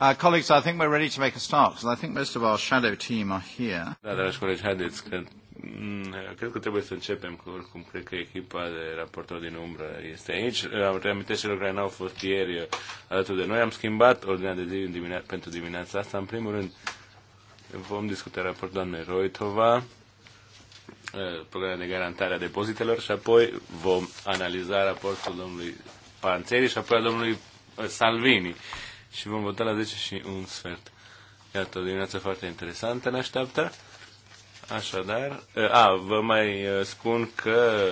Uh, colleagues, I think we're ready to make a start, because I think most of our shadow team are here. Da, dragi colegi, haideți că mm, cred că trebuie să începem cu oricum cred că echipa de raportor din umbră este aici. Am reamintesc celor care n-au fost ieri alături de noi. Am schimbat ordinea de zi dimine- pentru dimineața asta. În primul rând vom discuta raportul doamnei Roitova, uh, programul de garantare a depozitelor și apoi vom analiza raportul domnului Panțeri și apoi al domnului uh, Salvini și vom vota la 10 și un sfert. Iată, o dimineață foarte interesantă ne așteaptă. Așadar, a, vă mai spun că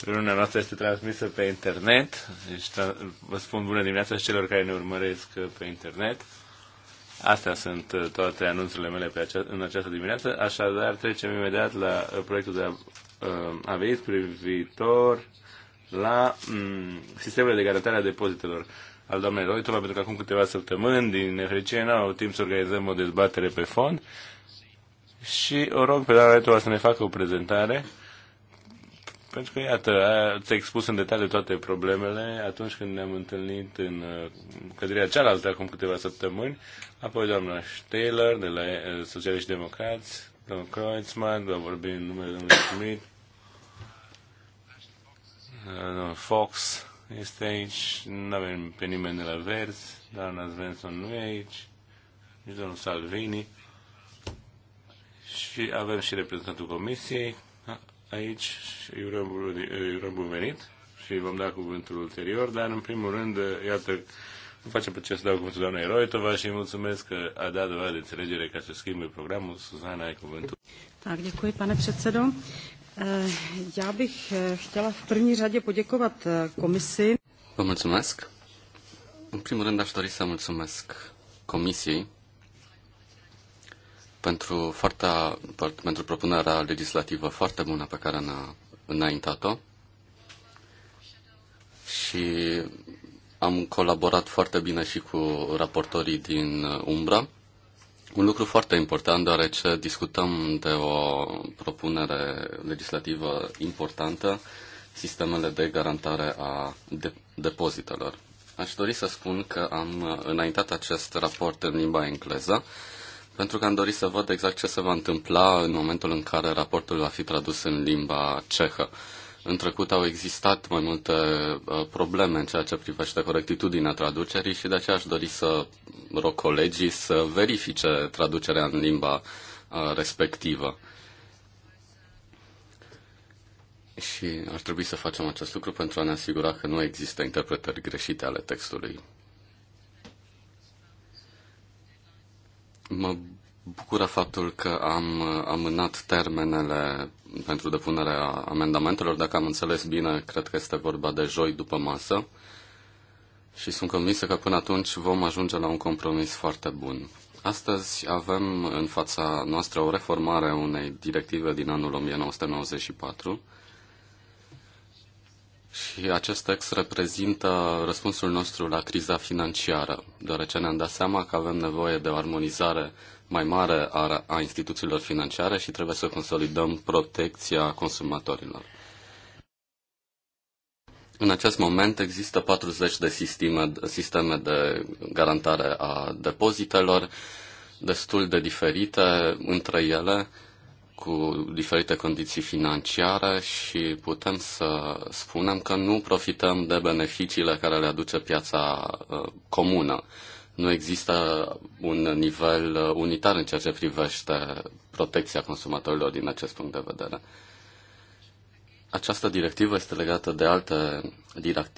luna hm, noastră este transmisă pe internet. Deci, vă spun bună dimineața și celor care ne urmăresc pe internet. Astea sunt toate anunțurile mele pe acea, în această dimineață. Așadar, trecem imediat la proiectul de aviz privitor la mm, sistemele de garantare a depozitelor al doamnei Roitova, pentru că acum câteva săptămâni, din nefericire, nu au timp să organizăm o dezbatere pe fond și o rog pe doamna Roitova să ne facă o prezentare, pentru că, iată, a expus în detaliu toate problemele atunci când ne-am întâlnit în uh, căderea cealaltă acum câteva săptămâni, apoi doamna Taylor de la uh, Socialiști Democrați, domnul Kreuzmann, va vorbi în numele domnului Schmidt, domnul Fox este aici, nu avem pe nimeni de la Verzi, doamna Svensson nu e aici, nici domnul Salvini. Și avem și reprezentantul Comisiei aici și urăm bun venit și vom da cuvântul ulterior, dar în primul rând, iată, nu facem pe ce să dau cuvântul doamnei Roitova și mulțumesc că a dat dovadă de înțelegere ca să schimbe programul. Suzana, ai cuvântul. Tak, děkuji, pane předsedo. Eh, já bych eh, chtěla v první řadě poděkovat eh, komisi. mulțumesc. În primul rând aș dori să mulțumesc comisiei pentru, foarte, pentru propunerea legislativă foarte bună pe care ne-a înaintat-o și am colaborat foarte bine și cu raportorii din Umbra un lucru foarte important, deoarece discutăm de o propunere legislativă importantă, sistemele de garantare a de- depozitelor. Aș dori să spun că am înaintat acest raport în limba engleză, pentru că am dorit să văd exact ce se va întâmpla în momentul în care raportul va fi tradus în limba cehă. În trecut au existat mai multe uh, probleme în ceea ce privește corectitudinea traducerii și de aceea aș dori să rog colegii să verifice traducerea în limba uh, respectivă. Și ar trebui să facem acest lucru pentru a ne asigura că nu există interpretări greșite ale textului. Mă bucură faptul că am uh, amânat termenele pentru depunerea amendamentelor. Dacă am înțeles bine, cred că este vorba de joi după masă și sunt convinsă că până atunci vom ajunge la un compromis foarte bun. Astăzi avem în fața noastră o reformare a unei directive din anul 1994 și acest text reprezintă răspunsul nostru la criza financiară, deoarece ne-am dat seama că avem nevoie de o armonizare mai mare a, a instituțiilor financiare și trebuie să consolidăm protecția consumatorilor. În acest moment există 40 de sisteme, sisteme de garantare a depozitelor, destul de diferite între ele, cu diferite condiții financiare și putem să spunem că nu profităm de beneficiile care le aduce piața uh, comună nu există un nivel uh, unitar în ceea ce privește protecția consumatorilor din acest punct de vedere. Această directivă este legată de alte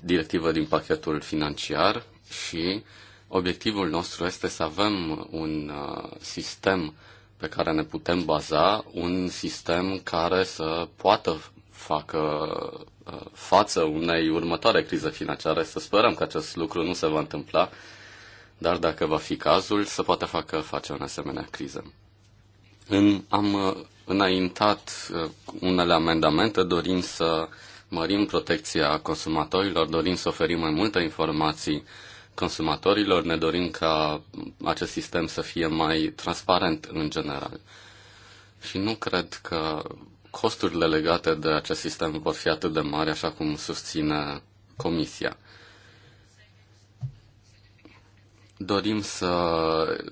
directivă din pachetul financiar și obiectivul nostru este să avem un uh, sistem pe care ne putem baza, un sistem care să poată facă uh, față unei următoare crize financiare. Să sperăm că acest lucru nu se va întâmpla, dar dacă va fi cazul, să poată facă face o asemenea criză. În, am uh, înaintat uh, unele amendamente, dorim să mărim protecția consumatorilor, dorim să oferim mai multe informații consumatorilor, ne dorim ca acest sistem să fie mai transparent în general. Și nu cred că costurile legate de acest sistem vor fi atât de mari așa cum susține Comisia. Dorim să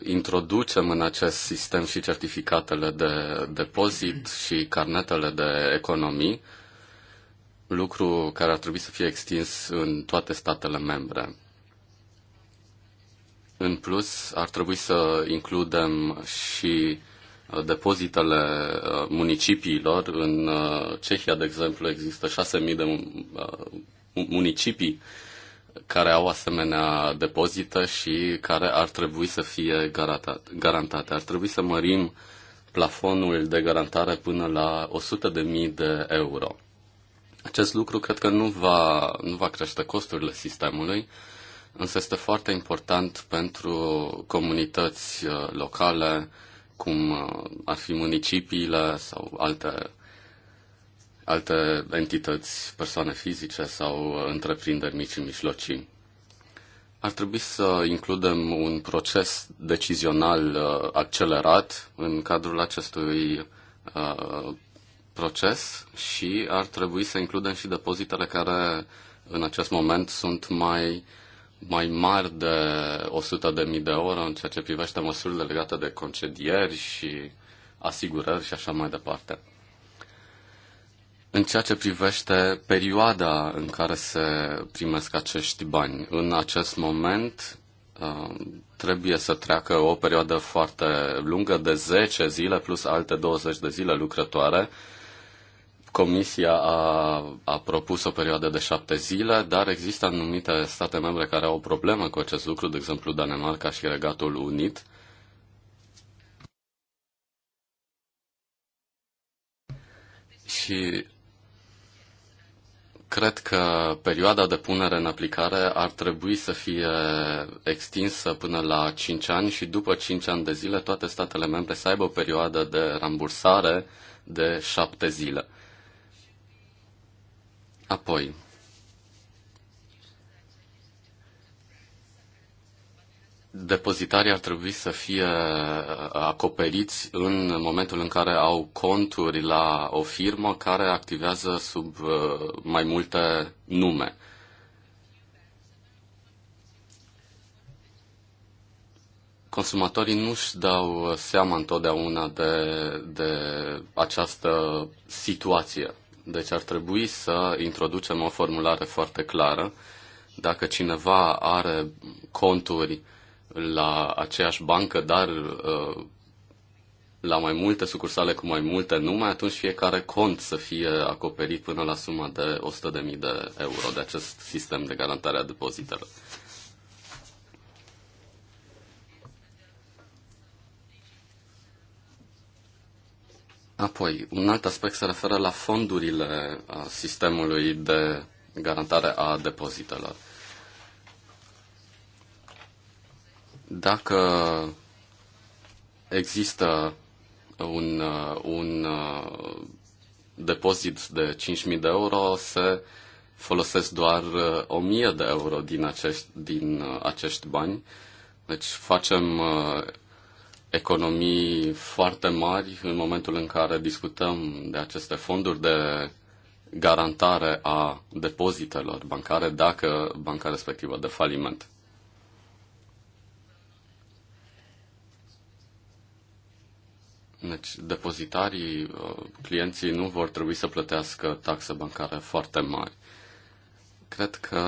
introducem în acest sistem și certificatele de depozit și carnetele de economii, lucru care ar trebui să fie extins în toate statele membre. În plus, ar trebui să includem și uh, depozitele uh, municipiilor. În uh, Cehia, de exemplu, există 6.000 de municipii care au asemenea depozită și care ar trebui să fie garantate. Ar trebui să mărim plafonul de garantare până la 100.000 de euro. Acest lucru cred că nu va, nu va crește costurile sistemului, însă este foarte important pentru comunități uh, locale, cum uh, ar fi municipiile sau alte alte entități, persoane fizice sau uh, întreprinderi mici și mijlocii. Ar trebui să includem un proces decizional uh, accelerat în cadrul acestui uh, proces și ar trebui să includem și depozitele care în acest moment sunt mai, mai mari de 100.000 de euro în ceea ce privește măsurile legate de concedieri și asigurări și așa mai departe. În ceea ce privește perioada în care se primesc acești bani, în acest moment uh, trebuie să treacă o perioadă foarte lungă de 10 zile plus alte 20 de zile lucrătoare. Comisia a, a propus o perioadă de 7 zile, dar există anumite state membre care au o problemă cu acest lucru, de exemplu Danemarca și Regatul Unit. Și Cred că perioada de punere în aplicare ar trebui să fie extinsă până la 5 ani și după 5 ani de zile toate statele membre să aibă o perioadă de rambursare de 7 zile. Apoi, depozitarii ar trebui să fie uh, acoperiți în momentul în care au conturi la o firmă care activează sub uh, mai multe nume. Consumatorii nu își dau seama întotdeauna de, de această situație. Deci ar trebui să introducem o formulare foarte clară. Dacă cineva are conturi uh, la aceeași bancă, dar uh, la mai multe sucursale cu mai multe nume, atunci fiecare cont să fie acoperit până la suma de 100.000 de euro de acest sistem de garantare a depozitelor. Apoi, un alt aspect se referă la fondurile uh, sistemului de garantare a depozitelor. Dacă există un, uh, un uh, depozit de 5.000 de euro, se folosesc doar 1.000 uh, de euro din acești, din acești bani. Deci facem economii foarte mari în momentul în care discutăm de aceste fonduri de garantare a depozitelor bancare dacă banca respectivă de faliment. Deci, depozitarii, uh, clienții nu vor trebui să plătească taxe bancare foarte mari. Cred că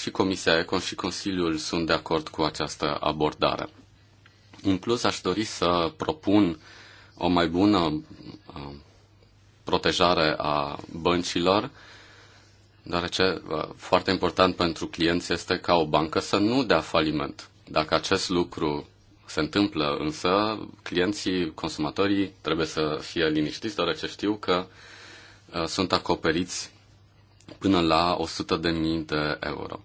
și Comisia Econ și Consiliul sunt de acord cu această abordare. În plus, aș dori să propun o mai bună uh, protejare a băncilor, deoarece uh, foarte important pentru clienți este ca o bancă să nu dea faliment. Dacă acest lucru se întâmplă, însă clienții, consumatorii trebuie să fie liniștiți, deoarece știu că uh, sunt acoperiți până la 100.000 de euro.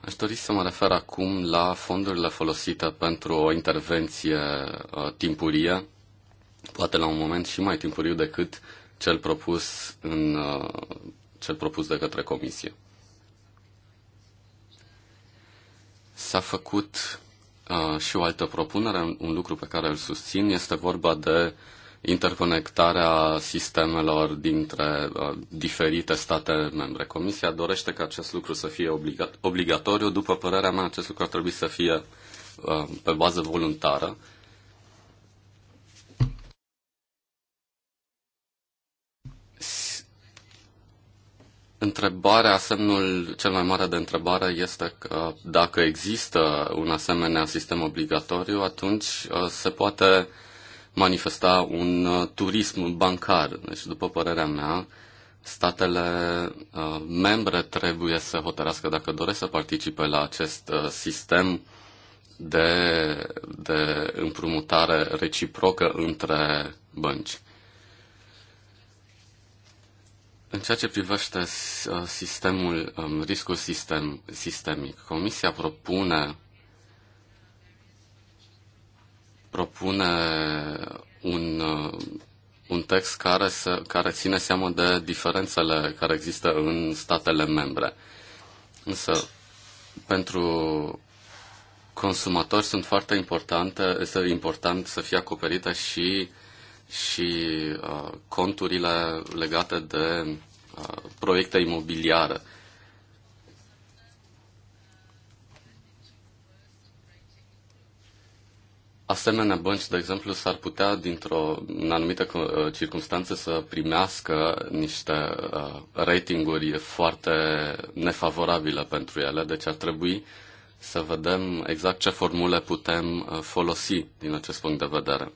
Aș dori să mă refer acum la fondurile folosite pentru o intervenție uh, timpurie, poate la un moment și mai timpuriu decât cel propus, în, uh, cel propus de către comisie. S-a făcut și o altă propunere, un lucru pe care îl susțin, este vorba de interconectarea sistemelor dintre diferite state membre. Comisia dorește ca acest lucru să fie obligatoriu. După părerea mea, acest lucru ar trebui să fie pe bază voluntară Întrebarea, semnul cel mai mare de întrebare este că dacă există un asemenea sistem obligatoriu, atunci uh, se poate manifesta un uh, turism bancar. Deci, după părerea mea, statele uh, membre trebuie să hotărească dacă doresc să participe la acest sistem de, de împrumutare reciprocă între bănci. În ceea ce privește uh, sistemul, um, riscul sistem, sistemic, Comisia propune propune un, uh, un text care, să, care ține seama de diferențele care există în statele membre. Însă, pentru consumatori sunt foarte importante, este important să fie acoperită și și uh, conturile legate de uh, proiecte imobiliare. Asemenea, bănci, de exemplu, s-ar putea, dintr-o anumită uh, circunstanță, să primească niște uh, ratinguri foarte nefavorabile pentru ele, deci ar trebui să vedem exact ce formule putem uh, folosi din acest punct de vedere.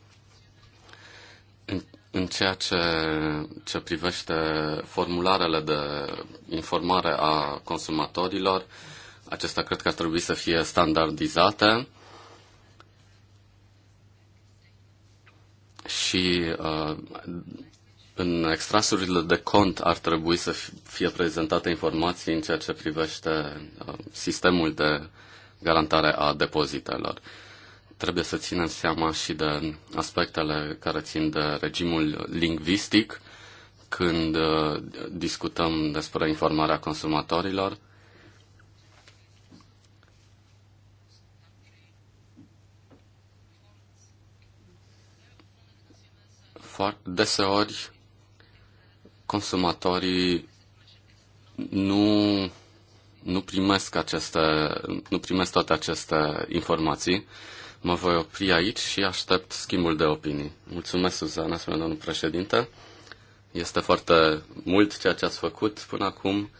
În, în ceea ce, ce privește formularele de informare a consumatorilor, acestea cred că ar trebui să fie standardizate și uh, în extrasurile de cont ar trebui să fie prezentate informații în ceea ce privește uh, sistemul de garantare a depozitelor trebuie să ținem seama și de aspectele care țin de regimul lingvistic când uh, discutăm despre informarea consumatorilor. Deseori, consumatorii nu, nu primesc aceste, nu primesc toate aceste informații Mă voi opri aici și aștept schimbul de opinii. Mulțumesc, Suzana, spune domnul președinte. Este foarte mult ceea ce ați făcut până acum.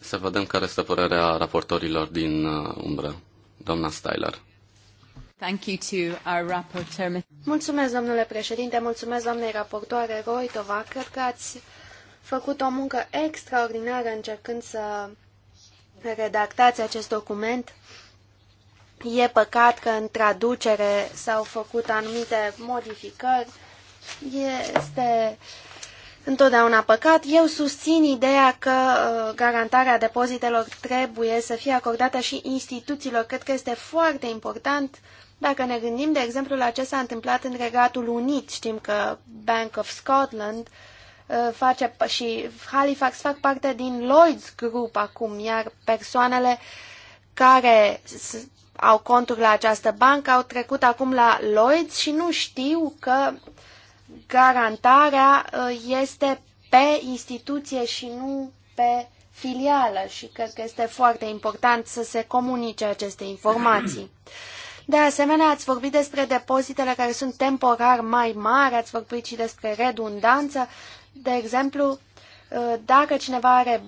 Să vedem care este părerea raportorilor din uh, umbră. Doamna Styler. Thank you to our rapporteur. Mulțumesc, domnule președinte, mulțumesc, doamnei raportoare Roitova. Cred că ați făcut o muncă extraordinară încercând să redactați acest document E păcat că în traducere s-au făcut anumite modificări. Este întotdeauna păcat. Eu susțin ideea că uh, garantarea depozitelor trebuie să fie acordată și instituțiilor. Cred că este foarte important dacă ne gândim, de exemplu, la ce s-a întâmplat în Regatul Unit. Știm că Bank of Scotland uh, face, și Halifax fac parte din Lloyd's Group acum, iar persoanele care au conturi la această bancă au trecut acum la Lloyds și nu știu că garantarea uh, este pe instituție și nu pe filială și cred că este foarte important să se comunice aceste informații. De asemenea, ați vorbit despre depozitele care sunt temporar mai mari, ați vorbit și despre redundanță. De exemplu, dacă cineva are,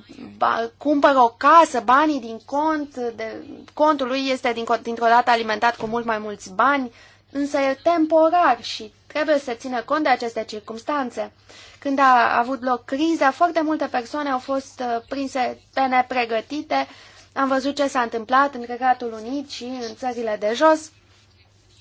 cumpără o casă, banii din cont, de, contul lui este dintr-o dată alimentat cu mult mai mulți bani, însă e temporar și trebuie să țină cont de aceste circumstanțe. Când a avut loc criza, foarte multe persoane au fost uh, prinse pe nepregătite. Am văzut ce s-a întâmplat în Regatul Unit și în țările de jos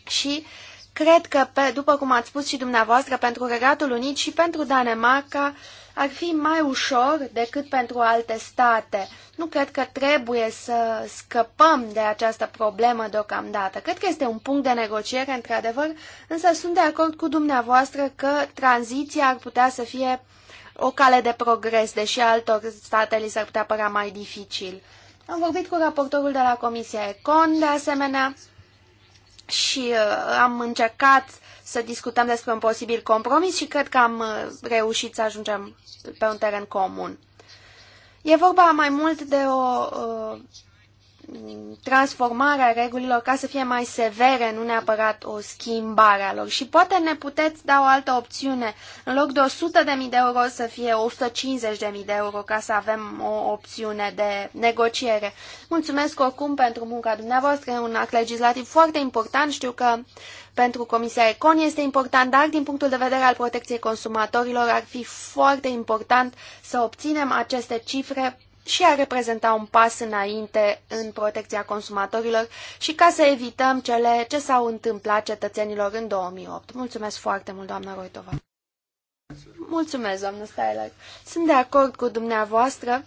și cred că, pe, după cum ați spus și dumneavoastră, pentru Regatul Unit și pentru Danemarca, uh, ar fi mai ușor decât pentru alte state. Nu cred că trebuie să scăpăm de această problemă deocamdată. Cred că este un punct de negociere, într-adevăr, însă sunt de acord cu dumneavoastră că tranziția ar putea să fie o cale de progres, deși altor state li s-ar putea părea mai dificil. Am vorbit cu raportorul de la Comisia Econ, de asemenea, și uh, am încercat uh, să discutăm despre un posibil compromis și cred că am uh, reușit să ajungem pe un teren comun. E vorba mai mult de o uh, transformarea regulilor ca să fie mai severe, nu neapărat o schimbare a lor. Și poate ne puteți da o altă opțiune. În loc de 100.000 de euro să fie 150.000 de euro ca să avem o opțiune de negociere. Mulțumesc oricum pentru munca dumneavoastră. E un act legislativ foarte important. Știu că pentru Comisia Econ este important, dar din punctul de vedere al protecției consumatorilor ar fi foarte important să obținem aceste cifre și a reprezenta un pas înainte în protecția consumatorilor și ca să evităm cele ce s-au întâmplat cetățenilor în 2008. Mulțumesc foarte mult, doamna Roitova. Mulțumesc, doamnă Styler. Sunt de acord cu dumneavoastră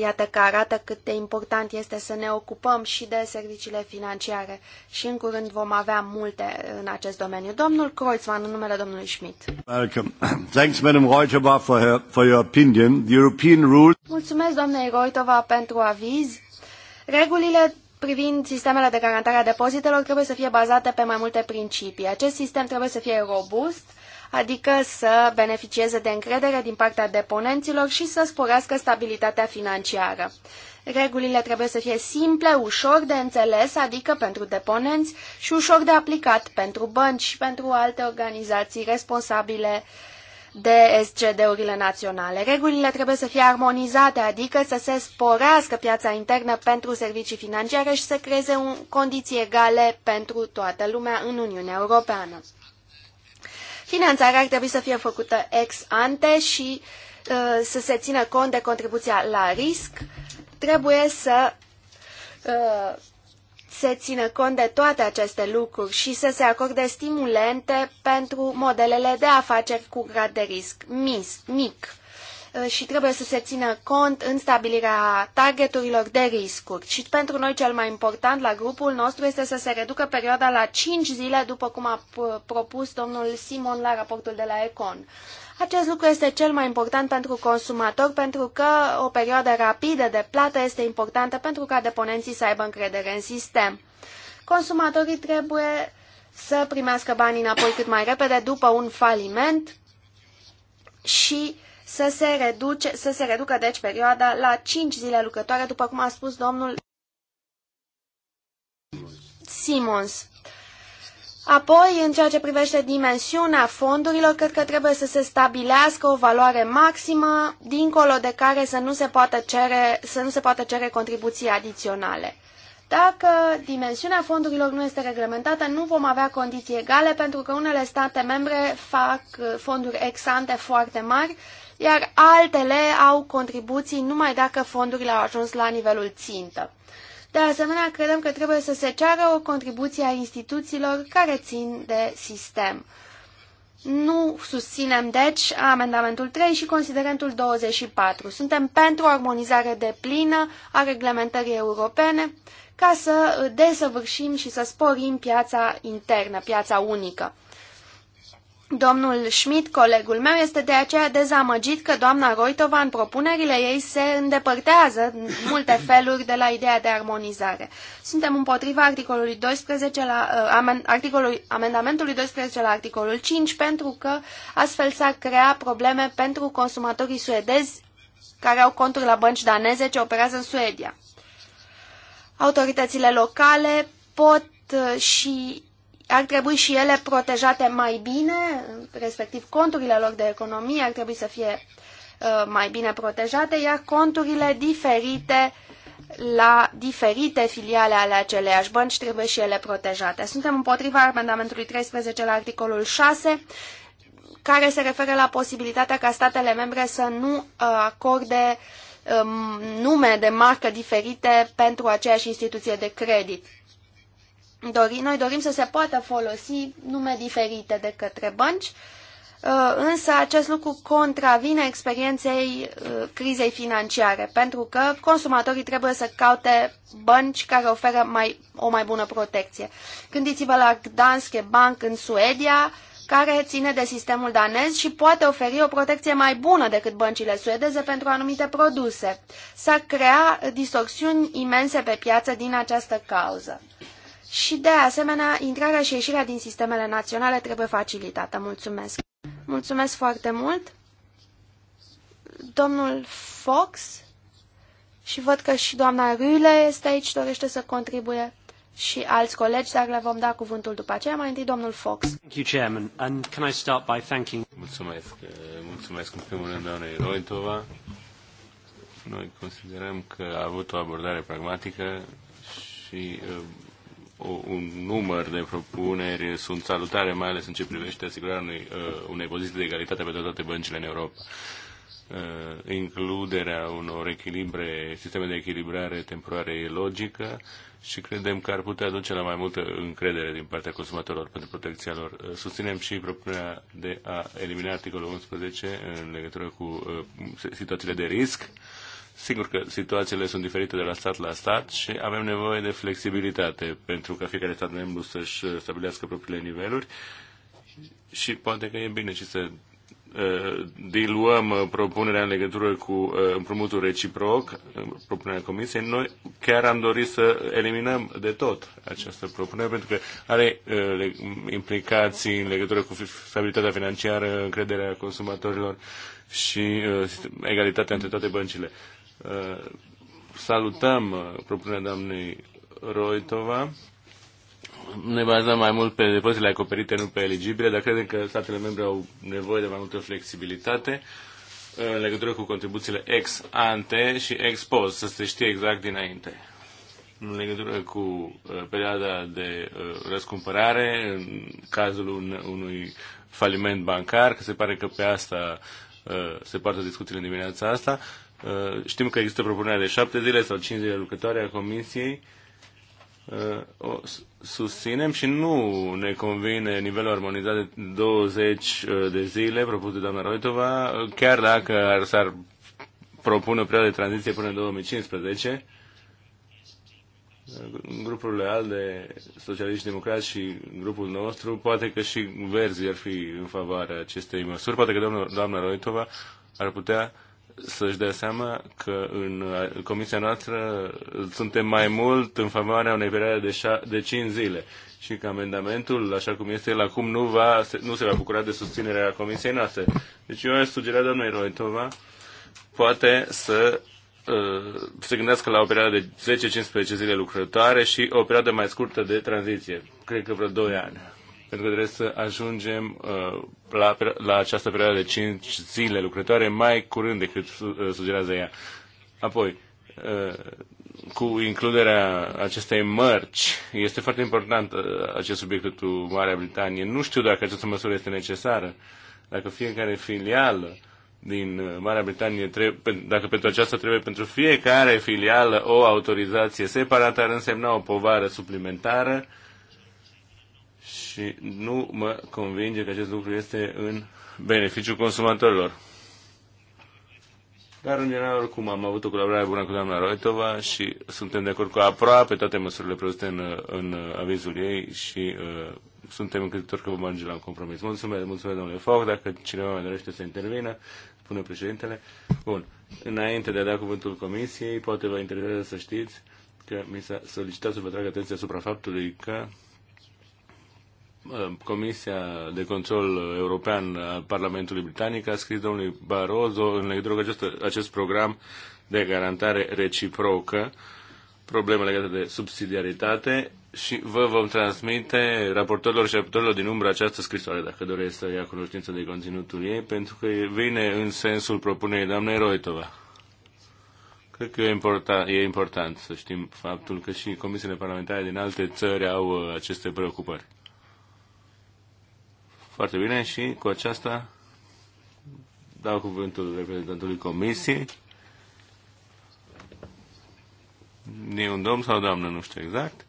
Iată că arată cât de important este să ne ocupăm și de serviciile financiare și în curând vom avea multe în acest domeniu. Domnul Kreuzmann, în numele domnului Schmidt. Welcome. Thanks, Madam Reutova, for, her, for your opinion. The European rules... Mulțumesc, doamnei Reutova, pentru aviz. Regulile privind sistemele de garantare a depozitelor trebuie să fie bazate pe mai multe principii. Acest sistem trebuie să fie robust, adică să beneficieze de încredere din partea deponenților și să sporească stabilitatea financiară. Regulile trebuie să fie simple, ușor de înțeles, adică pentru deponenți, și ușor de aplicat pentru bănci și pentru alte organizații responsabile de SCD-urile naționale. Regulile trebuie să fie armonizate, adică să se sporească piața internă pentru servicii financiare și să creeze un, condiții egale pentru toată lumea în Uniunea Europeană. Finanțarea ar trebui să fie făcută ex ante și uh, să se țină cont de contribuția la risc. Trebuie să uh, se țină cont de toate aceste lucruri și să se acorde stimulente pentru modelele de afaceri cu grad de risc mis, mic. Uh, și trebuie să se țină cont în stabilirea targeturilor de riscuri. Și pentru noi cel mai important la grupul nostru este să se reducă perioada la 5 zile, după cum a propus domnul Simon la raportul de la Econ. Acest lucru este cel mai important pentru consumator pentru că o perioadă rapidă de plată este importantă pentru ca deponenții să aibă încredere în sistem. Consumatorii trebuie să primească banii înapoi cât mai repede după un faliment și uh, să se, reduce, să se reducă deci perioada la 5 zile lucrătoare, după cum a spus domnul Simons. Apoi, în ceea ce privește dimensiunea fondurilor, cred că trebuie să se stabilească o valoare maximă, dincolo de care să nu se poată cere, să nu se poată cere contribuții adiționale. Dacă dimensiunea fondurilor nu este reglementată, nu vom avea condiții egale pentru că unele state membre fac uh, fonduri ex-ante foarte mari iar altele au contribuții numai dacă fondurile au ajuns la nivelul țintă. De asemenea, credem că trebuie să se ceară o contribuție a instituțiilor care țin de sistem. Nu susținem, deci, amendamentul 3 și considerentul 24. Suntem pentru armonizare de plină a reglementării europene ca să desăvârșim și să sporim piața internă, piața unică. Domnul Schmidt, colegul meu, este de aceea dezamăgit că doamna Roitova în propunerile ei se îndepărtează în multe feluri de la ideea de armonizare. Suntem împotriva articolului 12 la, uh, amen, articolului, amendamentului 12 la articolul 5 pentru că astfel s-ar crea probleme pentru consumatorii suedezi care au conturi la bănci daneze ce operează în Suedia. Autoritățile locale pot uh, și ar trebui și ele protejate mai bine, respectiv conturile lor de economie ar trebui să fie uh, mai bine protejate, iar conturile diferite la diferite filiale ale aceleiași bănci trebuie și ele protejate. Suntem împotriva amendamentului 13 la articolul 6, care se referă la posibilitatea ca statele membre să nu uh, acorde um, nume de marcă diferite pentru aceeași instituție de credit noi dorim să se poată folosi nume diferite de către bănci, uh, însă acest lucru contravine experienței uh, crizei financiare, pentru că consumatorii trebuie să caute bănci care oferă mai, o mai bună protecție. Gândiți-vă la Danske Bank în Suedia, care ține de sistemul danez și poate oferi o protecție mai bună decât băncile suedeze pentru anumite produse. S-ar crea distorsiuni imense pe piață din această cauză și, de asemenea, intrarea și ieșirea din sistemele naționale trebuie facilitată. Mulțumesc! Mulțumesc foarte mult! Domnul Fox și văd că și doamna Rüle este aici, dorește să contribuie și alți colegi, dar le vom da cuvântul după aceea. Mai întâi domnul Fox. Mulțumesc. Mulțumesc în primul rând doamnei Roitova. Noi considerăm că a avut o abordare pragmatică și un număr de propuneri sunt salutare, mai ales în ce privește asigurarea unei, uh, unei poziții de egalitate pentru toate băncile în Europa uh, includerea unor echilibre, sisteme de echilibrare temporare e logică și credem că ar putea duce la mai multă încredere din partea consumatorilor pentru protecția lor. Uh, susținem și propunerea de a elimina articolul 11 în legătură cu situațiile de risc Sigur că situațiile sunt diferite de la stat la stat și avem nevoie de flexibilitate pentru ca fiecare stat membru să-și uh, stabilească propriile niveluri și poate că e bine și să uh, diluăm uh, propunerea în legătură cu împrumutul reciproc, propunerea Comisiei, noi chiar am dorit să eliminăm de tot această propunere, pentru că are implicații în legătură cu stabilitatea financiară, încrederea consumatorilor și egalitatea între toate băncile. Uh, salutăm uh, propunerea doamnei Roitova. Ne bazăm mai mult pe depozitele acoperite, nu pe eligibile, dar credem că statele membre au nevoie de mai multă flexibilitate uh, în legătură cu contribuțiile ex ante și ex post, să se știe exact dinainte. În legătură cu perioada de răscumpărare, în cazul unui faliment bancar, că se pare că pe asta se poartă discuțiile în dimineața asta, Uh, știm că există propunerea de șapte zile sau cinci zile lucrătoare a Comisiei. Uh, o susținem și nu ne convine nivelul armonizat de 20 uh, de zile propus de doamna Roitova, chiar dacă ar, s-ar propune o perioadă de tranziție până în 2015. Grupurile ALDE, Socialiști Democrați și grupul nostru, poate că și verzi ar fi în favoarea acestei măsuri, poate că doamna, doamna Roitova ar putea uh, să-și dea seama că în comisia noastră suntem mai mult în favoarea unei perioade de, șa- de 5 zile și că amendamentul, așa cum este el acum, nu, va, nu se va bucura de susținerea comisiei noastre. Deci eu aș sugera doamnei Roitova poate să uh, se gândească la o perioadă de 10-15 zile lucrătoare și o perioadă mai scurtă de tranziție, cred că vreo 2 ani pentru că trebuie să ajungem uh, la, la această perioadă de 5 zile lucrătoare mai curând decât uh, sugerează ea. Apoi, uh, cu includerea acestei mărci, este foarte important acest subiect cu Marea Britanie. Nu știu dacă această măsură este necesară, dacă fiecare filială din Marea Britanie, trebuie, dacă pentru aceasta trebuie pentru fiecare filială o autorizație separată, ar însemna o povară suplimentară și nu mă convinge că acest lucru este în beneficiul consumatorilor. Dar, în general, oricum, am avut o colaborare bună cu doamna Roitova și suntem de acord cu aproape toate măsurile prezente în, în avizul ei și uh, suntem încrezători că vom ajunge la un compromis. Mulțumesc, mulțumesc, domnule Foc. Dacă cineva mai dorește să intervină, spune președintele. Bun. Înainte de a da cuvântul comisiei, poate vă interesează să știți că mi s-a solicitat să vă trag atenția asupra faptului că Comisia de Control European al Parlamentului Britanic a scris domnului Barroso în legătură cu acest, acest program de garantare reciprocă, probleme legate de subsidiaritate și vă vom transmite raportorilor și raportorilor din umbră această scrisoare, dacă doresc să ia cunoștință de conținutul ei, pentru că vine în sensul propunerii doamnei Roitova. Cred că e important, e important să știm faptul că și comisiile parlamentare din alte țări au uh, aceste preocupări. Foarte bine și cu aceasta dau cuvântul reprezentantului comisiei. E un domn sau doamnă, nu știu exact.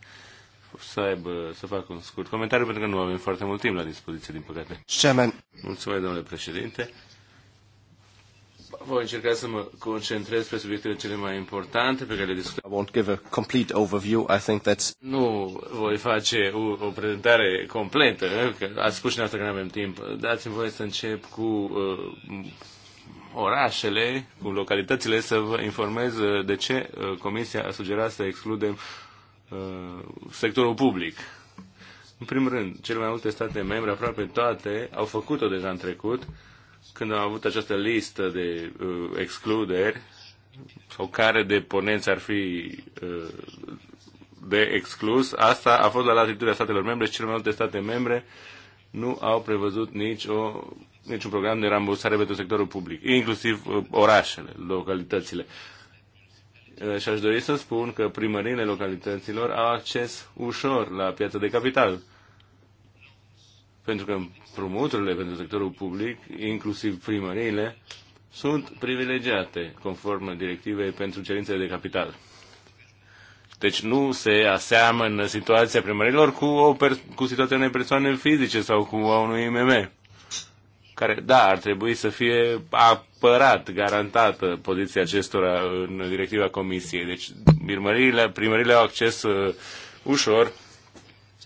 Să, aibă, să fac un scurt comentariu pentru că nu avem foarte mult timp la dispoziție, din păcate. Chairman. Mulțumesc, domnule președinte voi încerca să mă concentrez pe subiectele cele mai importante pe care le discutăm. I won't give a complete overview. I think that's... Nu voi face o, o prezentare completă, că ați spus și asta că nu avem timp. Dați-mi voie să încep cu uh, orașele, cu localitățile, să vă informez uh, de ce uh, Comisia a sugerat să excludem uh, sectorul public. În primul rând, cele mai multe state membre, aproape toate, au făcut-o deja în trecut, uh, când am avut această listă de uh, excluderi, sau care deponenți ar fi uh, de exclus, asta a fost la latitudinea statelor membre și cele mai multe state membre nu au prevăzut nici o, niciun program de rambursare pentru sectorul public, inclusiv uh, orașele, localitățile. Uh, și aș dori să spun că primările localităților au acces ușor la piața de capital pentru că împrumuturile pentru sectorul public, inclusiv primăriile, sunt privilegiate conform directivei pentru cerințele de capital. Deci nu se aseamănă situația primărilor cu, o cu situația unei persoane fizice sau cu a unui IMM, care, da, ar trebui să fie apărat, garantată poziția acestora în directiva Comisiei. Deci primările, primările au acces uh, ușor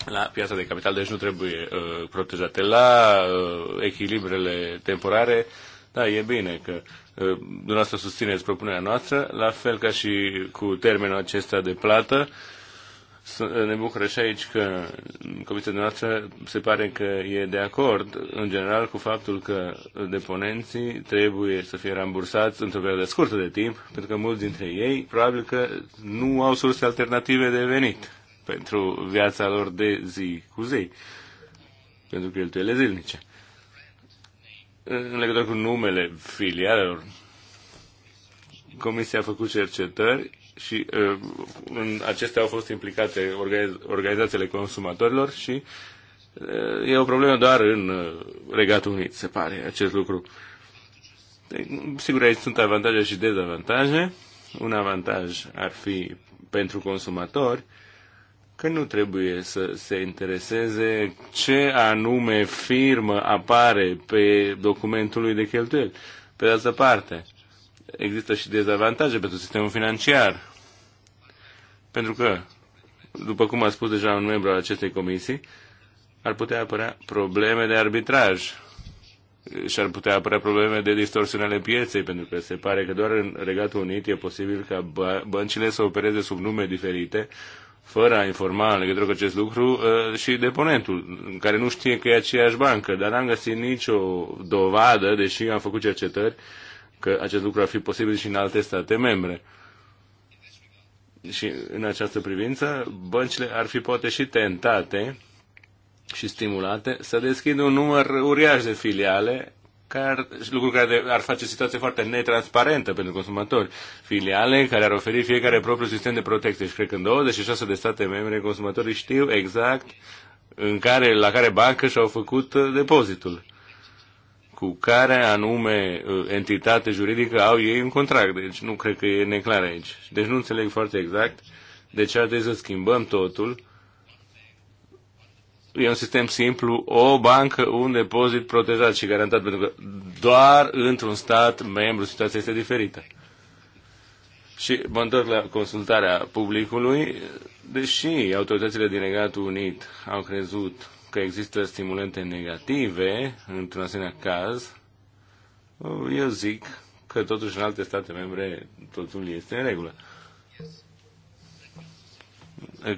la piața de capital, deci nu trebuie uh, protejate. La uh, echilibrele temporare, da, e bine că uh, dumneavoastră susțineți propunerea noastră, la fel ca și cu termenul acesta de plată. Uh, ne bucură și aici că comisia noastră se pare că e de acord în general cu faptul că deponenții trebuie să fie rambursați într-o perioadă scurtă de timp, pentru că mulți dintre ei probabil că nu au surse alternative de venit pentru viața lor de zi cu zi, pentru cheltuielile zilnice. În legătură cu numele filialelor, Comisia a făcut cercetări și uh, în acestea au fost implicate organiz- organizațiile consumatorilor și uh, e o problemă doar în uh, Regatul Unit, se pare, acest lucru. Deci, sigur, aici sunt avantaje și dezavantaje. Un avantaj ar fi pentru consumatori uh, că nu trebuie să se intereseze ce anume firmă apare pe documentul lui de cheltuieli. Pe de altă parte, există și dezavantaje pentru sistemul financiar. Pentru că, după cum a spus deja un membru al acestei comisii, ar putea apărea probleme de arbitraj și ar putea apărea probleme de distorsiune ale pieței, pentru că se pare că doar în Regatul Unit e posibil ca băncile să opereze sub nume diferite, fără a informa în legătură cu acest lucru uh, și deponentul, care nu știe că e aceeași bancă, dar n-am găsit nicio dovadă, deși am făcut cercetări, că acest lucru ar fi posibil și în alte state membre. Și în această privință, băncile ar fi poate și tentate și stimulate să deschidă un număr uriaș de filiale care, lucru care ar face situație foarte netransparentă pentru consumatori. Filiale care ar oferi fiecare propriul sistem de protecție și cred că în 26 de state membre consumatorii știu exact în care, la care bancă și-au făcut uh, depozitul cu care anume uh, entitate juridică au ei un contract. Deci nu cred că e neclar aici. Deci nu înțeleg foarte exact de ce ar trebui să schimbăm totul e un sistem simplu, o bancă, un depozit protejat și garantat, pentru că doar într-un stat membru situația este diferită. Și mă întorc la consultarea publicului, deși autoritățile din Regatul Unit au crezut că există stimulente negative într-un asemenea caz, eu zic că totuși în alte state membre totul este în regulă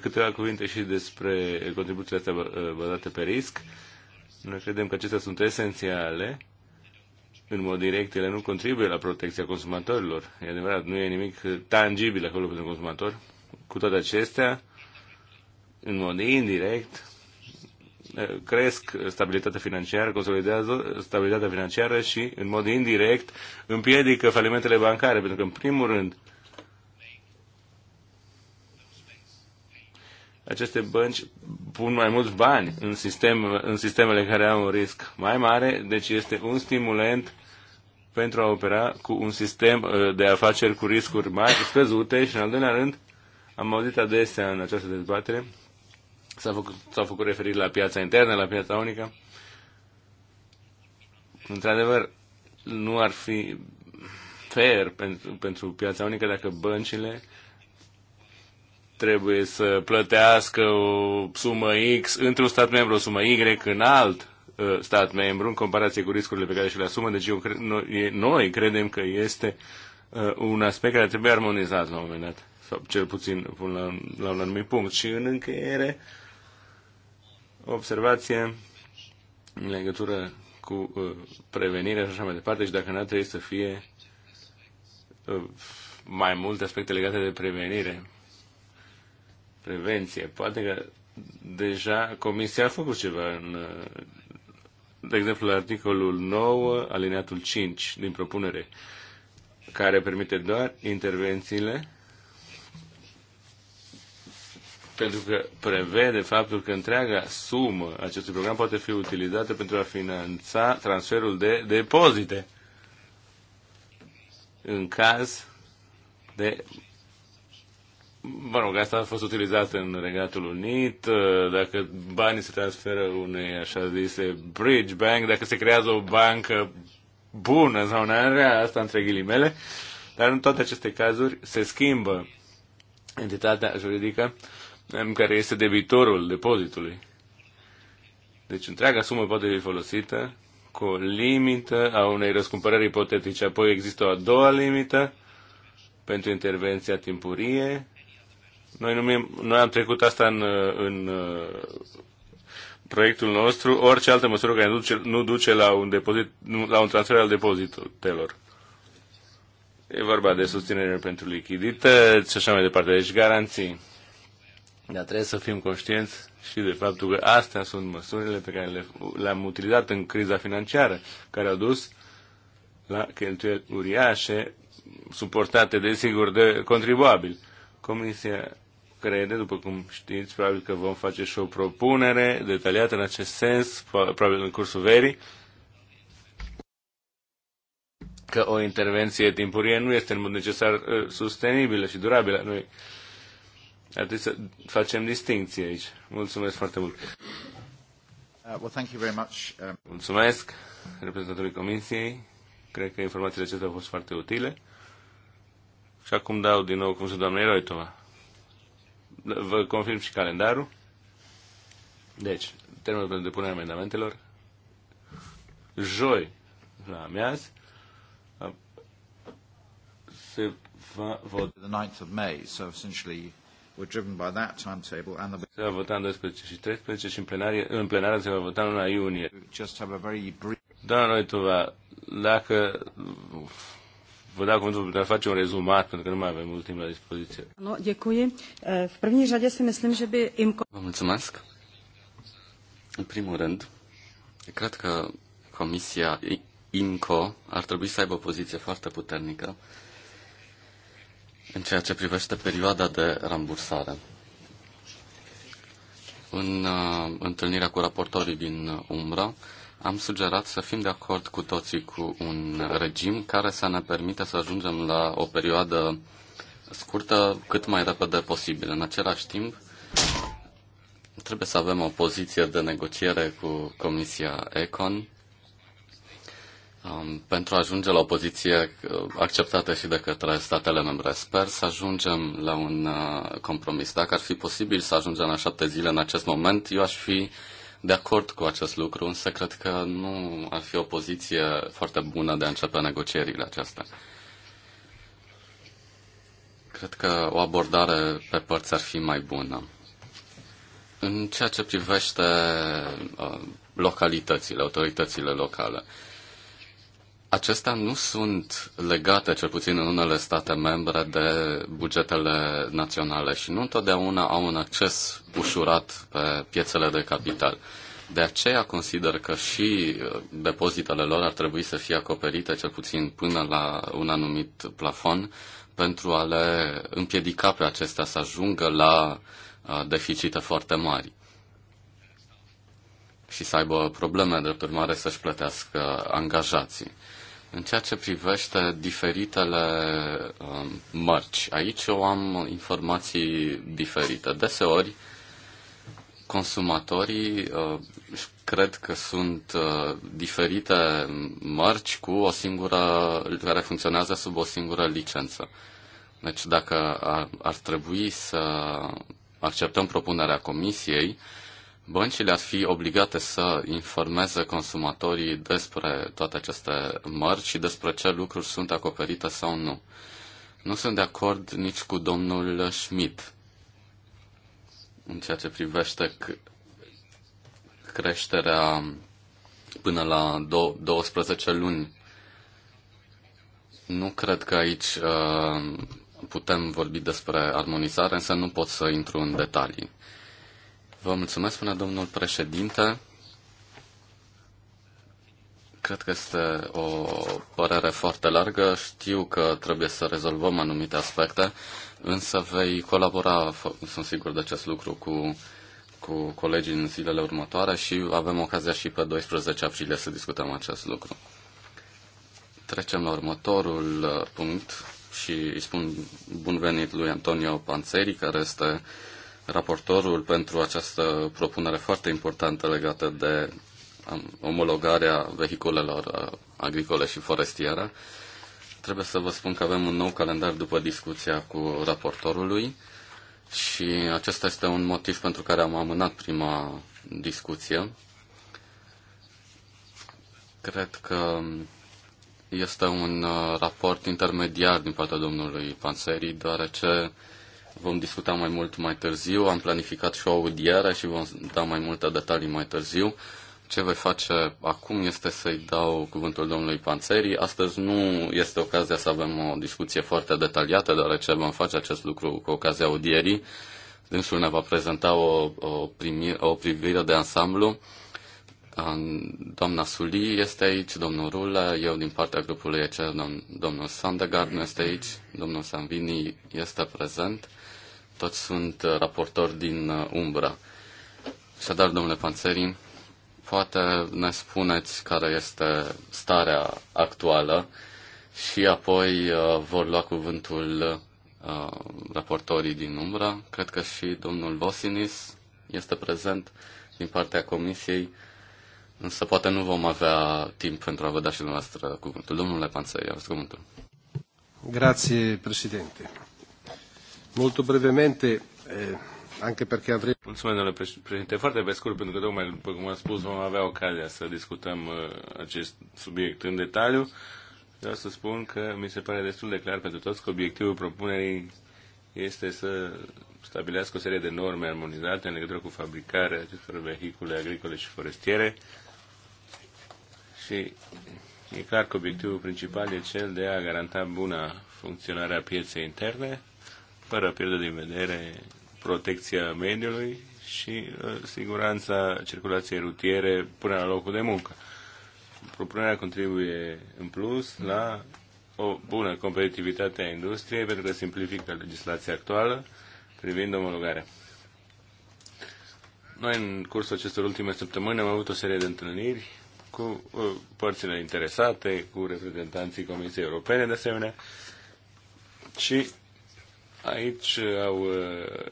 câteva cuvinte și despre contribuțiile astea bazate ă, pe risc. Noi credem că acestea sunt esențiale. În mod direct, ele nu contribuie la protecția consumatorilor. E adevărat, nu e nimic tangibil acolo pentru consumator. Cu toate acestea, în mod indirect, ă, cresc stabilitatea financiară, consolidează stabilitatea financiară și, în mod indirect, împiedică falimentele bancare, pentru că, în primul rând, aceste bănci pun mai mulți bani în, sistem, în sistemele care au un risc mai mare, deci este un stimulent pentru a opera cu un sistem uh, de afaceri cu riscuri mai scăzute și, în al doilea rând, am auzit adesea în această dezbatere, s-a făcut, s-a făcut referire la piața internă, la piața unică. Într-adevăr, nu ar fi fair pentru, pentru piața unică dacă băncile trebuie să plătească o sumă X într-un stat membru, o sumă Y în alt uh, stat membru, în comparație cu riscurile pe care și le asumă. Deci eu noi, noi credem că este uh, un aspect care trebuie armonizat la un moment dat, sau cel puțin până la, la un anumit punct. Și în încheiere, observație în legătură cu uh, prevenirea și așa mai departe și dacă n-ar trebui să fie uh, mai multe aspecte legate de prevenire prevenție. Poate că deja Comisia a făcut ceva în, de exemplu, la articolul 9, alineatul 5 din propunere, care permite doar intervențiile pentru că prevede faptul că întreaga sumă acestui program poate fi utilizată pentru a finanța transferul de depozite în caz de Mă rog, asta a fost utilizat în Regatul Unit, uh, dacă banii se transferă unei așa zise bridge bank, dacă se creează o bancă bună sau în area asta între ghilimele, dar în toate aceste cazuri se schimbă entitatea juridică în care este debitorul depozitului. Deci întreaga sumă poate fi folosită cu o limită a unei răscumpărări ipotetice. Apoi există o a doua limită pentru intervenția timpurie noi, numim, noi am trecut asta în, în proiectul nostru, orice altă măsură care nu duce, nu duce la, un depozit, nu, la un transfer al depozitelor. E vorba de susținere pentru lichidități și așa mai departe, deci garanții. Dar trebuie să fim conștienți și de faptul că astea sunt măsurile pe care le-am utilizat în criza financiară, care au dus la cheltuieli uriașe, suportate, desigur, de contribuabil. Comisia crede, după cum știți, probabil că vom face și o propunere detaliată în acest sens, probabil în cursul verii, că o intervenție timpurie nu este în mod necesar uh, sustenibilă și durabilă. Noi ar trebui să facem distinție aici. Mulțumesc foarte mult. Uh, well, thank you very much. Um, Mulțumesc reprezentantului Comisiei. Cred că informațiile acestea au fost foarte utile. Și acum dau din nou se doamnei Roitova vă confirm și calendarul. Deci, termenul pentru depunerea amendamentelor, joi la amiaz, se va vota. The 9th of May, so essentially we're driven by that timetable and the... Se va vota în 12 și 13 și în plenarie, în plenarie se va vota în 1 iunie. Just have a very brief... Doamna Noitova, dacă vă dau cuvântul pentru a face un rezumat, pentru că nu mai avem mult timp la dispoziție. No, děkuji. Eh, v první řadě si myslím, že by IMCO... Vă mulțumesc. În primul rând, cred că Comisia IMCO ar trebui să aibă o poziție foarte puternică în ceea ce privește perioada de rambursare. În uh, întâlnirea cu raportorii din Umbra am sugerat să fim de acord cu toții cu un regim care să ne permită să ajungem la o perioadă scurtă cât mai repede posibil. În același timp, trebuie să avem o poziție de negociere cu Comisia Econ um, pentru a ajunge la o poziție uh, acceptată și de către statele membre. Sper să ajungem la un uh, compromis. Dacă ar fi posibil să ajungem la șapte zile în acest moment, eu aș fi uh, de acord cu acest lucru, însă cred că nu ar fi o poziție foarte bună de a începe negocierile acestea. Cred că o abordare pe părți ar fi mai bună. În ceea ce privește uh, localitățile, autoritățile locale, Acestea nu sunt legate, cel puțin în unele state membre, de bugetele naționale și nu întotdeauna au un acces ușurat pe piețele de capital. De aceea consider că și uh, depozitele lor ar trebui să fie acoperite, cel puțin până la un anumit plafon, pentru a le împiedica pe acestea să ajungă la uh, deficite foarte mari și să aibă probleme, drept urmare, să-și plătească angajații. În ceea ce privește diferitele um, mărci, aici eu am informații diferite. Deseori, consumatorii uh, cred că sunt uh, diferite mărci cu o singură, care funcționează sub o singură licență. Deci dacă ar, ar trebui să acceptăm propunerea comisiei, uh, băncile ar fi obligate să informeze consumatorii despre toate aceste mărci și despre ce lucruri sunt acoperite sau nu. Nu sunt de acord nici cu domnul Schmidt în ceea ce privește creșterea până la 12 luni. Nu cred că aici uh, putem vorbi despre armonizare, însă nu pot să intru în detalii. Vă mulțumesc, până domnul președinte. Cred că este o părere foarte largă. Știu că trebuie să rezolvăm anumite aspecte, însă vei colabora, sunt sigur de acest lucru, cu, cu colegii în zilele următoare și avem ocazia și pe 12 aprilie să discutăm acest lucru. Trecem la următorul uh, punct și îi spun bun venit lui Antonio Panzeri, care este uh, raportorul pentru această propunere foarte importantă legată de um, omologarea vehiculelor uh, agricole și forestiere. Trebuie să vă spun că avem un nou calendar după discuția cu raportorului și acesta este un motiv pentru care am amânat prima discuție. Cred că este un uh, raport intermediar din partea domnului Panseri, deoarece Vom discuta mai mult mai târziu. Am planificat și o audiere și vom da mai multe detalii mai târziu. Ce voi face acum este să-i dau cuvântul domnului Panțeri. Astăzi nu este ocazia să avem o discuție foarte detaliată, deoarece vom face acest lucru cu ocazia audierii. Dânsul ne va prezenta o, o, primire, o privire de ansamblu. Doamna Suli este aici, domnul Rula. eu din partea grupului ECR, domn, domnul Sandegard nu este aici, domnul Sanvini este prezent toți sunt uh, raportori din uh, umbră. Și dar, domnule Panțerin, poate ne spuneți care este starea actuală și apoi uh, vor lua cuvântul uh, raportorii din umbră. Cred că și domnul Vosinis este prezent din partea comisiei, însă poate nu vom avea timp pentru a vă da și dumneavoastră cuvântul. Domnule Panței, aveți cuvântul. Grazie, președinte. Molto brevemente, eh, anche perché avrei... Mulțumesc, domnule președinte. Foarte pe scurt, pentru că, tocmai, după cum am spus, vom avea ocazia să discutăm uh, acest subiect în detaliu. Vreau să spun că mi se pare destul de clar pentru toți că obiectivul propunerii este să stabilească o serie de norme armonizate în legătură cu fabricarea acestor vehicule agricole și forestiere și e clar că obiectivul principal e cel de a garanta buna funcționare a pieței interne fără a pierde din vedere protecția mediului și uh, siguranța circulației rutiere până la locul de muncă. Propunerea contribuie în plus la o bună competitivitate a industriei pentru că simplifică legislația actuală privind omologarea. Noi, în cursul acestor ultime săptămâni, am avut o serie de întâlniri cu uh, părțile interesate, cu reprezentanții Comisiei Europene, de asemenea, și Aici au uh,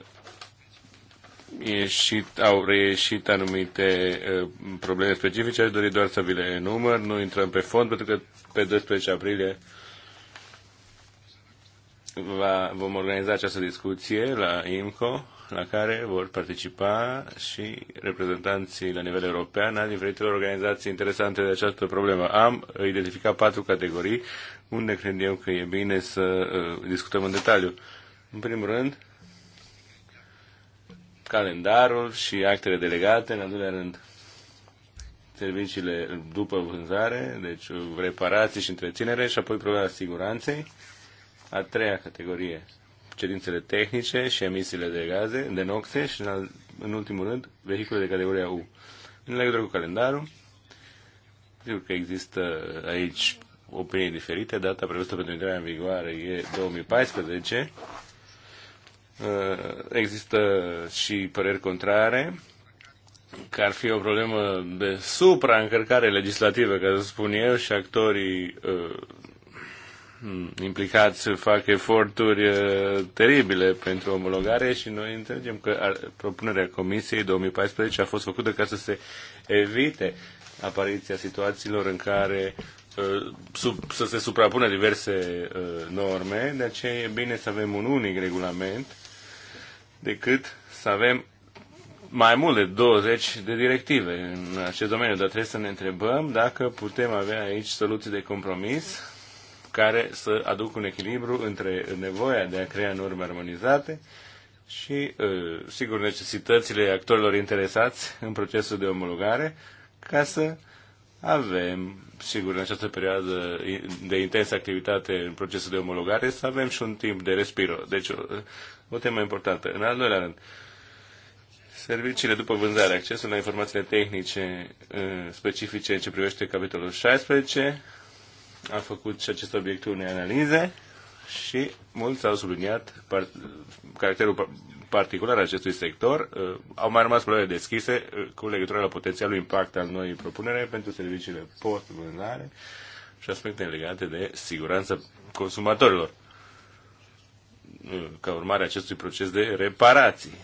ieșit, au reieșit anumite uh, probleme specifice, aș dori doar să vi le enumăr, nu intrăm pe fond, pentru că pe 12 aprilie va, vom organiza această discuție la IMCO, la care vor participa și reprezentanții la nivel european a diferitelor organizații interesante de această problemă. Am identificat patru categorii unde cred eu că e bine să uh, discutăm în detaliu. Uh, în primul rând, calendarul și actele delegate, în al doilea rând, serviciile după vânzare, deci reparații și întreținere și apoi problema siguranței. A treia categorie, cerințele tehnice și emisiile de gaze, de noxe și, în, al, în ultimul rând, vehicule de categoria U. În legătură cu calendarul, sigur că există aici opinii diferite, data prevăzută pentru intrarea în vigoare e 2014, Eh, există și păreri contrare că ar fi o problemă de supraîncărcare legislativă, ca să spun eu, și actorii uh, implicați fac eforturi uh, teribile pentru omologare și noi înțelegem că ar, propunerea Comisiei 2014 a fost făcută ca să se evite apariția situațiilor în care uh, sub, să se suprapună diverse uh, norme, de aceea e bine să avem un unic regulament decât să avem mai mult de 20 de directive în acest domeniu, dar trebuie să ne întrebăm dacă putem avea aici soluții de compromis care să aducă un echilibru între nevoia de a crea norme armonizate și, uh, sigur, necesitățile actorilor interesați în procesul de omologare ca să avem, sigur, în această perioadă de intensă activitate în procesul de omologare, să avem și un timp de respiro. Deci, o, o temă importantă. În al doilea rând, serviciile după vânzare, accesul la informațiile tehnice eh, specifice în ce privește capitolul 16, am făcut și acest obiectul unei analize și mulți au subliniat par- caracterul particular acestui sector. Uh, au mai rămas probleme deschise uh, cu legătură la potențialul impact al noii propunere pentru serviciile post-vânzare și aspecte legate de siguranța consumatorilor uh, ca urmare acestui proces de reparații.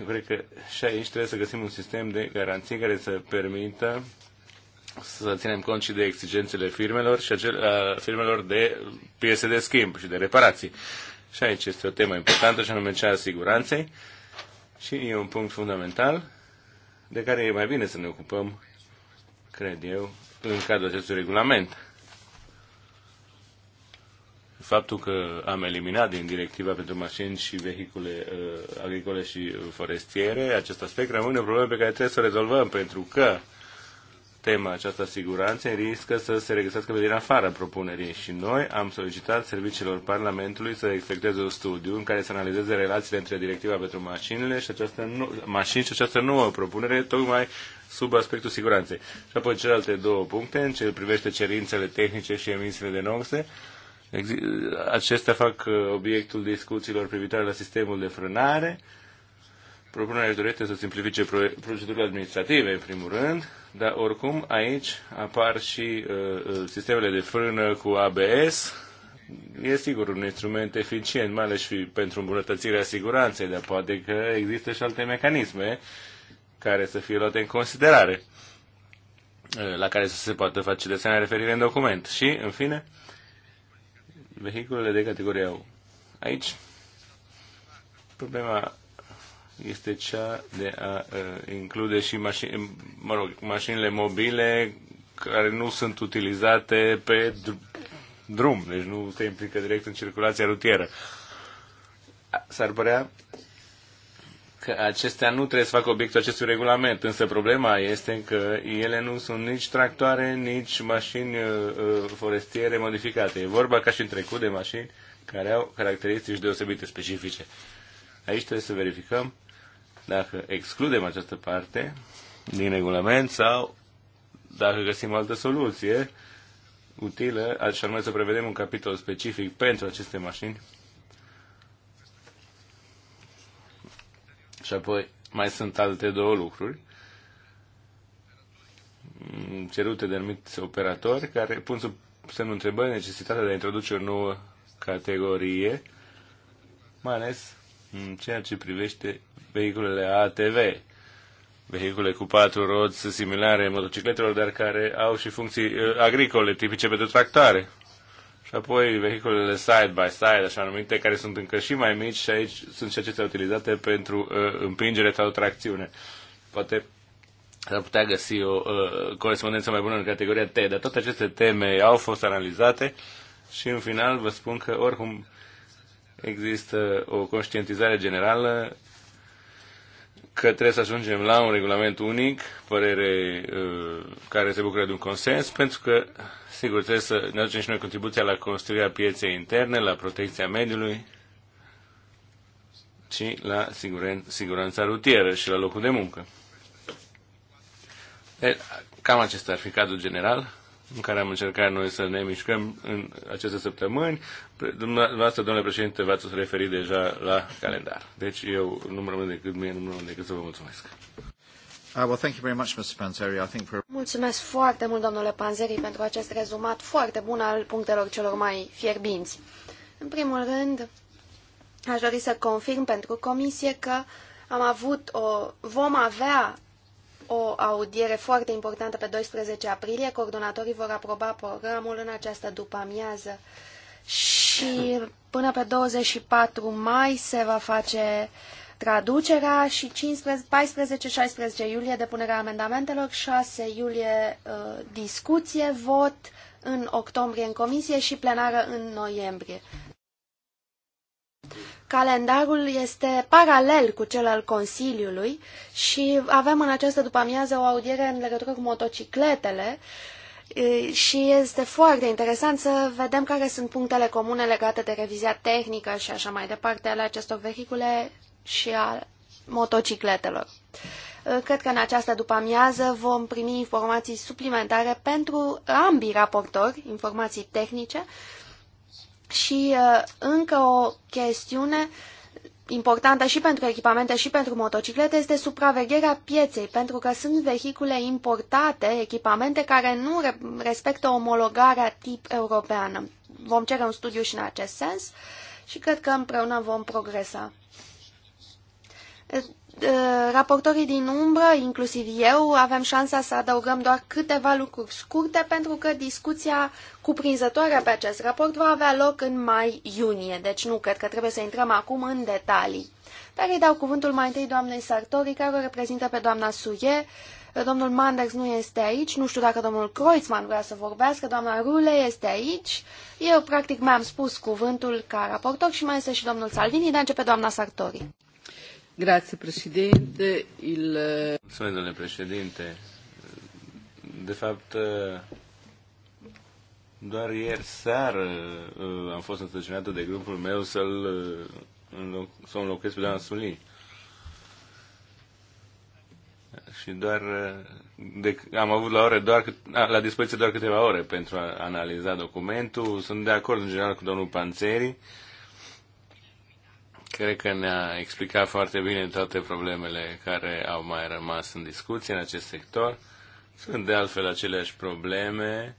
Eu cred că și aici trebuie să găsim un sistem de garanții care să permită să ținem cont și de exigențele firmelor și acel, a firmelor de piese de schimb și de reparații. Și aici este o temă importantă, și anume cea a siguranței. Și e un punct fundamental de care e mai bine să ne ocupăm, cred eu, în cadrul acestui regulament. Faptul că am eliminat din directiva pentru mașini și vehicule uh, agricole și forestiere, acest aspect rămâne o problemă pe care trebuie să o rezolvăm, pentru că uh, tema aceasta siguranței riscă să se regăsească pe din afara propunerii și noi am solicitat serviciilor Parlamentului să efectueze un studiu în care să analizeze relațiile între directiva pentru mașinile și această nu, mașini și această nouă propunere, tocmai sub aspectul siguranței. Și apoi celelalte două puncte, în ce privește cerințele tehnice și emisiile de noxe, acestea fac uh, obiectul discuțiilor privitoare la sistemul de frânare, Propunerea își dorește să simplifice procedurile administrative, în primul rând, dar oricum aici apar și uh, uh sistemele de frână cu ABS. E sigur un instrument eficient, mai ales și pentru îmbunătățirea siguranței, dar poate că există și alte mecanisme care să fie luate în considerare, uh, la care să se poată face de asemenea referire în document. Și, în fine, vehiculele de categoria U. Aici, problema este cea de a uh, include și mașini, mă rog, mașinile mobile care nu sunt utilizate pe drum, deci nu se implică direct în circulația rutieră. S-ar părea că acestea nu trebuie să facă obiectul acestui regulament, însă problema este că ele nu sunt nici tractoare, nici mașini uh, uh, forestiere modificate. E vorba ca și în trecut de mașini care au caracteristici deosebite, specifice. Aici trebuie să verificăm dacă excludem această parte din regulament sau dacă găsim altă soluție utilă, așa anume să prevedem un capitol specific pentru aceste mașini. Și apoi mai sunt alte două lucruri cerute de anumiți operatori care pun sub semnul întrebări necesitatea de a introduce o nouă categorie, mai ales în ceea ce privește vehiculele ATV, vehicule cu patru roți similare motocicletelor, dar care au și funcții uh, agricole tipice pentru tractare. Și apoi vehiculele side-by-side, side, așa numite, care sunt încă și mai mici și aici sunt și acestea utilizate pentru uh, împingere sau tracțiune. Poate s-ar putea găsi o uh, corespondență mai bună în categoria T, dar toate aceste teme au fost analizate și în final vă spun că oricum există o conștientizare generală că trebuie să ajungem la un regulament unic, părere uh, care se bucură de un consens, pentru că, sigur, trebuie să ne aducem și noi contribuția la construirea pieței interne, la protecția mediului și la siguranța rutieră și la locul de muncă. Cam acesta ar fi cadrul general în care am încercat noi să ne mișcăm în aceste săptămâni. Dumneavoastră, domnule președinte, v-ați referit deja la calendar. Deci eu nu mă rămân decât mie, nu mă rămân decât să vă mulțumesc. Mulțumesc foarte mult, domnule Panzeri, pentru acest rezumat foarte bun al punctelor celor mai fierbinți. În primul rând, aș dori să confirm pentru comisie că am avut o, vom avea o audiere foarte importantă pe 12 aprilie. Coordonatorii vor aproba programul în această după-amiază. Și până pe 24 mai se va face traducerea și 14-16 iulie depunerea amendamentelor, 6 iulie uh, discuție, vot în octombrie în comisie și plenară în noiembrie. Calendarul este paralel cu cel al Consiliului și avem în această după-amiază o audiere în legătură cu motocicletele și este foarte interesant să vedem care sunt punctele comune legate de revizia tehnică și așa mai departe ale acestor vehicule și a motocicletelor. Cred că în această după-amiază vom primi informații suplimentare pentru ambii raportori, informații tehnice, și uh, încă o chestiune importantă și pentru echipamente și pentru motociclete este supravegherea pieței, pentru că sunt vehicule importate, echipamente care nu respectă omologarea tip europeană. Vom cere un studiu și în acest sens și cred că împreună vom progresa. Raportorii din umbră, inclusiv eu, avem șansa să adăugăm doar câteva lucruri scurte pentru că discuția cuprinzătoare pe acest raport va avea loc în mai-iunie, deci nu cred că trebuie să intrăm acum în detalii. Dar îi dau cuvântul mai întâi doamnei Sartori, care o reprezintă pe doamna Suie. Domnul Manders nu este aici, nu știu dacă domnul Kreuzmann vrea să vorbească, doamna Rule este aici. Eu practic mi-am spus cuvântul ca raportor și mai este și domnul Salvini, dar începe doamna Sartori. Grazie, președinte. Il... Mulțumesc, domnule președinte. De fapt, doar ieri seară uh, am fost întâlnit de grupul meu să-l uh, să înlocuiesc pe doamna Sulin. Și doar uh, de, am avut la ore doar la dispoziție doar câteva ore pentru a analiza documentul. Sunt de acord în general cu domnul Panțeri. Cred că ne-a explicat foarte bine toate problemele care au mai rămas în discuție în acest sector. Sunt de altfel aceleași probleme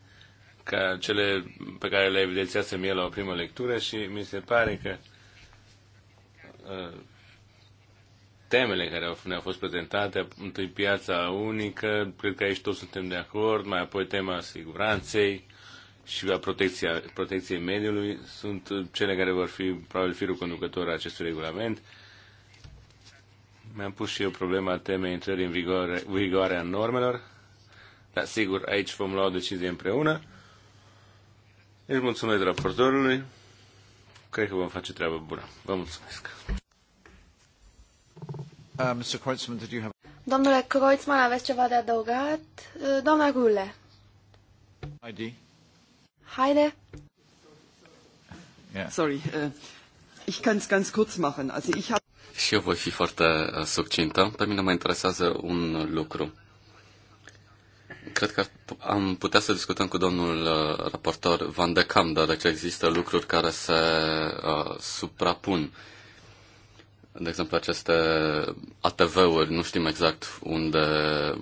ca cele pe care le evidențiasem el la o primă lectură și mi se pare că uh, temele care au, ne-au fost prezentate, întâi piața unică, cred că aici toți suntem de acord, mai apoi tema siguranței și a protecția, protecției mediului sunt cele care vor fi probabil firul conducător a acestui regulament. Mi-am pus și eu problema temei intrării în vigoare, vigoare a normelor, dar sigur, aici vom lua o decizie împreună. Îi mulțumesc raportorului. Cred că vom face treabă bună. Vă mulțumesc. Uh, Domnule Kreutzmann, aveți ceva de adăugat? Uh, doamna Gule. ID. Haide. Yeah. Sorry, uh, ich kann es ganz kurz machen. Also ich habe... Și eu voi fi foarte uh, succintă. Pe mine mă interesează un lucru. Cred că am putea să discutăm cu domnul uh, raportor Van de Cam, deoarece există lucruri care se uh, suprapun. De exemplu, aceste ATV-uri, nu știm exact unde,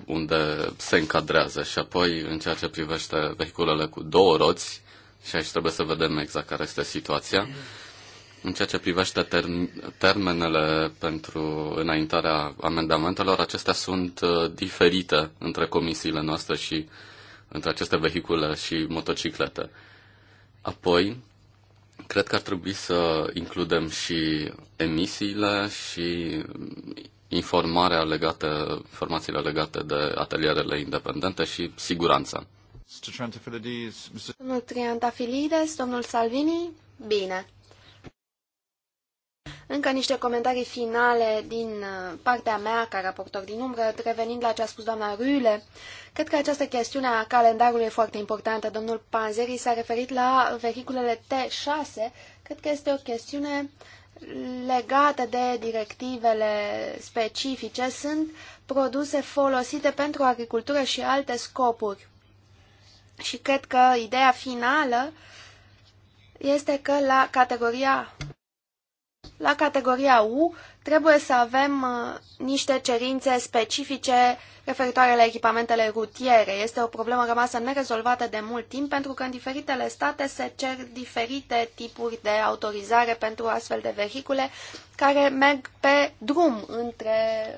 unde se încadrează. Și apoi, în ceea ce privește vehiculele cu două roți, și aici trebuie să vedem exact care este situația. Uh, în ceea ce privește termenele pentru înaintarea amendamentelor, acestea sunt uh, diferite între comisiile noastre și între aceste vehicule și motociclete. Apoi, cred că ar trebui să includem și emisiile și informarea legată, informațiile legate de atelierele independente și siguranța. Domnul Triantafilides, domnul Salvini, bine. Încă niște comentarii finale din uh, partea mea ca raportor din umbră, revenind la ce a spus doamna Rüle. Cred că această chestiune a calendarului e foarte importantă. Domnul Panzeri s-a referit la vehiculele T6. Cred că este o chestiune legată de directivele specifice. Sunt produse folosite pentru agricultură și alte scopuri. Și cred că ideea finală este că la categoria la categoria U trebuie să avem uh, niște cerințe specifice referitoare la echipamentele rutiere. Este o problemă rămasă nerezolvată de mult timp pentru că în diferitele state se cer diferite tipuri de autorizare pentru astfel de vehicule care merg pe drum între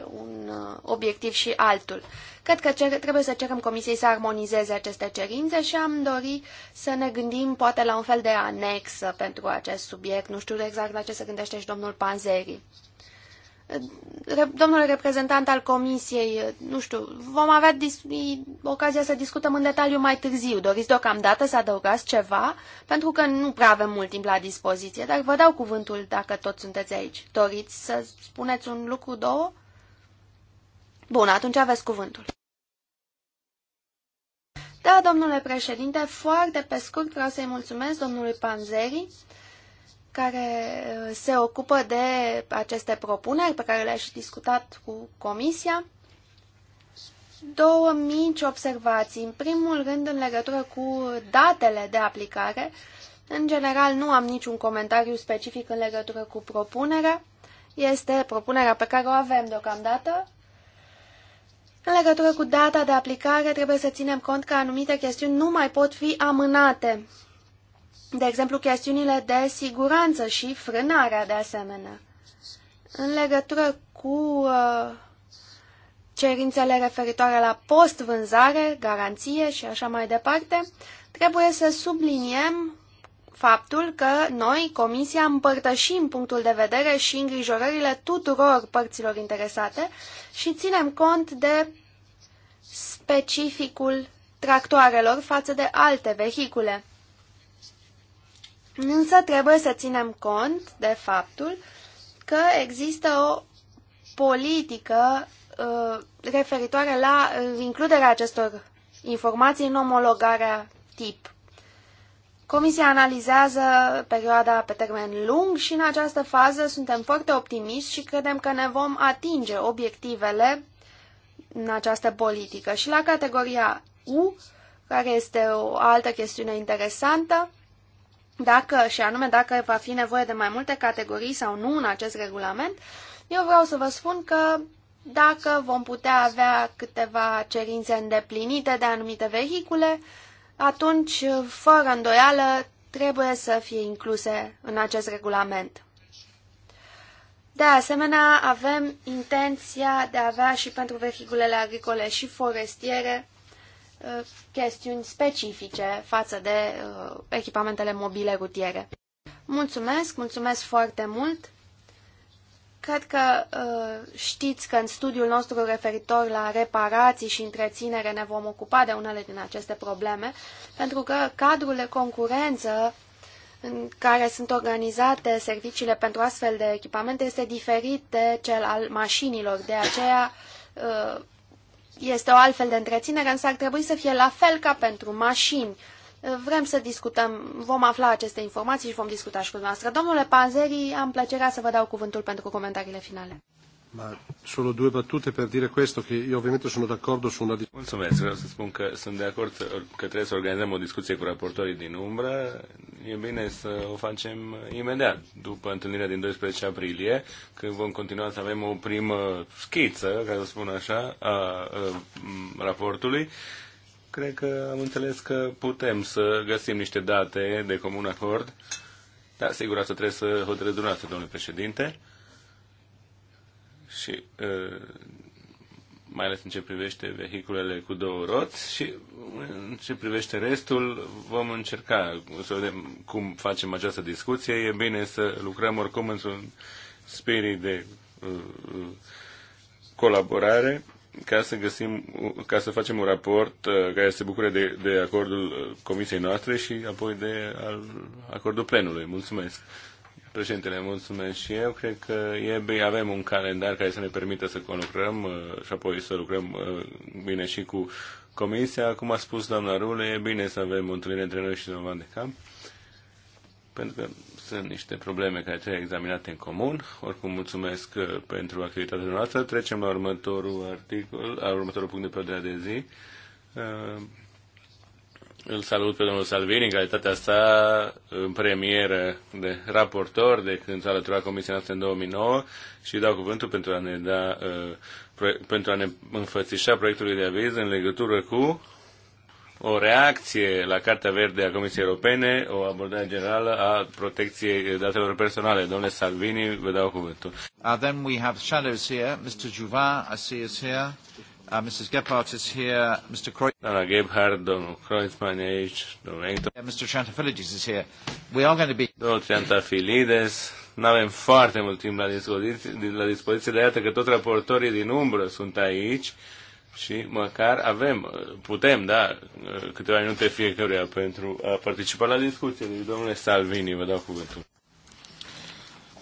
un uh, obiectiv și altul. Cred că cer, trebuie să cerem Comisiei să armonizeze aceste cerințe și am dori să ne gândim poate la un fel de anexă pentru acest subiect. Nu știu exact la ce se gândește și domnul Panzeri domnule reprezentant al comisiei, nu știu, vom avea ocazia să discutăm în detaliu mai târziu. Doriți deocamdată să adăugați ceva? Pentru că nu prea avem mult timp la dispoziție, dar vă dau cuvântul dacă toți sunteți aici. Doriți să spuneți un lucru, două? Bun, atunci aveți cuvântul. Da, domnule președinte, foarte pe scurt vreau să-i mulțumesc domnului Panzeri care uh, se ocupă de aceste propuneri pe care le-aș discutat cu Comisia. Două mici observații. În primul rând, în legătură cu datele de aplicare, în general nu am niciun comentariu specific în legătură cu propunerea. Este propunerea pe care o avem deocamdată. În legătură cu data de aplicare, trebuie să ținem cont că anumite chestiuni nu mai pot fi amânate de exemplu, chestiunile de siguranță și frânarea de asemenea. În legătură cu uh, cerințele referitoare la post-vânzare, garanție și așa mai departe, trebuie să subliniem faptul că noi, Comisia, împărtășim punctul de vedere și îngrijorările tuturor părților interesate și ținem cont de specificul tractoarelor față de alte vehicule. Însă trebuie să ținem cont de faptul că există o politică uh, referitoare la includerea acestor informații în omologarea tip. Comisia analizează perioada pe termen lung și în această fază suntem foarte optimiști și credem că ne vom atinge obiectivele în această politică. Și la categoria U, care este o altă chestiune interesantă, dacă, și anume dacă va fi nevoie de mai multe categorii sau nu în acest regulament, eu vreau să vă spun că dacă vom putea avea câteva cerințe îndeplinite de anumite vehicule, atunci, fără îndoială, trebuie să fie incluse în acest regulament. De asemenea, avem intenția de a avea și pentru vehiculele agricole și forestiere Uh, chestiuni specifice față de uh, echipamentele mobile rutiere. Mulțumesc, mulțumesc foarte mult! Cred că uh, știți că în studiul nostru referitor la reparații și întreținere ne vom ocupa de unele din aceste probleme, pentru că cadrul de concurență în care sunt organizate serviciile pentru astfel de echipamente este diferit de cel al mașinilor. De aceea este o altfel de întreținere, însă ar trebui să fie la fel ca pentru mașini. Vrem să discutăm, vom afla aceste informații și vom discuta și cu dumneavoastră. Domnule Panzeri, am plăcerea să vă dau cuvântul pentru comentariile finale solo due battute per dire questo, che io ovviamente sono d'accordo su una... Mulțumesc, vreau să spun că sunt de acord că trebuie să organizăm o discuție cu raportorii din umbră. E bine să o facem imediat, după întâlnirea din 12 aprilie, când vom continua să avem o primă schiță, ca să spun așa, a, a raportului. Cred că am înțeles că putem să găsim niște date de comun acord. Da, sigur, asta trebuie să hotărâți dumneavoastră, domnule președinte și mai ales în ce privește vehiculele cu două roți și în ce privește restul vom încerca să vedem cum facem această discuție. E bine să lucrăm oricum într-un spirit de colaborare ca să găsim, ca să facem un raport care se bucure de, de acordul comisiei noastre și apoi de al, acordul plenului. Mulțumesc! Președintele, mulțumesc și eu. Cred că e bine, avem un calendar care să ne permită să conlucrăm uh, și apoi să lucrăm uh, bine și cu Comisia. Cum a spus doamna Rule, e bine să avem un întâlnire între noi și domnul de Camp, pentru că sunt niște probleme care trebuie examinate în comun. Oricum, mulțumesc uh, pentru activitatea noastră. Trecem la următorul articol, la următorul punct de pe de zi îl salut pe domnul Salvini în calitatea sa în premieră de raportor de când s-a alăturat Comisia noastră în 2009 și dau cuvântul pentru a ne da uh, pentru a ne înfățișa proiectului de aviz în legătură cu o reacție la Cartea Verde a Comisiei Europene, o abordare generală a protecției datelor personale. Domnule Salvini, vă dau cuvântul. Uh, then we have shadows here. Mr. Juvin, I see is here. Uh, Mrs. Gephardt is here. Mr. Kreuz... Doamna Gebhardt, domnul Kreuzmann e aici, domnul Mr. Trantafilides is here. We are going to be... Domnul Trantafilides, nu avem foarte mult timp la dispoziție, la dispoziție, dar iată că tot raportorii din umbră sunt aici și măcar avem, putem, da, câteva minute fiecăruia pentru a participa la discuție. Deci, domnule Salvini, vă dau cuvântul.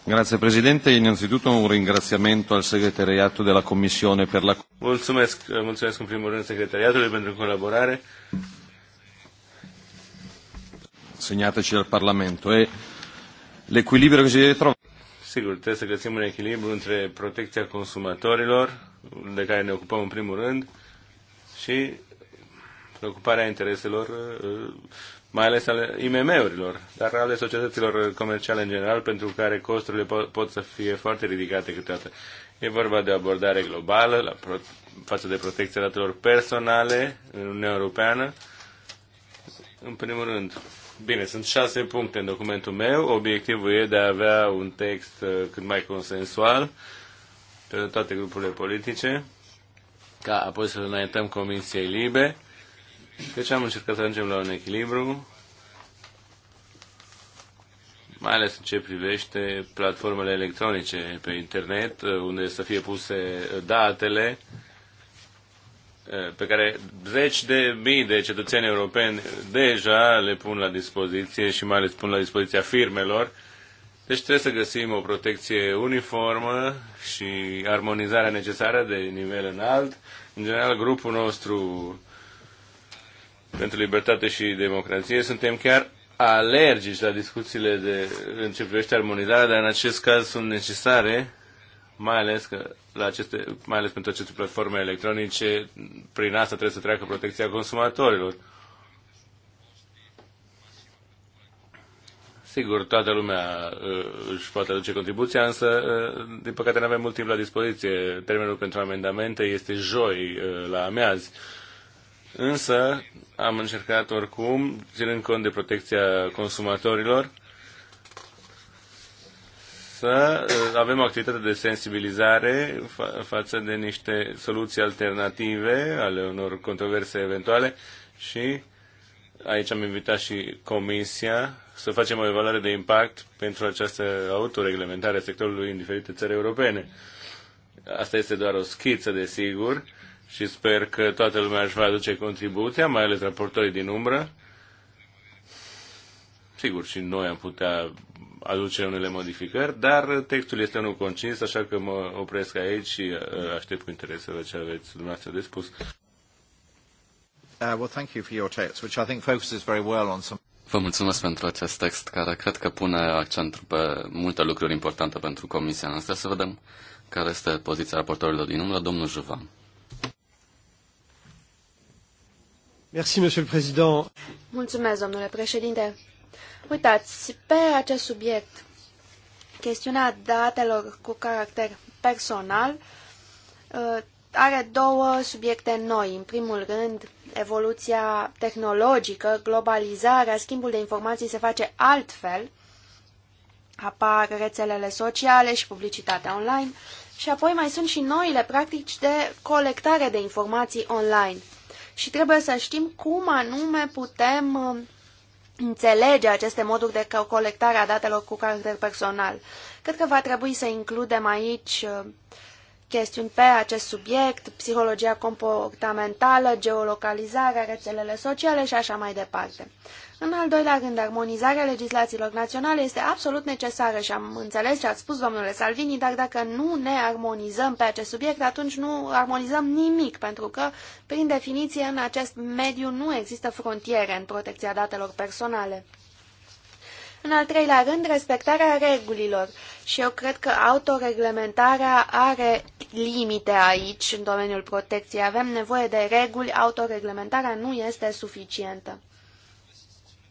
Grazie Presidente, innanzitutto un ringraziamento al segretariato della Commissione per la... Mulțumesc, eh, mulțumesc în primul rând secretariatului pentru colaborare. Segnateci dal Parlamento e l'equilibrio che si deve trovare. Sigur, trebuie să găsim un echilibru între protecția consumatorilor, de care ne ocupăm în primul rând, și preocuparea intereselor uh, mai ales ale IMM-urilor, dar ale societăților comerciale în general, pentru care costurile pot, pot să fie foarte ridicate câteodată. E vorba de abordare globală la pro, față de protecția datelor personale în Uniunea Europeană. În primul rând, bine, sunt șase puncte în documentul meu. Obiectivul e de a avea un text uh, cât mai consensual pentru toate grupurile politice, ca apoi să înaintăm Comisiei Libe deci am încercat să ajungem la un echilibru, mai ales în ce privește platformele electronice pe internet, unde să fie puse datele eh, pe care zeci de mii de cetățeni europeni deja le pun la dispoziție și mai ales pun la dispoziția firmelor. Deci trebuie să găsim o protecție uniformă și armonizarea necesară de nivel înalt. În general, grupul nostru pentru libertate și democrație, suntem chiar alergici la discuțiile de, în ce privește armonizarea, dar în acest caz sunt necesare, mai ales, că la aceste, mai ales pentru aceste platforme electronice, prin asta trebuie să treacă protecția consumatorilor. Sigur, toată lumea uh, își poate aduce contribuția, însă, uh, din păcate, nu avem mult timp la dispoziție. Termenul pentru amendamente este joi uh, la amiazi. Uh, Însă am încercat oricum, ținând cont de protecția consumatorilor, să uh, avem o activitate de sensibilizare fa- față de niște soluții alternative ale unor controverse eventuale și aici am invitat și Comisia să facem o evaluare de impact pentru această autoreglementare a sectorului în diferite țări europene. Asta este doar o schiță, desigur, și sper că toată lumea își va aduce contribuția, mai ales raportorii din umbră. Sigur, și noi am putea aduce unele modificări, dar textul este unul concis, așa că mă opresc aici și uh, aștept cu interes să văd ce aveți dumneavoastră de spus. Uh, Vă mulțumesc pentru acest text care cred că pune accent pe multe lucruri importante pentru comisia noastră. Să vedem care este poziția raportorilor din umbră, domnul Juvan. Mulțumesc, domnule președinte. Uitați, pe acest subiect, chestiunea datelor cu caracter personal uh, are două subiecte noi. În primul rând, evoluția tehnologică, globalizarea, schimbul de informații se face altfel, apar rețelele sociale și publicitatea online și apoi mai sunt și noile practici de colectare de informații online și trebuie să știm cum anume putem uh, înțelege aceste moduri de colectare a datelor cu caracter personal. Cred că va trebui să includem aici uh, chestiuni pe acest subiect, psihologia comportamentală, geolocalizarea, rețelele sociale și așa mai departe. În al doilea rând, armonizarea legislațiilor naționale este absolut necesară și am înțeles ce ați spus, domnule Salvini, dar dacă nu ne armonizăm pe acest subiect, atunci nu armonizăm nimic, pentru că, prin definiție, în acest mediu nu există frontiere în protecția datelor personale. În al treilea rând, respectarea regulilor. Și eu cred că autoreglementarea are limite aici, în domeniul protecției. Avem nevoie de reguli, autoreglementarea nu este suficientă.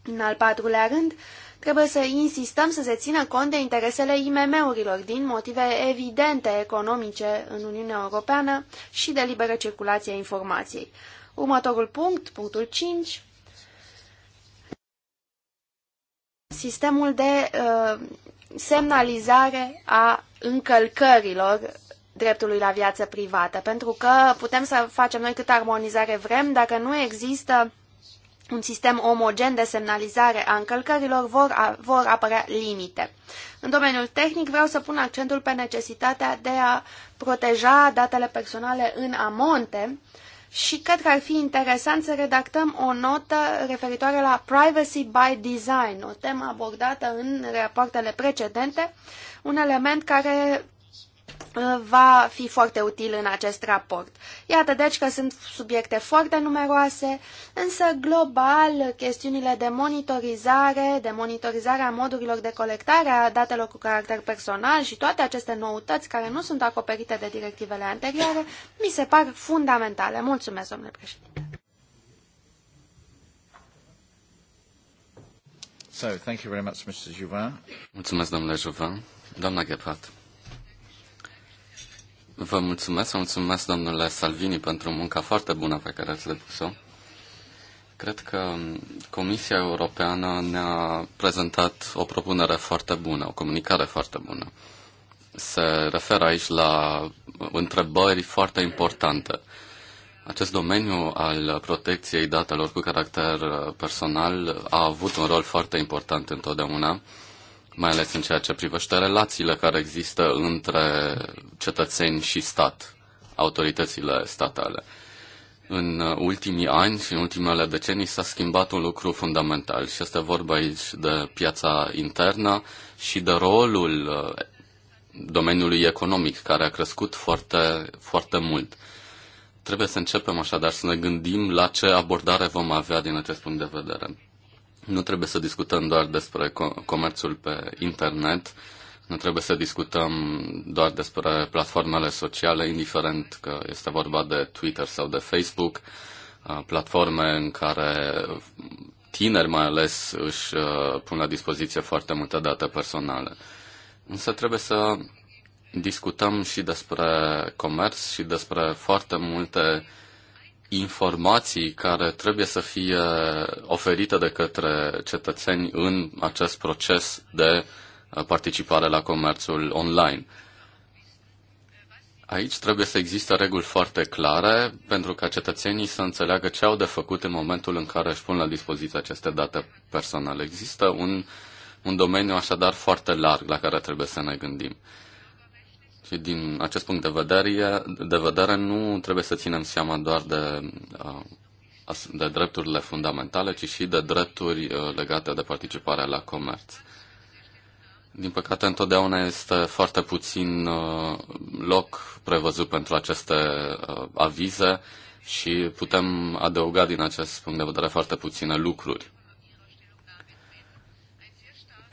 În al patrulea rând, trebuie să insistăm să se țină cont de interesele IMM-urilor din motive evidente economice în Uniunea Europeană și de liberă circulație a informației. Următorul punct, punctul 5, sistemul de uh, semnalizare a încălcărilor dreptului la viață privată, pentru că putem să facem noi cât armonizare vrem, dacă nu există un sistem omogen de semnalizare a încălcărilor vor, a, vor apărea limite. În domeniul tehnic vreau să pun accentul pe necesitatea de a proteja datele personale în amonte și cred că ar fi interesant să redactăm o notă referitoare la Privacy by Design, o temă abordată în rapoartele precedente, un element care Uh, va fi foarte util în acest raport. Iată deci că sunt subiecte foarte numeroase, însă global chestiunile de monitorizare, de monitorizarea modurilor de colectare a datelor cu caracter personal și toate aceste noutăți care nu sunt acoperite de directivele anterioare, mi se par fundamentale. Mulțumesc, domnule președinte. So, thank you very much, Mr. Juvin. Mulțumesc, domnule Juvin. Doamna Gephardt. Vă mulțumesc, vă mulțumesc, domnule Salvini, pentru munca foarte bună pe care ați depus-o. Cred că Comisia Europeană ne-a prezentat o propunere foarte bună, o comunicare foarte bună. Se referă aici la întrebări foarte importante. Acest domeniu al protecției datelor cu caracter personal a avut un rol foarte important întotdeauna mai ales în ceea ce privește relațiile care există între cetățeni și stat, autoritățile statale. În ultimii ani și în ultimele decenii s-a schimbat un lucru fundamental și este vorba aici de piața internă și de rolul uh, domeniului economic, care a crescut foarte, foarte mult. Trebuie să începem așadar să ne gândim la ce abordare vom avea din acest punct de vedere. Nu trebuie să discutăm doar despre comerțul pe internet, nu trebuie să discutăm doar despre platformele sociale, indiferent că este vorba de Twitter sau de Facebook, platforme în care tineri mai ales își pun la dispoziție foarte multe date personale. Însă trebuie să discutăm și despre comerț și despre foarte multe informații care trebuie să fie oferite de către cetățeni în acest proces de uh, participare la comerțul online. Aici trebuie să existe reguli foarte clare pentru ca cetățenii să înțeleagă ce au de făcut în momentul în care își pun la dispoziție aceste date personale. Există un, un domeniu așadar foarte larg la care trebuie să ne gândim. Și din acest punct de vedere, de vedere nu trebuie să ținem seama doar de, de drepturile fundamentale, ci și de drepturi uh, legate de participarea la comerț. Din păcate, întotdeauna este foarte puțin uh, loc prevăzut pentru aceste uh, avize și putem adăuga din acest punct de vedere foarte puține lucruri.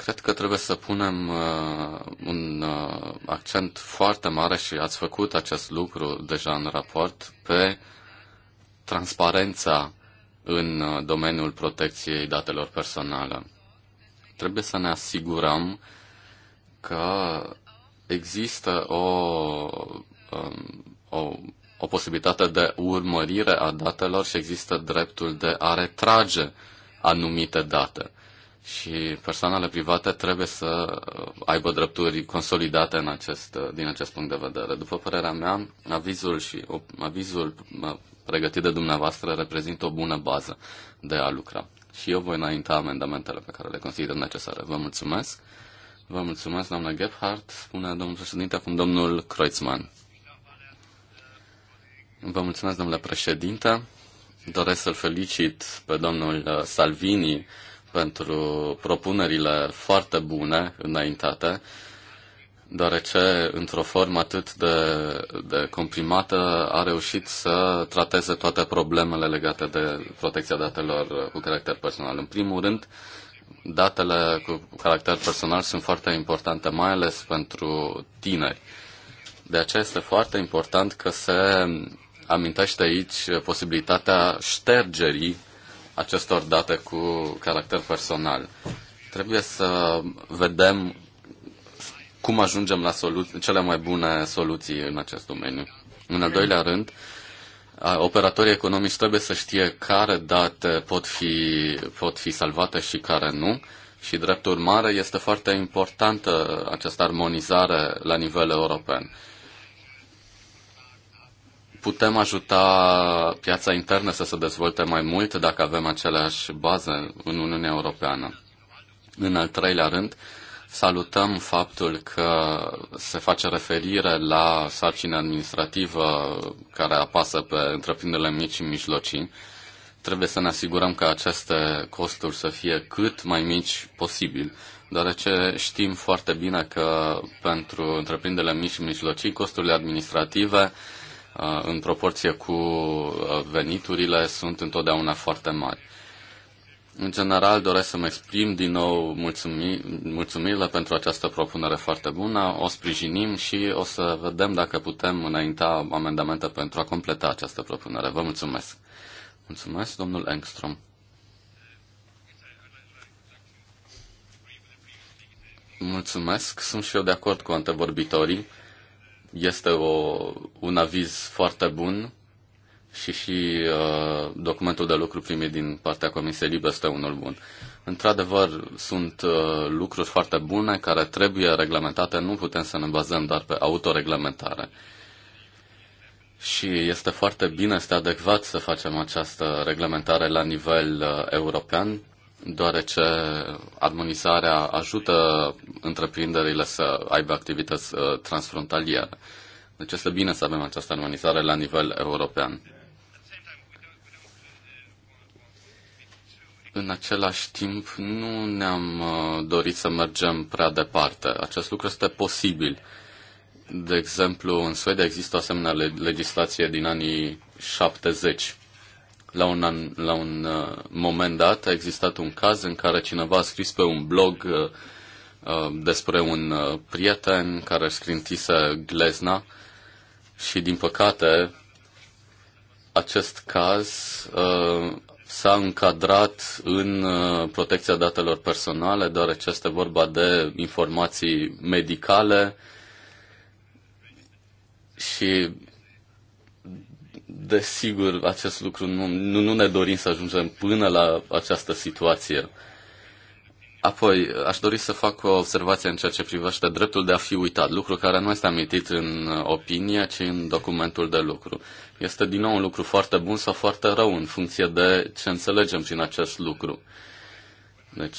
Cred că trebuie să punem uh, un uh, accent foarte mare și ați făcut acest lucru deja în raport pe transparența în uh, domeniul protecției datelor personale. Trebuie să ne asigurăm că există o, um, o, o posibilitate de urmărire a datelor și există dreptul de a retrage anumite date și persoanele private trebuie să aibă drepturi consolidate în acest, din acest punct de vedere. După părerea mea, avizul, și, avizul pregătit de dumneavoastră reprezintă o bună bază de a lucra. Și eu voi înainta amendamentele pe care le consider necesare. Vă mulțumesc. Vă mulțumesc, doamna Gebhardt. Spune domnul președinte, acum domnul Kreutzmann. Vă mulțumesc, domnule președinte. Doresc să-l felicit pe domnul uh, Salvini pentru propunerile foarte bune înaintate, deoarece, într-o formă atât de, de comprimată, a reușit să trateze toate problemele legate de protecția datelor cu caracter personal. În primul rând, datele cu caracter personal sunt foarte importante, mai ales pentru tineri. De aceea este foarte important că se amintește aici posibilitatea ștergerii acestor date cu caracter personal. Trebuie să vedem cum ajungem la cele mai bune soluții în acest domeniu. În al doilea rând, operatorii economici trebuie să știe care date pot fi, pot fi salvate și care nu. Și drept urmare este foarte importantă această armonizare la nivel european putem ajuta piața internă să se dezvolte mai mult dacă avem aceleași baze în Uniunea Europeană. În al treilea rând, salutăm faptul că se face referire la sarcina administrativă care apasă pe întreprinderile mici și mijlocii. Trebuie să ne asigurăm că aceste costuri să fie cât mai mici posibil, deoarece știm foarte bine că pentru întreprinderile mici și mijlocii costurile administrative în proporție cu veniturile sunt întotdeauna foarte mari. În general, doresc să-mi exprim din nou mulțumi, mulțumirile pentru această propunere foarte bună. O sprijinim și o să vedem dacă putem înainta amendamente pentru a completa această propunere. Vă mulțumesc. Mulțumesc, domnul Engstrom. Mulțumesc. Sunt și eu de acord cu antevorbitorii este o, un aviz foarte bun și și uh, documentul de lucru primit din partea Comisiei Libe este unul bun. Într-adevăr, sunt uh, lucruri foarte bune care trebuie reglementate, nu putem să ne bazăm doar pe autoreglementare. Și este foarte bine, este adecvat să facem această reglementare la nivel uh, european, deoarece armonizarea ajută întreprinderile să aibă activități uh, transfrontaliere. Deci este bine să avem această armonizare la nivel european. În același timp, nu ne-am uh, dorit să mergem prea departe. Acest lucru este posibil. De exemplu, în Suedia există o asemenea legislație din anii 70 la un, an, la un uh, moment dat a existat un caz în care cineva a scris pe un blog uh, uh, despre un prieten care scrintise glezna și, din păcate, acest caz s-a încadrat în protecția datelor personale, deoarece este vorba de informații medicale și Desigur, acest lucru nu, nu, nu ne dorim să ajungem până la această situație. Apoi, aș dori să fac o observație în ceea ce privește dreptul de a fi uitat, lucru care nu este amintit în opinie, ci în documentul de lucru. Este din nou un lucru foarte bun sau foarte rău, în funcție de ce înțelegem prin acest lucru. Deci,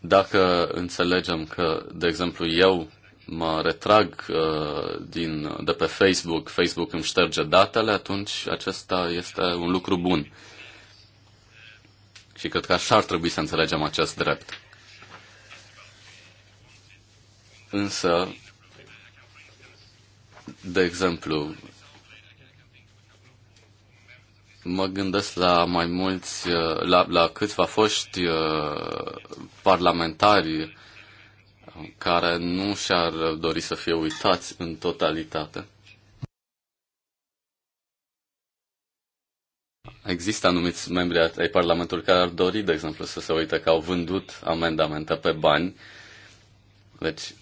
dacă înțelegem că, de exemplu, eu mă retrag uh, din, de pe Facebook, Facebook îmi șterge datele, atunci acesta este un lucru bun. Și cred că așa ar trebui să înțelegem acest drept. Însă, de exemplu, mă gândesc la mai mulți, uh, la, la câțiva foști uh, parlamentari care nu și-ar dori să fie uitați în totalitate. Există anumiți membri ai Parlamentului care ar dori, de exemplu, să se uite că au vândut amendamente pe bani. Deci,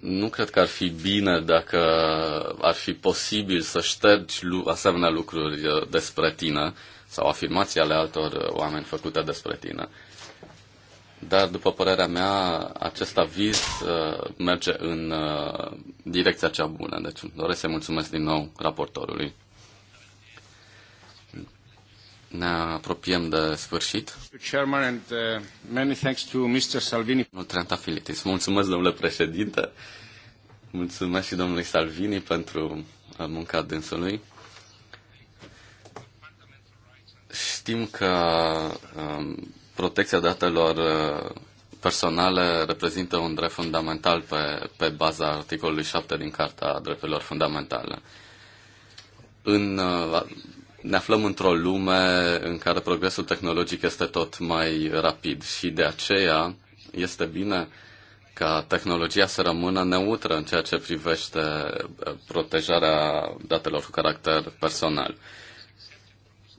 nu cred că ar fi bine dacă ar fi posibil să ștergi asemenea lucruri uh, despre tine sau afirmații ale altor uh, oameni făcute despre tine dar după părerea mea, acest aviz uh, merge în uh, direcția cea bună. Deci doresc să mulțumesc din nou raportorului. Ne apropiem de sfârșit. Chairman, and, uh, Mulțumesc, domnule președinte. Mulțumesc și domnului Salvini pentru uh, munca dânsului. Știm că um, protecția datelor uh, personale reprezintă un drept fundamental pe, pe baza articolului 7 din Carta Drepturilor Fundamentale. În, uh, ne aflăm într-o lume în care progresul tehnologic este tot mai rapid și de aceea este bine ca tehnologia să rămână neutră în ceea ce privește uh, protejarea datelor cu caracter personal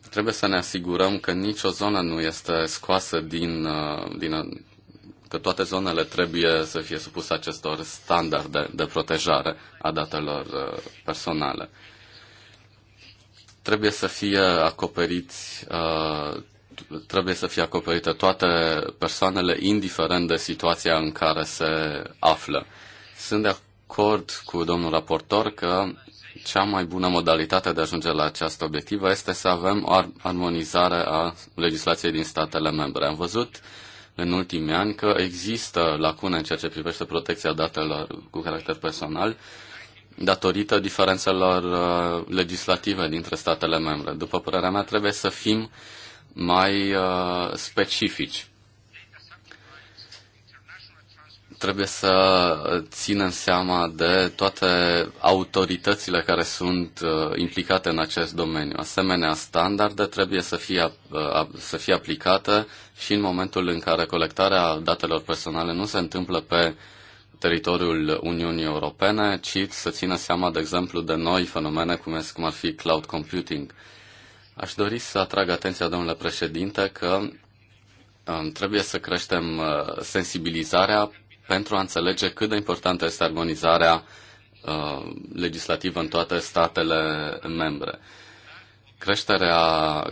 trebuie să ne asigurăm că nicio zonă nu este scoasă din, uh, din uh, că toate zonele trebuie să fie supuse acestor standarde de protejare a datelor uh, personale. Trebuie să fie acoperiți trebuie să fie acoperite toate persoanele, indiferent de situația în care se află. Sunt de acord cu domnul raportor că cea mai bună modalitate de a ajunge la această obiectivă este să avem o armonizare a legislației din statele membre. Am văzut în ultimii ani că există lacune în ceea ce privește protecția datelor cu caracter personal datorită diferențelor uh, legislative dintre statele membre. După părerea mea, trebuie să fim mai uh, specifici trebuie să ținem seama de toate autoritățile care sunt uh, implicate în acest domeniu. Asemenea, standarde trebuie să fie, uh, să fie aplicate și în momentul în care colectarea datelor personale nu se întâmplă pe teritoriul Uniunii Europene, ci să țină seama, de exemplu, de noi fenomene cum, este, cum ar fi cloud computing. Aș dori să atrag atenția, domnule președinte, că um, trebuie să creștem uh, sensibilizarea pentru a înțelege cât de importantă este armonizarea uh, legislativă în toate statele membre. Creșterea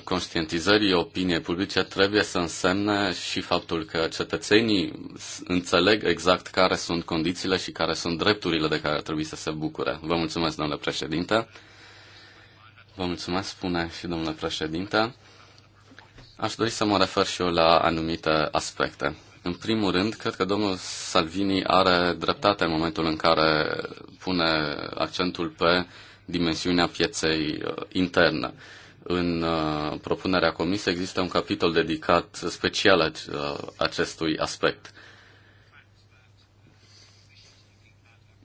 conștientizării opiniei publice trebuie să însemne și faptul că cetățenii înțeleg exact care sunt condițiile și care sunt drepturile de care trebuie să se bucure. Vă mulțumesc, domnule președinte. Vă mulțumesc, spune și domnule președinte. Aș dori să mă refer și eu la anumite aspecte. În primul rând, cred că domnul Salvini are dreptate în momentul în care pune accentul pe dimensiunea pieței uh, interne. În uh, propunerea comisiei există un capitol dedicat special uh, acestui aspect.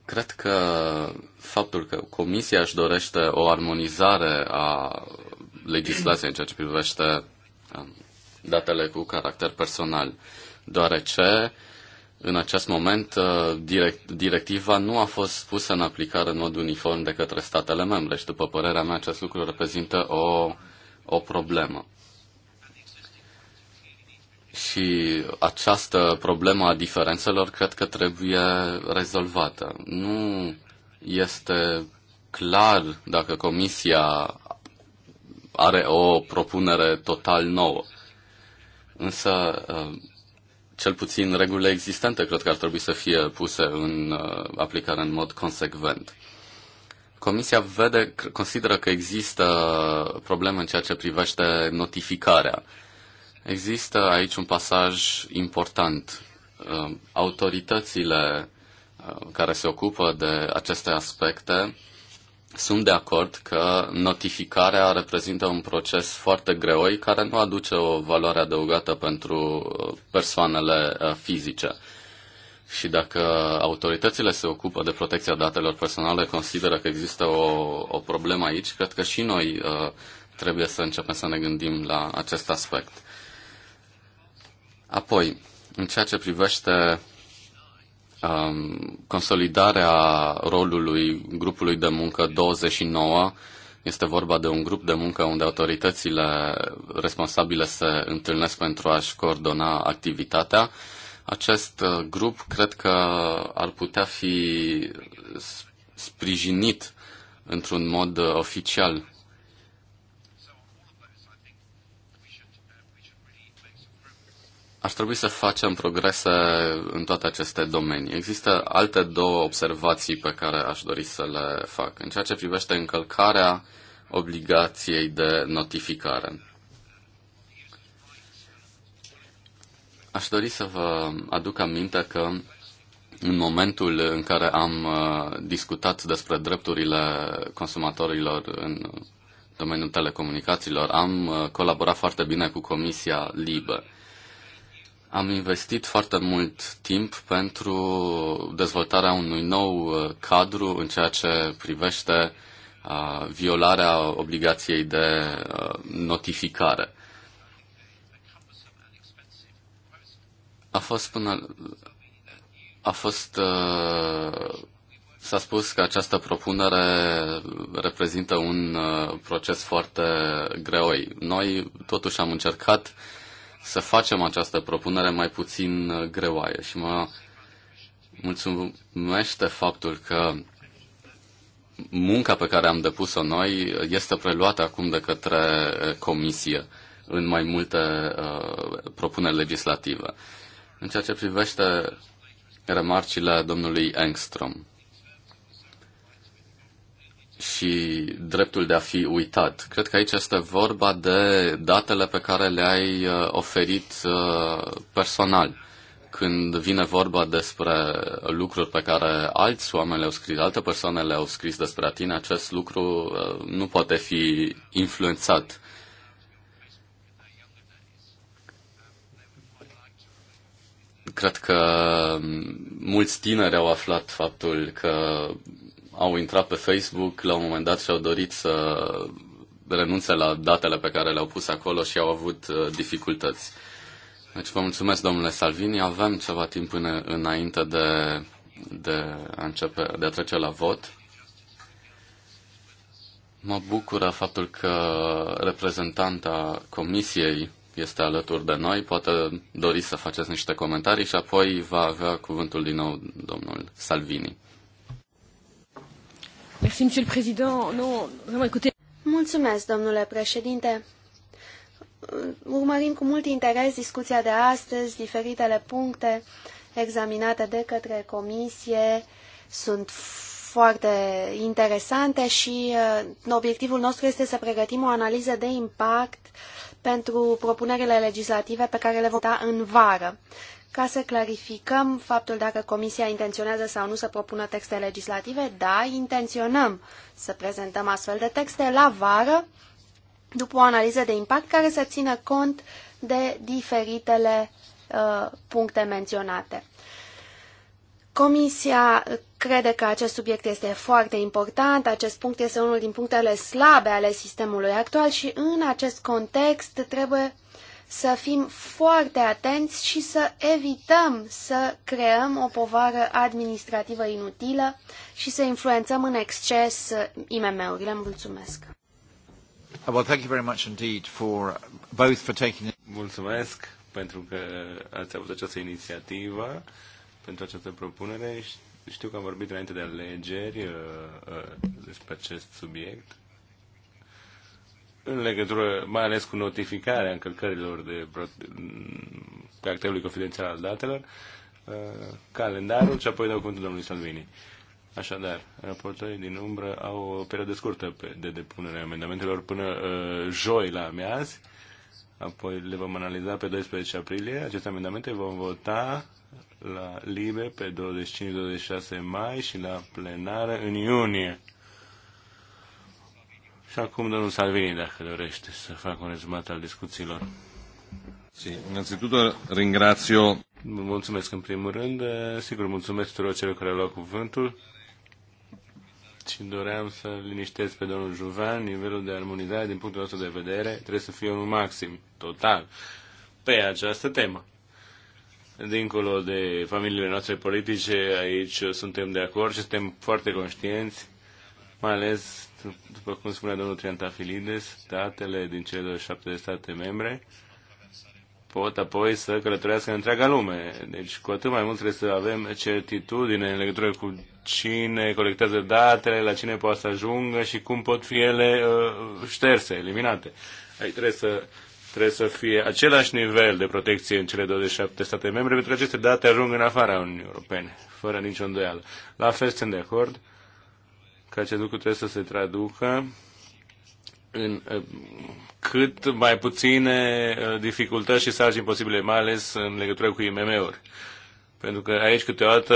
Cred că faptul că comisia își dorește o armonizare a legislației în ceea ce privește um, datele cu caracter personal deoarece în acest moment uh, direct, directiva nu a fost pusă în aplicare în mod uniform de către statele membre și, după părerea mea, acest lucru reprezintă o, o problemă. Și această problemă a diferențelor cred că trebuie rezolvată. Nu este clar dacă Comisia are o propunere total nouă. Însă uh, cel puțin regulile existente cred că ar trebui să fie puse în uh, aplicare în mod consecvent. Comisia vede, consideră că există probleme în ceea ce privește notificarea. Există aici un pasaj important. Uh, autoritățile uh, care se ocupă de aceste aspecte sunt de acord că notificarea reprezintă un proces foarte greoi care nu aduce o valoare adăugată pentru uh, persoanele uh, fizice. Și dacă autoritățile se ocupă de protecția datelor personale, consideră că există o, o problemă aici, cred că și noi uh, trebuie să începem să ne gândim la acest aspect. Apoi, în ceea ce privește Um, consolidarea rolului grupului de muncă 29. Este vorba de un grup de muncă unde autoritățile responsabile se întâlnesc pentru a-și coordona activitatea. Acest uh, grup cred că ar putea fi sprijinit într-un mod uh, oficial Ar trebui să facem progrese în toate aceste domenii. Există alte două observații pe care aș dori să le fac. În ceea ce privește încălcarea obligației de notificare. Aș dori să vă aduc aminte că în momentul în care am uh, discutat despre drepturile consumatorilor în domeniul telecomunicațiilor, am uh, colaborat foarte bine cu Comisia Libă. Am investit foarte mult timp pentru dezvoltarea unui nou uh, cadru în ceea ce privește uh, violarea obligației de uh, notificare. A fost până. A fost. S-a spus că această propunere reprezintă un proces foarte greoi. Noi totuși am încercat să facem această propunere mai puțin uh, greoaie și mă mulțumește faptul că munca pe care am depus-o noi este preluată acum de către uh, comisie în mai multe uh, propuneri legislative. În ceea ce privește remarcile domnului Engstrom, și dreptul de a fi uitat. Cred că aici este vorba de datele pe care le-ai uh, oferit uh, personal. Când vine vorba despre lucruri pe care alți oameni le-au scris, alte persoane le-au scris despre tine, acest lucru uh, nu poate fi influențat. Cred că um, mulți tineri au aflat faptul că au intrat pe Facebook la un moment dat și au dorit să renunțe la datele pe care le-au pus acolo și au avut uh, dificultăți. Deci vă mulțumesc, domnule Salvini. Avem ceva timp până înainte de, de, a, începe, de a trece la vot. Mă bucură faptul că reprezentanta comisiei este alături de noi. Poate doriți să faceți niște comentarii și apoi va avea cuvântul din nou domnul Salvini. Mulțumesc, domnule președinte. Urmărim cu mult interes discuția de astăzi, diferitele puncte examinate de către comisie sunt foarte interesante și uh, obiectivul nostru este să pregătim o analiză de impact pentru propunerile legislative pe care le vom da în vară ca să clarificăm faptul dacă Comisia intenționează sau nu să propună texte legislative. Da, intenționăm să prezentăm astfel de texte la vară, după o analiză de impact care să țină cont de diferitele uh, puncte menționate. Comisia crede că acest subiect este foarte important, acest punct este unul din punctele slabe ale sistemului actual și în acest context trebuie să fim foarte atenți și să evităm să creăm o povară administrativă inutilă și să influențăm în exces IMM-urile. Mulțumesc! Well, thank you very much indeed for both for taking Mulțumesc pentru că ați avut această inițiativă, pentru această propunere. Știu că am vorbit înainte de alegeri uh, uh, despre acest subiect în legătură mai ales cu notificarea încălcărilor de caracterului confidențial al datelor, uh, calendarul și apoi dau cuvântul domnului Salvini. Așadar, raportorii din umbră au o perioadă scurtă de depunere a amendamentelor până uh, joi la amiaz. Apoi le vom analiza pe 12 aprilie. Aceste amendamente vom vota la LIBE pe 25-26 mai și la plenară în iunie. Și acum domnul Salvini, dacă dorește să fac un rezumat al discuțiilor. Sì, innanzitutto ringrazio... Mulțumesc în primul rând. Sigur, mulțumesc tuturor celor care au luat cuvântul. Și doream să liniștesc pe domnul Juvan. Nivelul de armonizare, din punctul nostru de vedere, trebuie să fie un maxim, total, pe această temă. Dincolo de familiile noastre politice, aici suntem de acord și suntem foarte conștienți, mai ales după cum spunea domnul Triantafilides, datele din cele șapte de state membre pot apoi să călătorească în întreaga lume. Deci, cu atât mai mult trebuie să avem certitudine în legătură cu cine colectează datele, la cine poate să ajungă și cum pot fi ele uh, șterse, eliminate. Aici trebuie să, trebuie să fie același nivel de protecție în cele 27 state membre, pentru că aceste date ajung în afara Uniunii Europene, fără nicio îndoială. La fel sunt de acord că acest lucru trebuie să se traducă în uh, cât mai puține uh, dificultăți și sarcini posibile, mai ales în legătură cu IMM-uri. Pentru că aici câteodată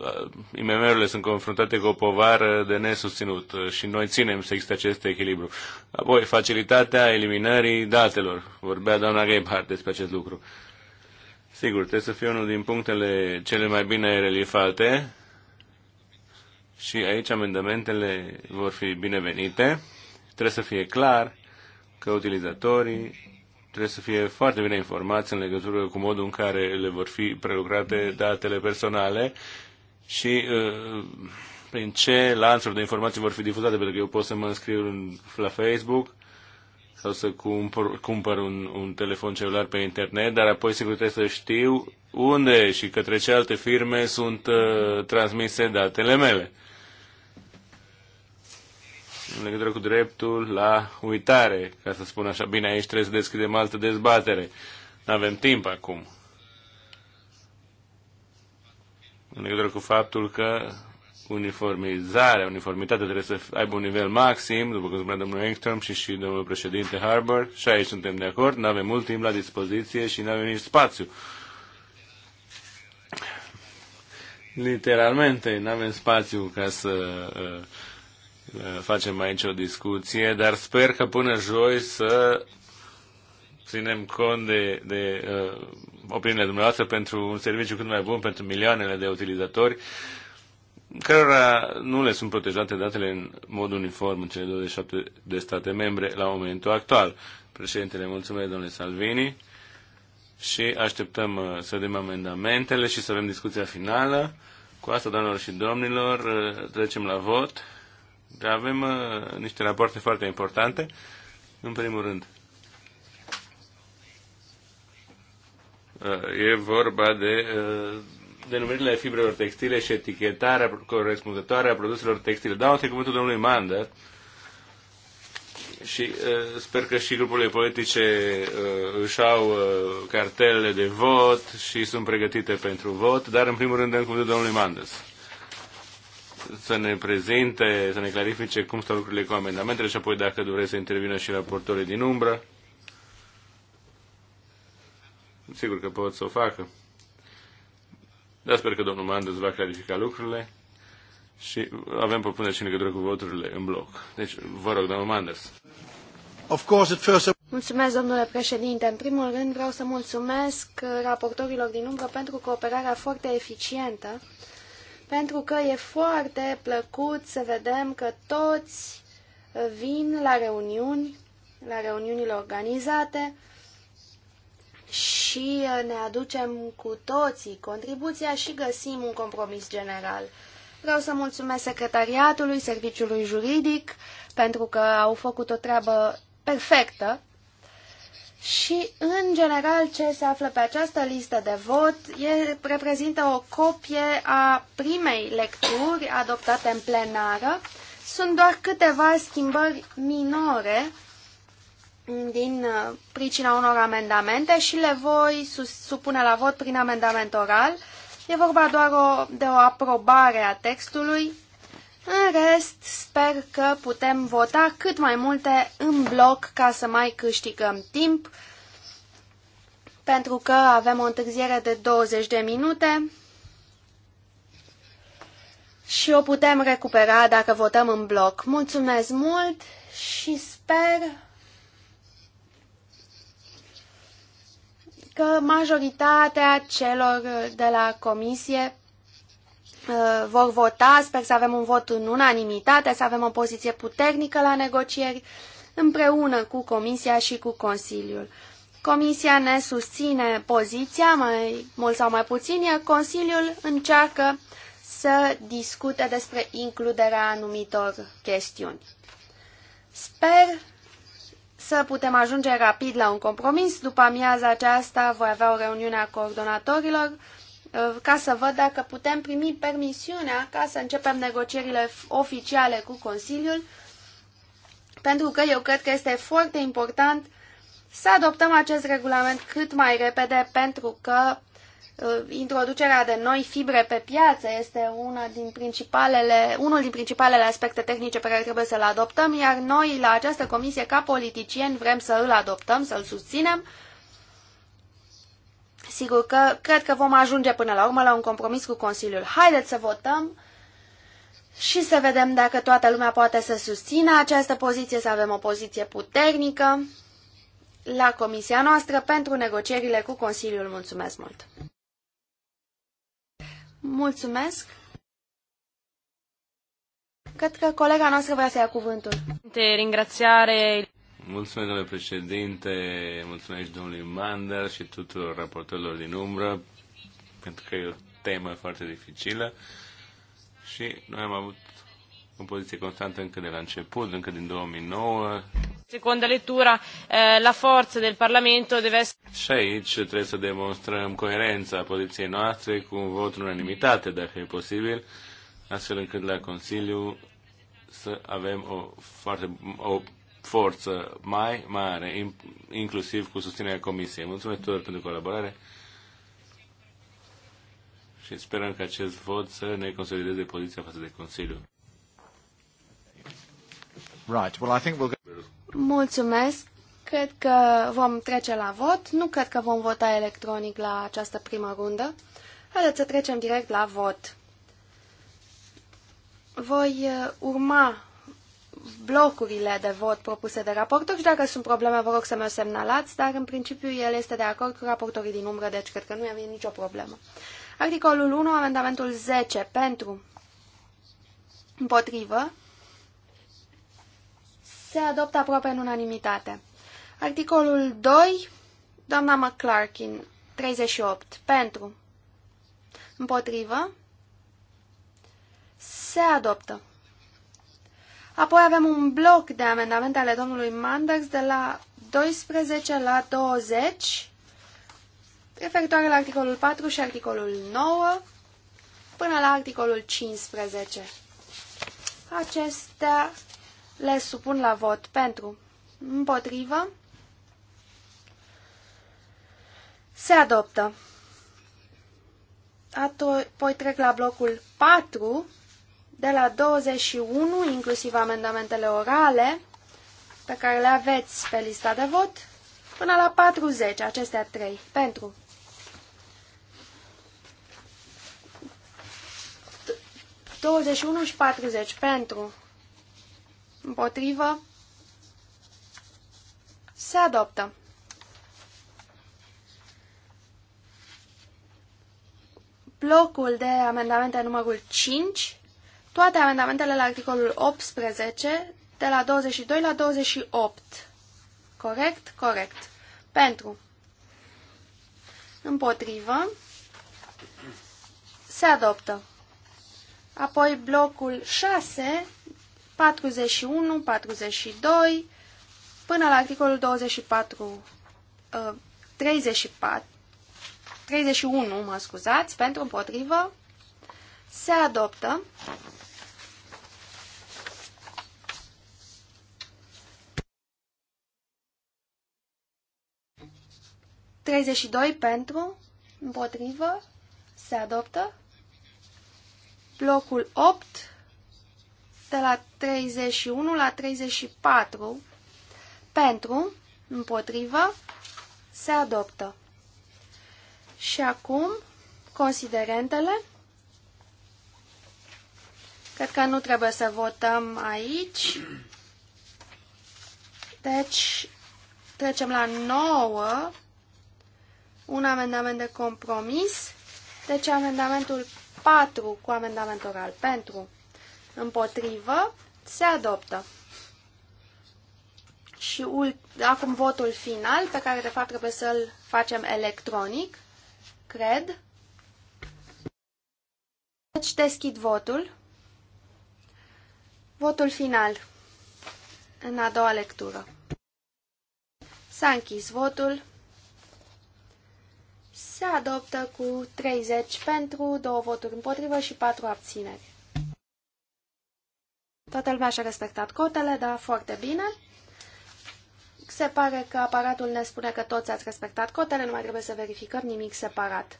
uh, IMM-urile sunt confruntate cu o povară de nesusținut și noi ținem să existe acest echilibru. Apoi, facilitatea eliminării datelor. Vorbea doamna Gebhardt despre acest lucru. Sigur, trebuie să fie unul din punctele cele mai bine relifate și aici amendamentele vor fi binevenite. Trebuie să fie clar că utilizatorii trebuie să fie foarte bine informați în legătură cu modul în care le vor fi prelucrate datele personale și uh, prin ce lanțuri de informații vor fi difuzate, pentru că eu pot să mă înscriu în, la Facebook sau să cumpăr, cumpăr un, un telefon celular pe internet, dar apoi sigur trebuie să știu unde și către ce alte firme sunt uh, transmise datele mele în legătură cu dreptul la uitare, ca să spun așa. Bine, aici trebuie să deschidem altă dezbatere. Nu avem timp acum. În legătură cu faptul că uniformizarea, uniformitatea trebuie să aibă un nivel maxim, după cum spunea domnul Engstrom și și domnul președinte Harbour, și aici suntem de acord, nu avem mult timp la dispoziție și nu avem nici spațiu. Literalmente, nu avem spațiu ca să uh, Eh, facem aici o discuție, dar sper că până joi să ținem cont de, de uh, opiniile dumneavoastră pentru un serviciu cât mai bun pentru milioanele de utilizatori cărora nu le sunt protejate datele în mod uniform în cele 27 de state membre la momentul actual. Președintele, mulțumesc, domnule Salvini, și așteptăm uh, să dăm amendamentele și să avem discuția finală. Cu asta, doamnelor și domnilor, trecem la vot. Avem uh, niște rapoarte foarte importante. În primul rând, uh, e vorba de uh, denumirile fibrelor textile și etichetarea corespunzătoare a produselor textile. Dau da, întâi cuvântul domnului Mandă și uh, sper că și grupurile politice uh, își au uh, cartelele de vot și sunt pregătite pentru vot, dar în primul rând în cuvântul domnului Mandăs să ne prezinte, să ne clarifice cum stau lucrurile cu amendamentele și apoi dacă doresc să intervină și raportorii din umbră. Sigur că pot să o facă. Dar sper că domnul Mandez va clarifica lucrurile și avem propuneri și în legătură cu voturile în bloc. Deci, vă rog, domnul Manders. Of course, at first... Mulțumesc, domnule președinte. În primul rând, vreau să mulțumesc raportorilor din umbră pentru cooperarea foarte eficientă pentru că e foarte plăcut să vedem că toți uh, vin la reuniuni, la reuniunile organizate și uh, ne aducem cu toții contribuția și găsim un compromis general. Vreau să mulțumesc secretariatului, serviciului juridic, pentru că au făcut o treabă perfectă și, în general, ce se află pe această listă de vot e, reprezintă o copie a primei lecturi adoptate în plenară. Sunt doar câteva schimbări minore din uh, pricina unor amendamente și le voi supune la vot prin amendament oral. E vorba doar o, de o aprobare a textului în rest, sper că putem vota cât mai multe în bloc ca să mai câștigăm timp, pentru că avem o întârziere de 20 de minute și o putem recupera dacă votăm în bloc. Mulțumesc mult și sper că majoritatea celor de la comisie Uh, vor vota. Sper să avem un vot în unanimitate, să avem o poziție puternică la negocieri împreună cu Comisia și cu Consiliul. Comisia ne susține poziția, mai mult sau mai puțin, iar Consiliul încearcă să discute despre includerea anumitor chestiuni. Sper să putem ajunge rapid la un compromis. După amiaza aceasta voi avea o reuniune a coordonatorilor Uh, ca să văd dacă putem primi permisiunea ca să începem negocierile oficiale cu Consiliul, pentru că eu cred că este foarte important să adoptăm acest regulament cât mai repede, pentru că uh, introducerea de noi fibre pe piață este una din principalele, unul din principalele aspecte tehnice pe care trebuie să le adoptăm, iar noi la această comisie ca politicieni vrem să îl adoptăm, să l susținem, Sigur că cred că vom ajunge până la urmă la un compromis cu Consiliul. Haideți să votăm și să vedem dacă toată lumea poate să susțină această poziție, să avem o poziție puternică la comisia noastră pentru negocierile cu Consiliul. Mulțumesc mult! Mulțumesc! Cred că colega noastră vrea să ia cuvântul. Te ringrațiare Mulțumesc, domnule președinte, mulțumesc domnului Mandar și tuturor raportorilor din umbră, pentru că e o temă foarte dificilă și noi am avut o poziție constantă încă de la început, încă din 2009. Seconda lettura, eh, la forță del Parlamento deve essere... Și aici trebuie să demonstrăm coerența poziției noastre cu un vot în unanimitate, dacă e posibil, astfel încât la Consiliu să avem o, foarte, o forță mai mare, inclusiv cu susținerea Comisiei. Mulțumesc tuturor pentru colaborare și sperăm că acest vot să ne consolideze poziția față de Consiliu. Right. Well, I think we'll go... Mulțumesc. Cred că vom trece la vot. Nu cred că vom vota electronic la această primă rundă. Haideți să trecem direct la vot. Voi uh, urma blocurile de vot propuse de raportor și dacă sunt probleme, vă rog să mi-o semnalați, dar în principiu el este de acord cu raportorii din umbră, deci cred că nu avem nicio problemă. Articolul 1, amendamentul 10, pentru, împotrivă, se adoptă aproape în unanimitate. Articolul 2, doamna McClarkin, 38, pentru, împotrivă, se adoptă. Apoi avem un bloc de amendamente ale domnului Mandax de la 12 la 20, referitoare la articolul 4 și articolul 9, până la articolul 15. Acestea le supun la vot pentru, împotrivă, se adoptă. Apoi trec la blocul 4, de la 21, inclusiv amendamentele orale, pe care le aveți pe lista de vot, până la 40, acestea trei, pentru. T 21 și 40, pentru. Împotrivă. Se adoptă. Blocul de amendamente numărul 5 toate amendamentele la articolul 18, de la 22 la 28. Corect? Corect. Pentru. Împotrivă. Se adoptă. Apoi blocul 6, 41, 42, până la articolul 24, uh, 34, 31, mă scuzați, pentru împotrivă, se adoptă. 32 pentru, împotrivă, se adoptă. Blocul 8, de la 31 la 34, pentru, împotrivă, se adoptă. Și acum, considerentele. Cred că nu trebuie să votăm aici. Deci, trecem la 9 un amendament de compromis, deci amendamentul 4 cu amendament oral pentru, împotrivă, se adoptă. Și acum votul final, pe care de fapt trebuie să-l facem electronic, cred. Deci deschid votul. Votul final în a doua lectură. S-a închis votul se adoptă cu 30 pentru, două voturi împotrivă și patru abțineri. Toată lumea și-a respectat cotele, da, foarte bine. Se pare că aparatul ne spune că toți ați respectat cotele, nu mai trebuie să verificăm nimic separat.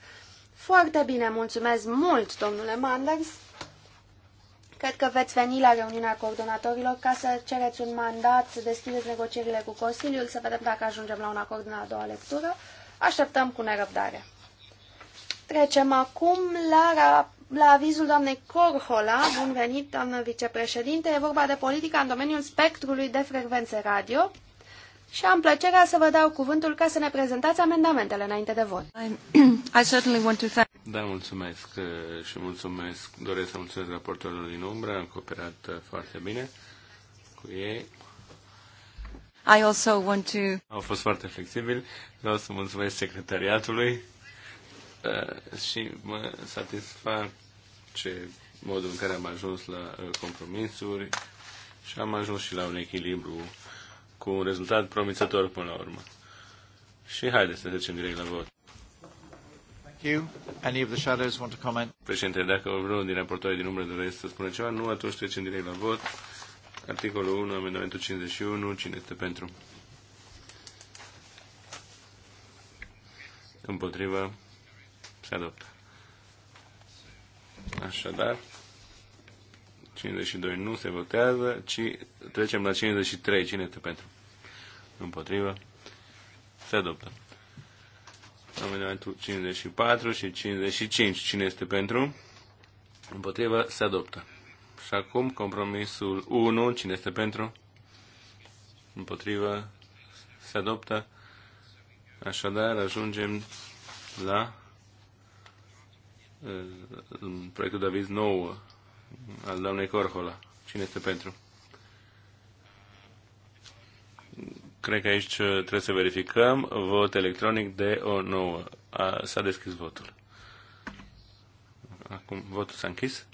Foarte bine, mulțumesc mult, domnule Manders. Cred că veți veni la reuniunea coordonatorilor ca să cereți un mandat, să deschideți negocierile cu Consiliul, să vedem dacă ajungem la un acord în a doua lectură. Așteptăm cu nerăbdare. Trecem acum la, la avizul doamnei Corhola. Bun venit, doamnă vicepreședinte. E vorba de politica în domeniul spectrului de frecvențe radio. Și am plăcerea să vă dau cuvântul ca să ne prezentați amendamentele înainte de vot. I certainly want to thank... Da, mulțumesc uh, și mulțumesc. Doresc să mulțumesc raportorilor din umbră. Am cooperat uh, foarte bine cu ei I also want to... Au fost foarte flexibili. Vreau să mulțumesc secretariatului uh, și mă ce modul în care am ajuns la uh, compromisuri și am ajuns și la un echilibru cu un rezultat promițător până la urmă. Și haideți să trecem direct la vot. You? Any of the shadows want to comment? Președinte, dacă vreunul din raportorii din umbră doresc să spună ceva, nu, atunci trecem direct la vot. Articolul 1, amendamentul 51, cine este pentru? Împotriva, se adoptă. Așadar, 52 nu se votează, ci trecem la 53. Cine este pentru? Împotrivă. Se adoptă. Amendamentul 54 și 55. Cine este pentru? Împotrivă. Se adoptă. Și acum compromisul 1, cine este pentru? Împotrivă, se adoptă. Așadar, ajungem la eh, proiectul de aviz nou al doamnei Corhola. Cine este pentru? Cred că aici trebuie să verificăm vot electronic de o nouă. S-a deschis votul. Acum votul s-a închis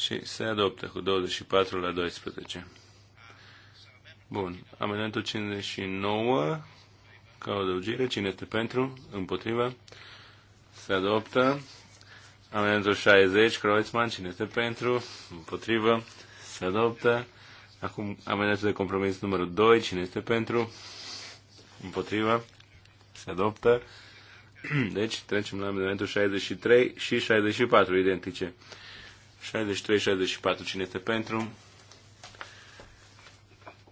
și se adoptă cu 24 la 12. Bun. Amendamentul 59, ca o adăugire, cine este pentru, împotriva, se adoptă. Amendamentul 60, Kreuzmann, cine este pentru, împotriva, se adoptă. Acum amendamentul de compromis numărul 2, cine este pentru, împotriva, se adoptă. Deci trecem la amendamentul 63 și 64, identice. 63-64, cine este pentru?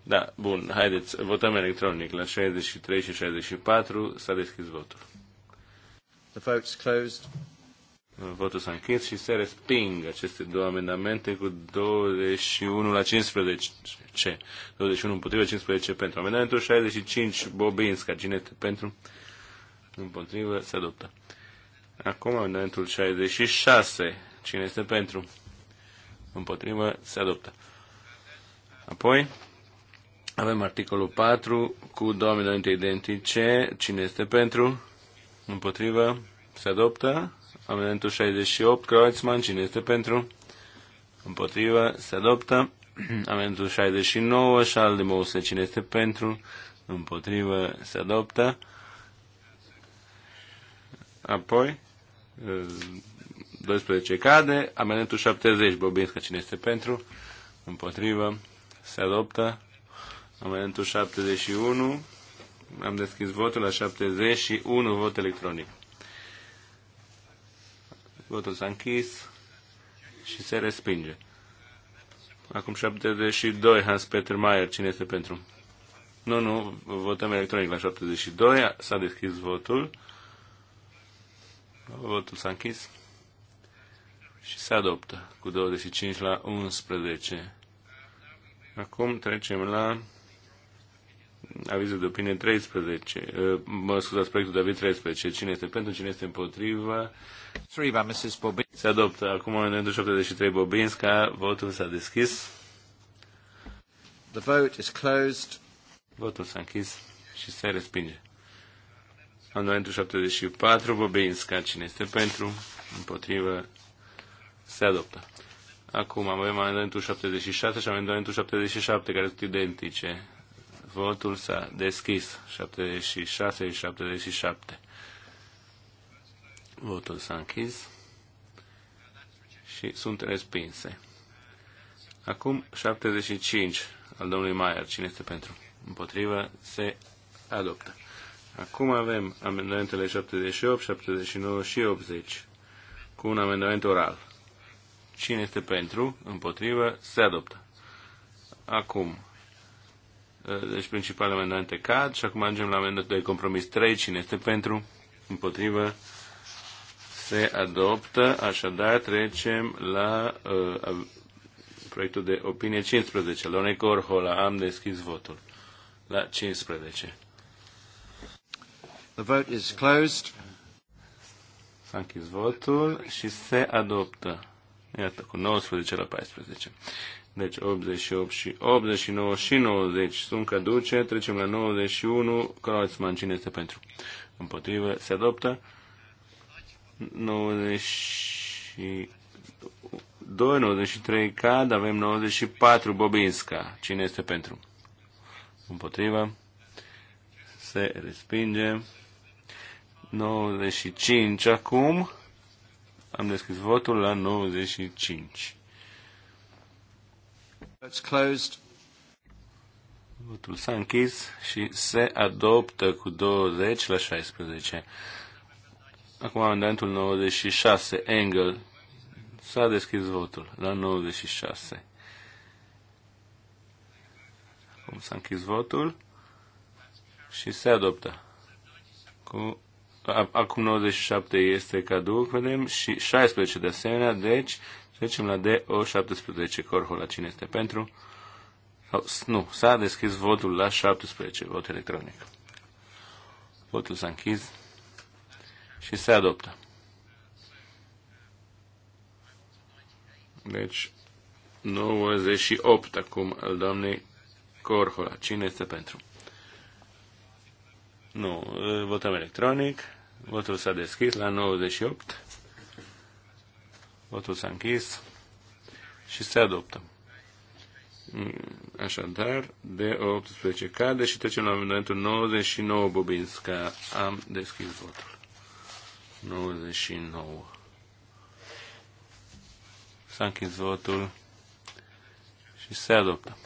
Da, bun, haideți, votăm electronic la 63 și 64, s-a deschis votul. The vote's closed. Votul s-a închis și se resping aceste două amendamente cu 21 la 15. Ce? 21 împotriva, 15 pentru. Amendamentul 65, Bobinska, este pentru. Împotrivă, se adoptă. Acum amendamentul 66, Cine este pentru? Împotrivă, se adoptă. Apoi, avem articolul 4 cu două amendamente identice. Cine este pentru? Împotrivă, se adoptă. Amendamentul 68, Kreuzmann. Cine este pentru? Împotrivă, se adoptă. Amendamentul 69, Charles de Mose. Cine este pentru? Împotrivă, se adoptă. Apoi, 12 cade, amendamentul 70, Bobinscă, cine este pentru, împotrivă, se adoptă, amendamentul 71, am deschis votul la 71, vot electronic. Votul s-a închis și se respinge. Acum 72, Hans Peter Mayer, cine este pentru? Nu, nu, votăm electronic la 72, s-a deschis votul. Votul s-a închis și se adoptă cu 25 la 11. Acum trecem la avizul de opinie 13. Uh, mă scuzați, proiectul de aviz 13. Cine este pentru, cine este împotriva? Se adoptă. Acum în 73 Bobinska. Votul s-a deschis. The vote is closed. Votul s-a închis și se respinge. Amendamentul 74 Bobinska. Cine este pentru? Împotrivă? Se adoptă. Acum avem amendamentul 76 și amendamentul 77 care sunt identice. Votul s-a deschis. 76 și 77. Votul s-a închis și sunt respinse. Acum 75 al domnului Maier. Cine este pentru? Împotrivă se adoptă. Acum avem amendamentele 78, 79 și 80 cu un amendament oral Cine este pentru, împotrivă, se adoptă. Acum, eh, deci principalele amendamente cad și acum ajungem la amendamentul de compromis 3. Cine este pentru, împotrivă, se adoptă. Așadar, trecem la uh, proiectul de opinie 15. Lone Corhola, am deschis votul. La 15. The vote is closed. S-a închis votul și se adoptă. Iată, cu 19 la 14. Deci 88 și 89 și 90 sunt caduce. Trecem la 91. Croațman, cine este pentru? Împotrivă. Se adoptă. 92, 93 cad. Avem 94 Bobinska. Cine este pentru? Împotrivă. Se respinge. 95 acum. Am deschis votul la 95. Votes closed. Votul s-a închis și se adoptă cu 20 la 16. Acum amendamentul 96, Engel. S-a deschis votul la 96. Acum s-a închis votul și se adoptă cu acum 97 este caduc, vedem, și 16 de asemenea, deci trecem la DO17, Corhola, cine este pentru? Sau, nu, s-a deschis votul la 17, vot electronic. Votul s-a închis și se adoptă. Deci, 98 acum al doamnei Corhola. Cine este pentru? Nu, votăm electronic. Votul s-a deschis la 98. Votul s-a închis și se adoptă. Așadar, de 18 cade și trecem la amendamentul 99 Bobinska. Am deschis votul. 99. S-a închis votul și se adoptă.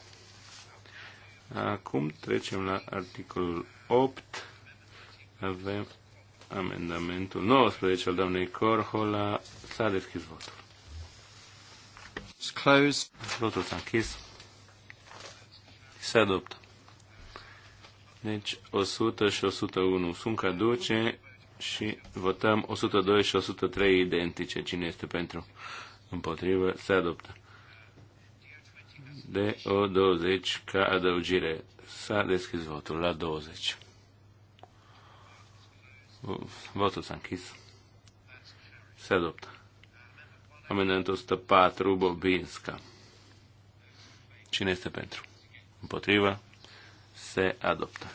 Acum trecem la articolul 8. Avem Amendamentul 19 al doamnei Corhola s-a deschis votul. Votul s-a închis. Se adoptă. Deci 100 și 101 sunt caduce și votăm 102 și 103 identice. Cine este pentru? Împotrivă? Se adoptă. De o 20 ca adăugire. S-a deschis votul la 20. Votul s-a închis. Se adoptă. Amendamentul 104, Bobinska. Cine este pentru? Împotrivă? Se adoptă.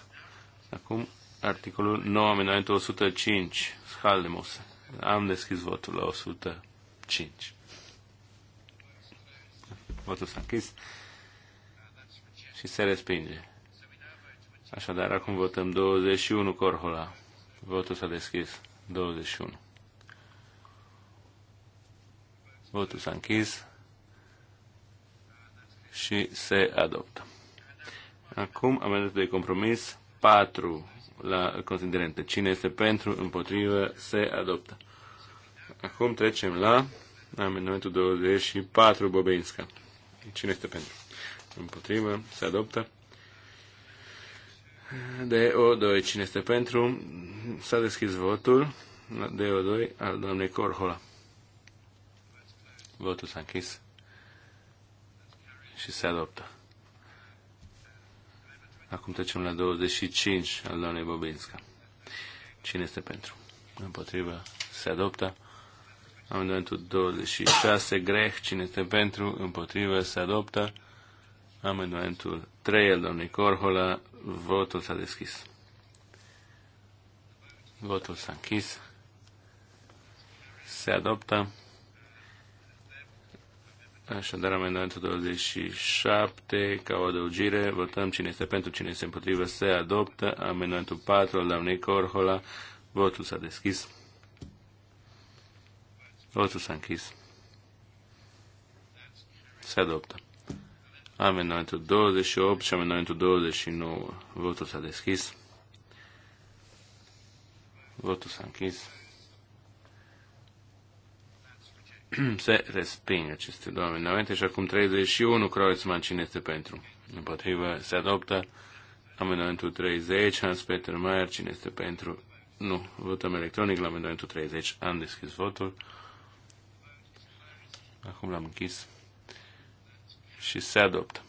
Acum, articolul 9, amendamentul 105, Schaldemus. Am deschis votul la 105. Votul s-a închis și se respinge. Așadar, acum votăm 21 Corhola. Votul s-a deschis. 21. Votul s-a închis și se adoptă. Acum amendamentul de compromis 4 la considerente. Cine este pentru, împotrivă, se adoptă. Acum trecem la amendamentul 24 Bobeinska. Cine este pentru? Împotrivă, se adoptă de O2. Cine este pentru? S-a deschis votul de O2 al doamnei Corhola. Votul s-a închis și se adoptă. Acum trecem la 25 al doamnei Bobinska. Cine este pentru? Împotrivă, se adoptă. Amendamentul 26, greh, cine este pentru, împotrivă, se adoptă. Amendamentul 3 al domnului Corhola. Votul s-a deschis. Votul s-a închis. Se adoptă. Așadar, amendamentul 27, ca o adăugire, votăm cine este pentru, cine este împotrivă, se adoptă. Amendamentul 4 al domnului Corhola, votul s-a deschis. Votul s-a închis. Se adoptă. Amendamentul 28 și amendamentul 29. Votul s-a deschis. Votul s-a închis. Se resping aceste două amendamente și acum 31. Croițman, cine este pentru? Împotrivă se adoptă amendamentul 30. Hans Peter Mayer, cine este pentru? Nu. Votăm electronic la amendamentul 30. Am deschis votul. Acum l-am închis și se adoptă.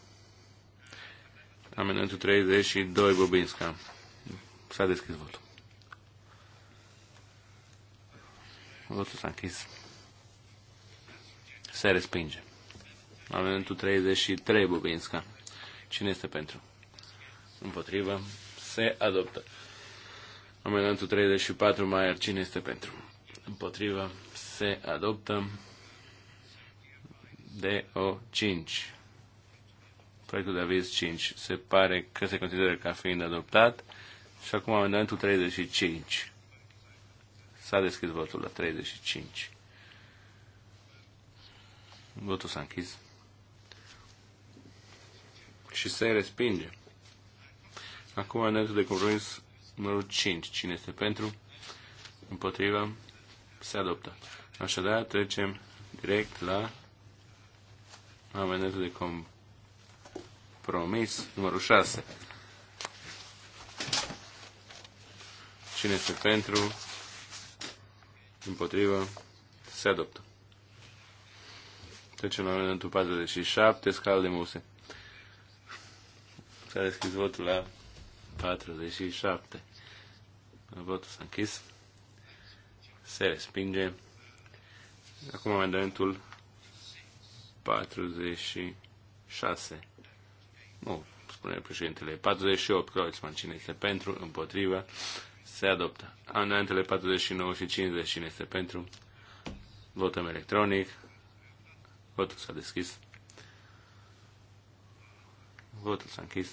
Amendamentul 32, Bobinska. S-a deschis votul. Votul s-a închis. Se respinge. Amendamentul 33, Bobinska. Cine este pentru? Împotrivă. Se adoptă. Amendamentul 34, Maier. Cine este pentru? Împotrivă. Se adoptă. DO5 proiectul de aviz 5 se pare că se consideră ca fiind adoptat și acum amendamentul 35. S-a deschis votul la 35. Votul s-a închis. Și se respinge. Acum amendamentul de compromis numărul 5. Cine este pentru? Împotriva? Se adoptă. Așadar, trecem direct la amendamentul de compromis promis, numărul 6. Cine este pentru? Împotrivă? Se adoptă. Trecem la momentul 47, scală de muse. S-a deschis votul la 47. Votul s-a închis. Se respinge. Acum amendamentul 46. Nu, spune președintele. 48, Kreuzmann, cine este pentru, împotriva, se adoptă. Amendamentele 49 și 50, cine este pentru, votăm electronic. Votul s-a deschis. Votul s-a închis.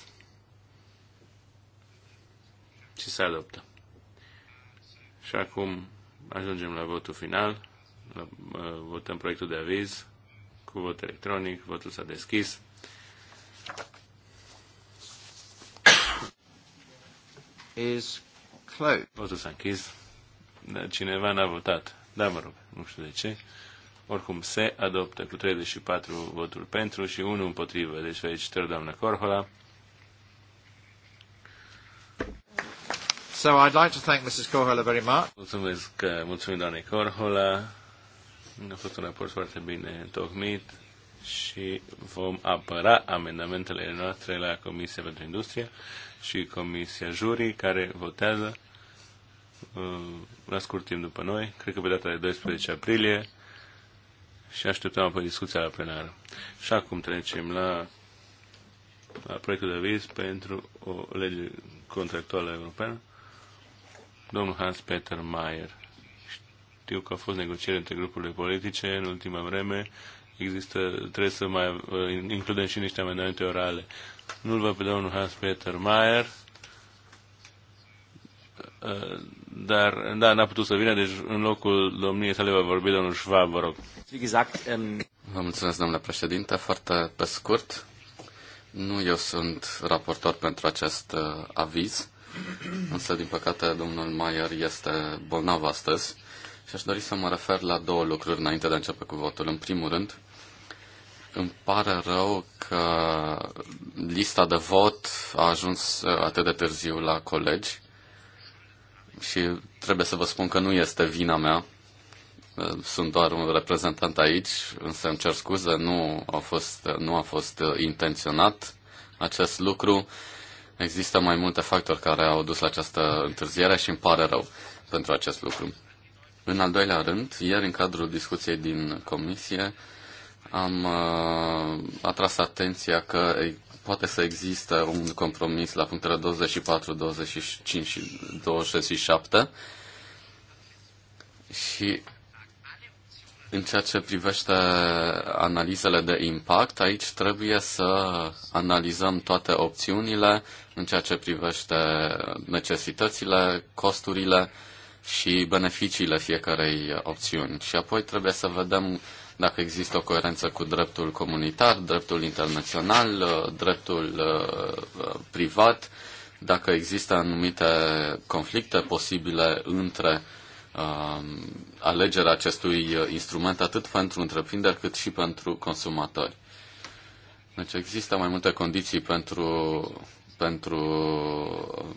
Și se adoptă. Și acum ajungem la votul final. La, uh, votăm proiectul de aviz cu vot electronic. Votul s-a deschis. is closed. Votul s-a închis. Da, cineva n-a votat. Da, mă rog, nu știu de ce. Oricum, se adoptă cu 34 voturi pentru și 1 împotrivă. Deci, felicitări, doamnă Corhola. So I'd like to thank Mrs. Corhola very much. Mulțumesc, mulțumim doamnei Corhola. A fost un raport foarte bine tocmit și vom apăra amendamentele noastre la Comisia pentru Industrie și Comisia Jurii, care votează uh, la scurt timp după noi, cred că pe data de 12 aprilie, și așteptăm apoi discuția la plenară. Și acum trecem la, la proiectul de aviz pentru o lege contractuală europeană. Domnul Hans-Peter Mayer. Știu că au fost negocieri între grupurile politice în ultima vreme. Există, trebuie să mai uh, includem și niște amendamente orale. Nu-l văd pe domnul Hans-Peter Mayer, eh, dar da, n-a putut să vină, deci în locul domniei sale va vorbi domnul Schwab, vă rog. Ähm, vă mulțumesc, domnule președinte. Foarte pe scurt, nu eu sunt raportor pentru acest uh, aviz, însă, din păcate, domnul Mayer este bolnav astăzi și aș dori să mă refer la două lucruri înainte de a începe cu votul. În primul rând, îmi pare rău că lista de vot a ajuns uh, atât de târziu la colegi și trebuie să vă spun că nu este vina mea. Uh, sunt doar un reprezentant aici, însă îmi cer scuze, nu a fost, uh, nu a fost intenționat acest lucru. Există mai multe factori care au dus la această întârziere și îmi pare rău pentru acest lucru. În al doilea rând, ieri în cadrul discuției din comisie, am uh, atras atenția că poate să existe un compromis la punctele 24, 25 și 27 și în ceea ce privește analizele de impact, aici trebuie să analizăm toate opțiunile în ceea ce privește necesitățile, costurile și beneficiile fiecarei opțiuni. Și apoi trebuie să vedem dacă există o coerență cu dreptul comunitar, dreptul internațional, uh, dreptul uh, uh, privat, dacă există anumite conflicte posibile între um, alegerea acestui instrument atât pentru întreprinderi cât și pentru consumatori. Deci există mai multe condiții pentru, pentru,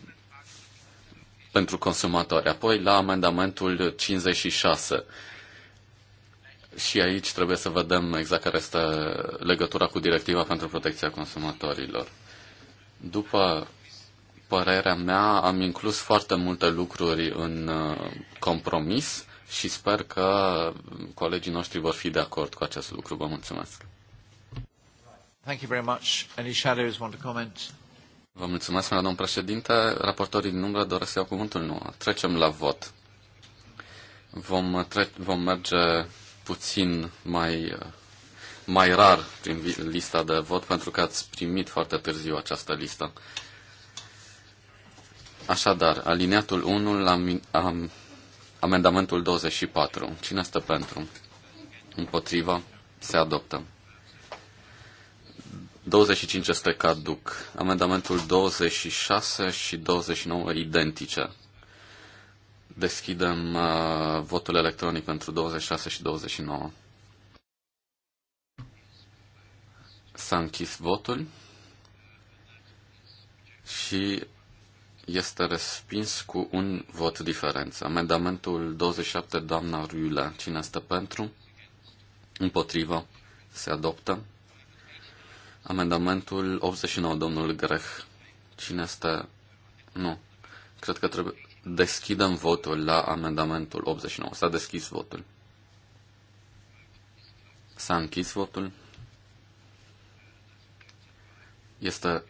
pentru consumatori. Apoi la amendamentul 56 și aici trebuie să vedem exact care este legătura cu directiva pentru protecția consumatorilor. După părerea mea, am inclus foarte multe lucruri în uh, compromis și sper că colegii noștri vor fi de acord cu acest lucru. Vă mulțumesc. Thank you very much. Any shadows want to comment? Vă mulțumesc, domnul președinte. Raportorii din umbră doresc să iau cuvântul? Nu. Trecem la vot. Vom, tre- vom merge puțin mai, uh, mai rar prin lista de vot pentru că ați primit foarte târziu această listă. Așadar, alineatul 1 la am, amendamentul 24. Cine stă pentru? Împotriva? Se adoptă. 25 este caduc. Amendamentul 26 și 29 identice. Deschidem uh, votul electronic pentru 26 și 29. S-a închis votul și este respins cu un vot diferență. Amendamentul 27, doamna Riula, cine este pentru? Împotrivă. Se adoptă. Amendamentul 89, domnul Greh. Cine este? Nu. Cred că trebuie... Deschidem votul la amendamentul 89. S-a deschis votul. S-a închis votul. Este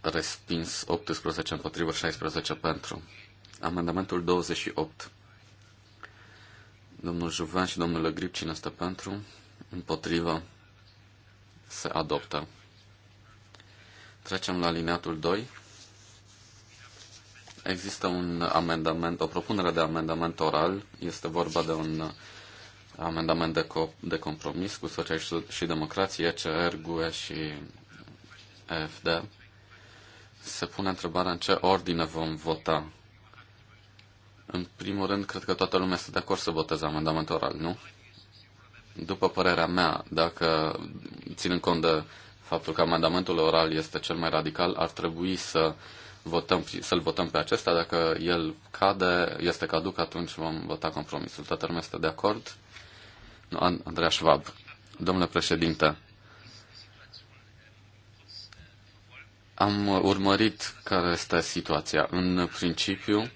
respins 18 împotriva 16 pentru. Amendamentul 28. Domnul Juven și domnul Grip, cine este pentru? Împotrivă. Se adoptă. Trecem la alineatul 2. Există un amendament, o propunere de amendament oral. Este vorba de un amendament de, co- de compromis cu socialiști și democrație, ECR, GUE și EFD. Se pune întrebarea în ce ordine vom vota. În primul rând, cred că toată lumea este de acord să voteze amendamentul oral, nu? După părerea mea, dacă ținând cont de faptul că amendamentul oral este cel mai radical, ar trebui să uh, votăm, să-l votăm pe acesta. Dacă el cade, este caduc, atunci vom vota compromisul. Toată lumea este de acord? Nu, Andreea Schwab. Domnule președinte, am urmărit care este situația. În principiu,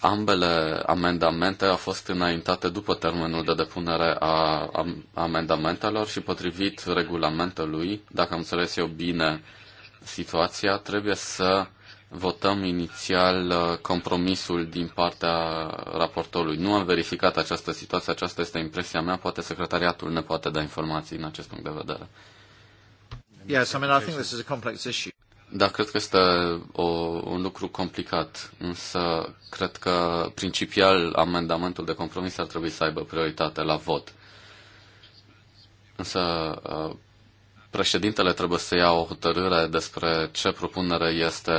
ambele amendamente au fost înaintate după termenul de depunere a amendamentelor și potrivit regulamentului, dacă am înțeles eu bine situația, trebuie să Votăm inițial uh, compromisul din partea raportorului. Nu am verificat această situație, aceasta este impresia mea. Poate secretariatul ne poate da informații în acest punct de vedere. Yes, I mean, I think this is a complex issue. Da, cred că este o, un lucru complicat, însă cred că principial amendamentul de compromis ar trebui să aibă prioritate la vot. Însă uh, președintele trebuie să ia o hotărâre despre ce propunere este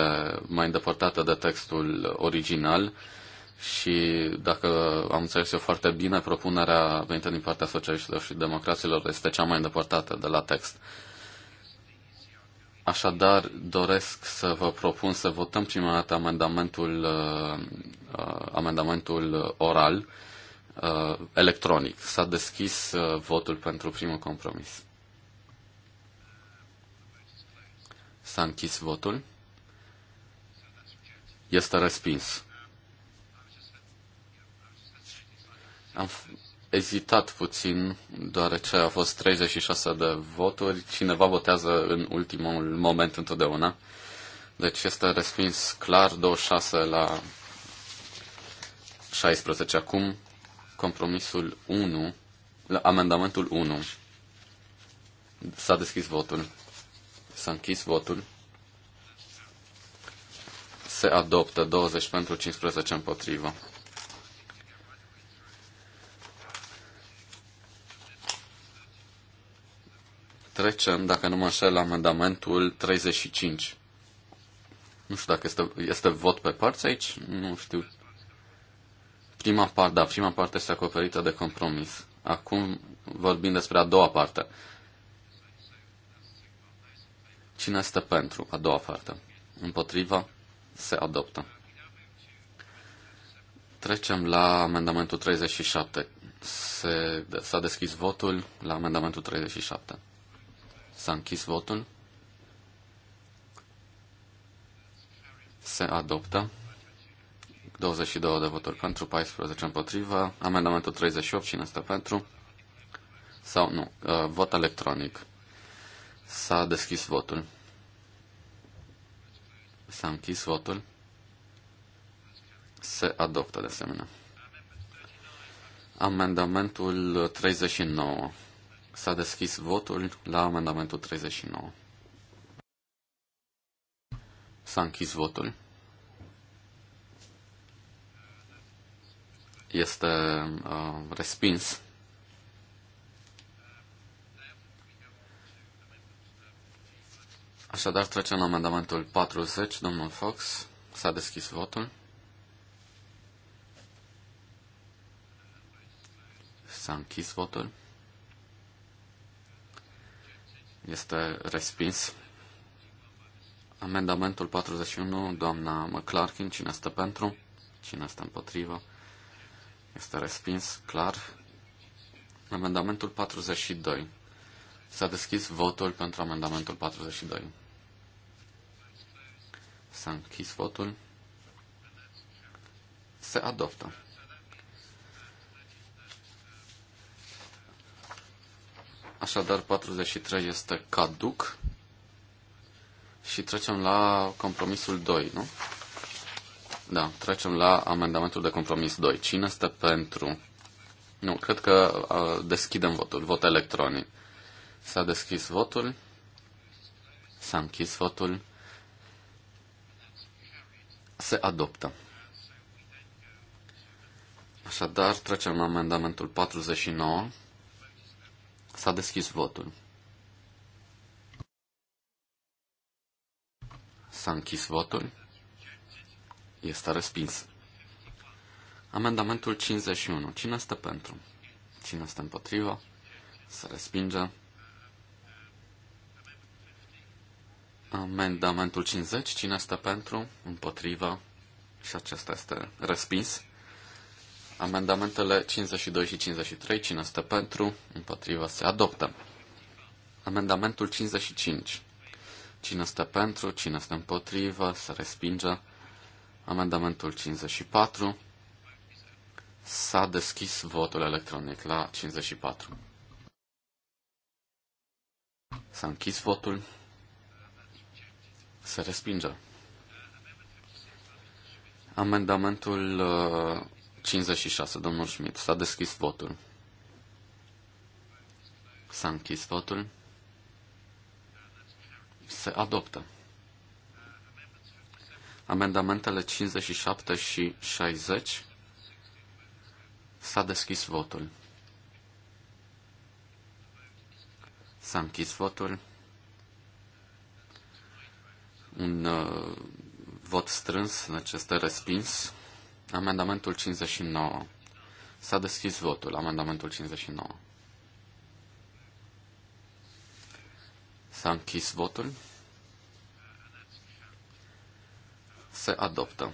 mai îndepărtată de textul original și dacă am înțeles eu foarte bine, propunerea venită din partea socialiștilor și democraților este cea mai îndepărtată de la text. Așadar, doresc să vă propun să votăm prima dată amendamentul, uh, uh amendamentul oral uh, electronic. S-a deschis uh, votul pentru primul compromis. S-a închis votul. Este respins. Am ezitat puțin, deoarece au fost 36 de voturi. Cineva votează în ultimul moment întotdeauna. Deci este respins clar 26 la 16. Acum compromisul 1, amendamentul 1. S-a deschis votul. S-a închis votul. Se adoptă 20 pentru 15 împotrivă. Trecem, dacă nu mă înșel, la amendamentul 35. Nu știu dacă este, este vot pe părți aici, nu știu. Prima parte, da, prima parte este acoperită de compromis. Acum vorbim despre a doua parte. Cine este pentru a doua parte? Împotriva? Se adoptă. Trecem la amendamentul 37. Se, s-a deschis votul la amendamentul 37. S-a închis votul. Se adoptă. 22 de voturi pentru, 14 împotriva. Amendamentul 38, cine este pentru? Sau nu, uh, vot electronic. S-a deschis votul. S-a închis votul. Se adoptă de asemenea. Amendamentul 39. S-a deschis votul la amendamentul 39. S-a închis votul. Este uh, respins. Așadar, trecem la amendamentul 40. Domnul Fox, s-a deschis votul. S-a închis votul. Este respins. Amendamentul 41, doamna McClarkin, cine este pentru? Cine este împotrivă? Este respins, clar. Amendamentul 42. S-a deschis votul pentru amendamentul 42. S-a închis votul. Se adoptă. Așadar, 43 este caduc. Și trecem la compromisul 2, nu? Da, trecem la amendamentul de compromis 2. Cine este pentru? Nu, cred că uh, deschidem votul, vot electronic. S-a deschis votul, s-a închis votul, se adoptă. Așadar, trecem la amendamentul 49. S-a deschis votul. S-a închis votul. Este respins. Amendamentul 51. Cine este pentru? Cine este împotrivă? Se respinge. Amendamentul 50, cine este pentru, împotriva și acesta este respins. Amendamentele 52 și 53, cine este pentru, împotriva se adoptă. Amendamentul 55, cine este pentru, cine este împotriva, se respinge. Amendamentul 54, s-a deschis votul electronic la 54. S-a închis votul. Se respinge. Amendamentul 56, uh, domnul Schmidt. S-a deschis votul. S-a închis votul. Se adoptă. Amendamentele 57 și 60. S-a deschis votul. S-a închis votul un uh, vot strâns, în este respins. Amendamentul 59. S-a deschis votul, amendamentul 59. S-a închis votul. Se adoptă.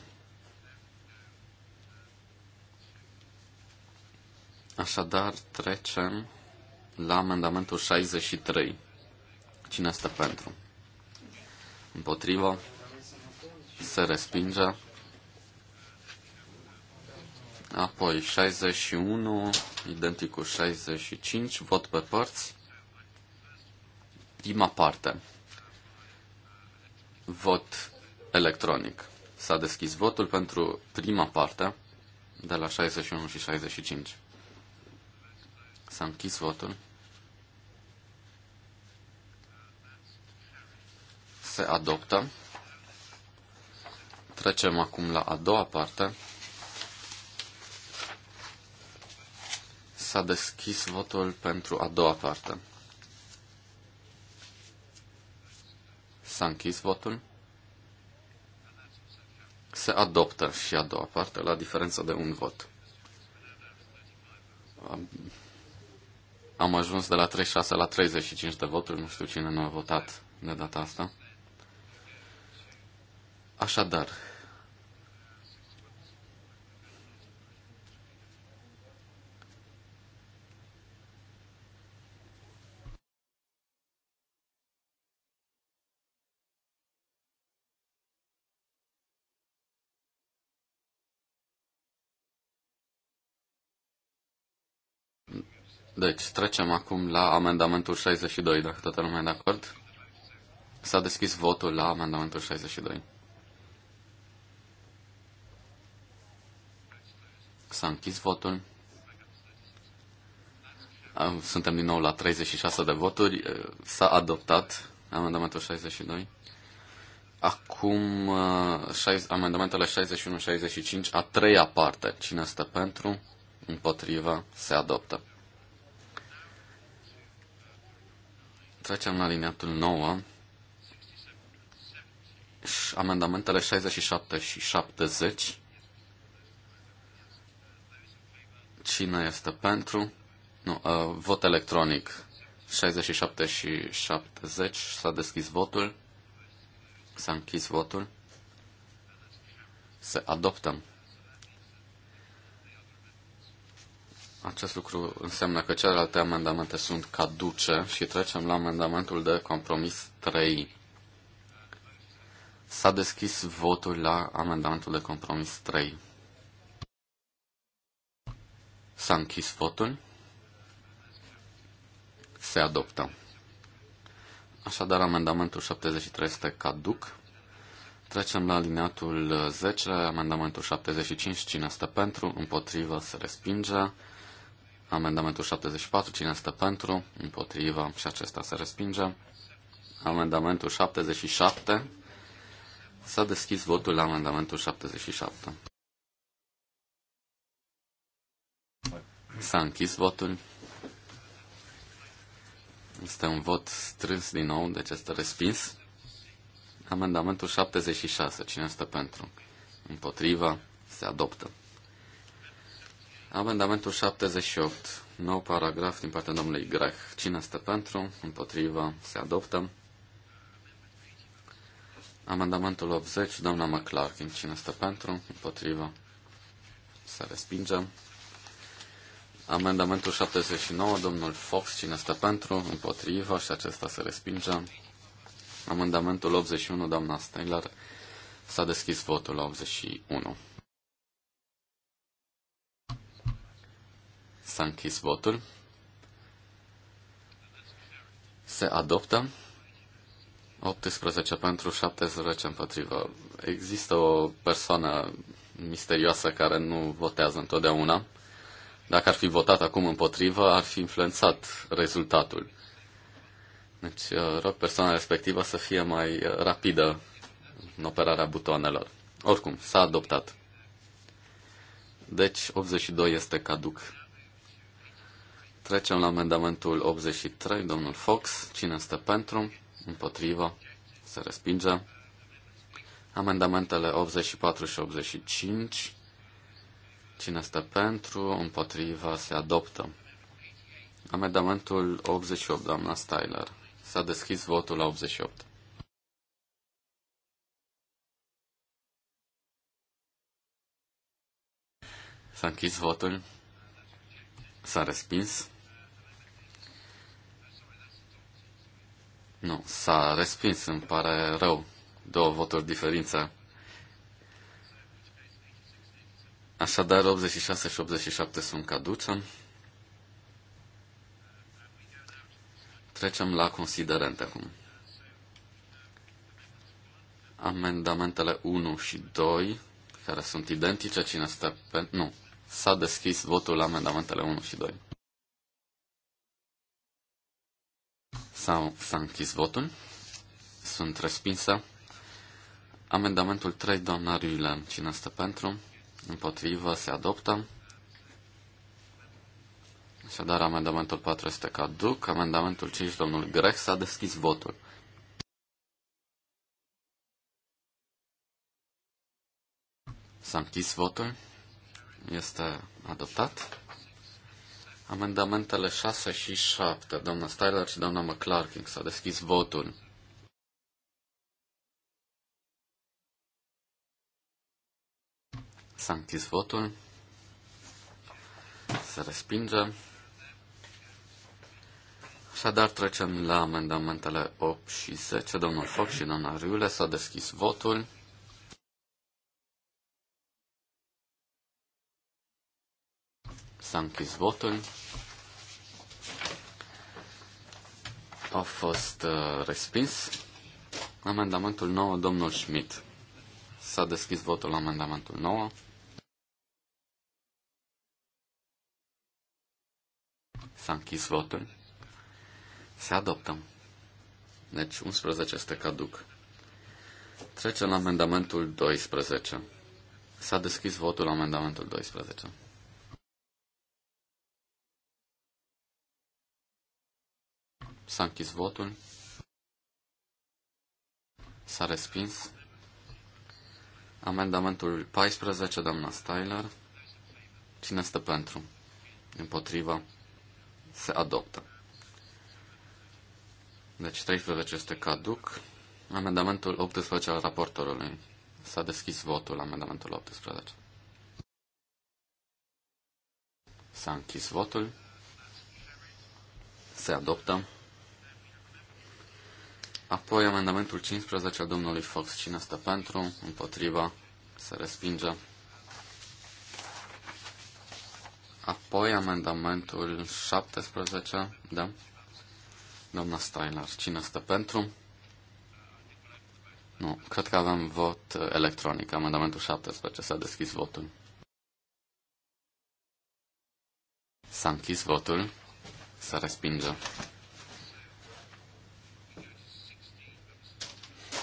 Așadar, trecem la amendamentul 63. Cine este pentru? împotrivă, se respinge. Apoi 61, identic cu 65, vot pe părți. Prima parte. Vot electronic. S-a deschis votul pentru prima parte de la 61 și 65. S-a închis votul. se adoptă. Trecem acum la a doua parte. S-a deschis votul pentru a doua parte. S-a închis votul. Se adoptă și a doua parte, la diferență de un vot. Am ajuns de la 36 la 35 de voturi, nu știu cine nu a votat de data asta. Așadar, Deci, trecem acum la amendamentul 62, dacă toată lumea e de acord. S-a deschis votul la amendamentul 62. S-a închis votul. Suntem din nou la 36 de voturi. S-a adoptat amendamentul 62. Acum amendamentele 61-65, a treia parte. Cine stă pentru, împotriva, se adoptă. Trecem la liniatul 9. Amendamentele 67 și 70 Cine este pentru? Nu, uh, vot electronic. 67 și 70. S-a deschis votul. S-a închis votul. Să adoptăm. Acest lucru înseamnă că celelalte amendamente sunt caduce și trecem la amendamentul de compromis 3. S-a deschis votul la amendamentul de compromis 3. S-a închis votul. Se adoptă. Așadar, amendamentul 73 este caduc. Trecem la alineatul 10, amendamentul 75, cine este pentru, împotrivă, se respinge. Amendamentul 74, cine este pentru, împotrivă și acesta se respinge. Amendamentul 77, s-a deschis votul la amendamentul 77. S-a închis votul. Este un vot strâns din nou, deci este respins. Amendamentul 76. Cine este pentru? Împotriva? Se adoptă. Amendamentul 78. Nou paragraf din partea domnului Grech. Cine este pentru? Împotriva? Se adoptă. Amendamentul 80. Doamna McClarkin. Cine este pentru? Împotriva? Se respinge. Amendamentul 79, domnul Fox, cine stă pentru, împotriva și acesta se respinge. Amendamentul 81, doamna Steiner, s-a deschis votul la 81. S-a închis votul. Se adoptă 18 pentru 17 împotrivă. Există o persoană misterioasă care nu votează întotdeauna. Dacă ar fi votat acum împotrivă, ar fi influențat rezultatul. Deci uh, rog persoana respectivă să fie mai uh, rapidă în operarea butoanelor. Oricum, s-a adoptat. Deci 82 este caduc. Trecem la amendamentul 83, domnul Fox. Cine este pentru? Împotrivă? Se respinge. Amendamentele 84 și 85 Cine este pentru, împotriva, se adoptă. Amendamentul 88, doamna Styler. S-a deschis votul la 88. S-a închis votul. S-a respins. Nu, s-a respins, îmi pare rău. Două voturi diferență. Așadar, 86 și 87 sunt caduce. Trecem la considerente acum. Amendamentele 1 și 2, care sunt identice, cine stă pe... Nu, s-a deschis votul la amendamentele 1 și 2. S-a, s-a închis votul. Sunt respinsă. Amendamentul 3, doamna Ruilan, cine stă pentru? împotrivă, se adoptă. Așadar, amendamentul 4 este caduc. Amendamentul 5, domnul Grex, s-a deschis votul. S-a închis votul. Este adoptat. Amendamentele 6 și 7, doamna Styler și doamna McClarkin, s-a deschis votul. S-a închis votul. Se respinge. Așadar, trecem la amendamentele 8 și 10. Domnul Foc și doamna Riule s-a deschis votul. S-a închis votul. A fost uh, respins. Amendamentul 9, domnul Schmidt. S-a deschis votul la amendamentul 9. S-a închis votul. Se adoptă. Deci 11 este caduc. Trecem la amendamentul 12. S-a deschis votul la amendamentul 12. S-a închis votul. S-a respins. Amendamentul 14, doamna Styler. Cine stă pentru? Împotriva? se adoptă. Deci 13 este caduc. Amendamentul 18 al raportorului. S-a deschis votul amendamentul 18. S-a închis votul. Se adoptă. Apoi amendamentul 15 al domnului Fox. Cine stă pentru? Împotriva? Se respinge. Apoi amendamentul 17, da? Doamna Steiner, cine este pentru? Nu, cred că avem vot electronic. Amendamentul 17 s-a deschis votul. S-a închis votul. Se respinge.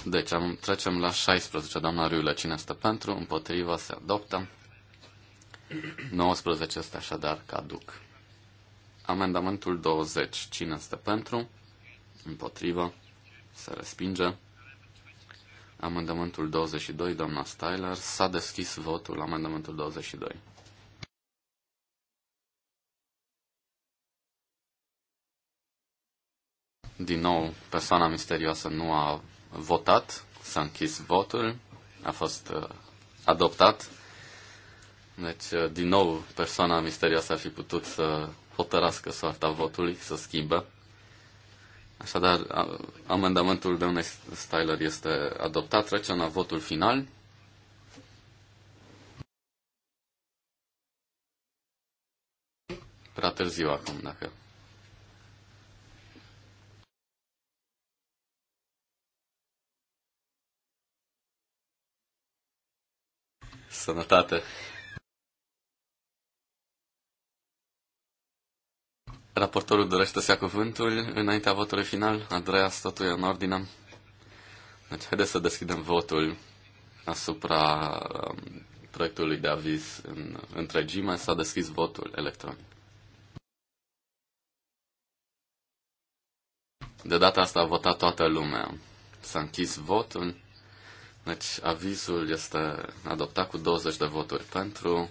Deci am, trecem la 16. Doamna Riule, cine este pentru? Împotriva se adoptă. 19 este așadar caduc. Amendamentul 20. Cine este pentru? Împotrivă. Se respinge. Amendamentul 22, doamna Styler. S-a deschis votul amendamentul 22. Din nou, persoana misterioasă nu a votat, s-a închis votul, a fost uh, adoptat deci, uh, din nou, persoana misterioasă ar fi putut să hotărască soarta votului, să schimbe. Așadar, amendamentul de unei Styler este adoptat. Trecem la votul final. Prea târziu acum, dacă... Sănătate! Raportorul dorește să ia cuvântul înaintea votului final. Andreea, totul e în ordine. Deci, haideți să deschidem votul asupra um, proiectului de aviz în întregime. S-a deschis votul electronic. De data asta a votat toată lumea. S-a închis votul. Deci avizul este adoptat cu 20 de voturi pentru,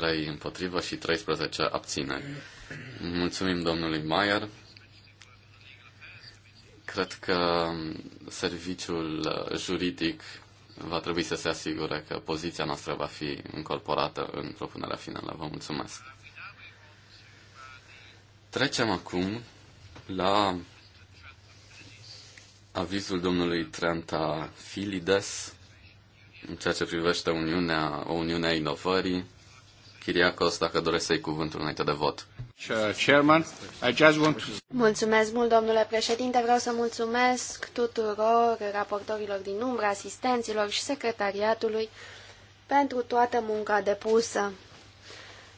3 împotrivă și 13 abține. Mulțumim domnului Mayer. Cred că serviciul juridic va trebui să se asigure că poziția noastră va fi incorporată în propunerea finală. Vă mulțumesc. Trecem acum la avizul domnului Trenta Filides în ceea ce privește Uniunea, o Uniune a Inovării, Chiriacos, dacă doresc să-i cuvântul înainte de vot. Chairman, I just want to... Mulțumesc mult, domnule președinte. Vreau să mulțumesc tuturor raportorilor din umbră, asistenților și secretariatului pentru toată munca depusă.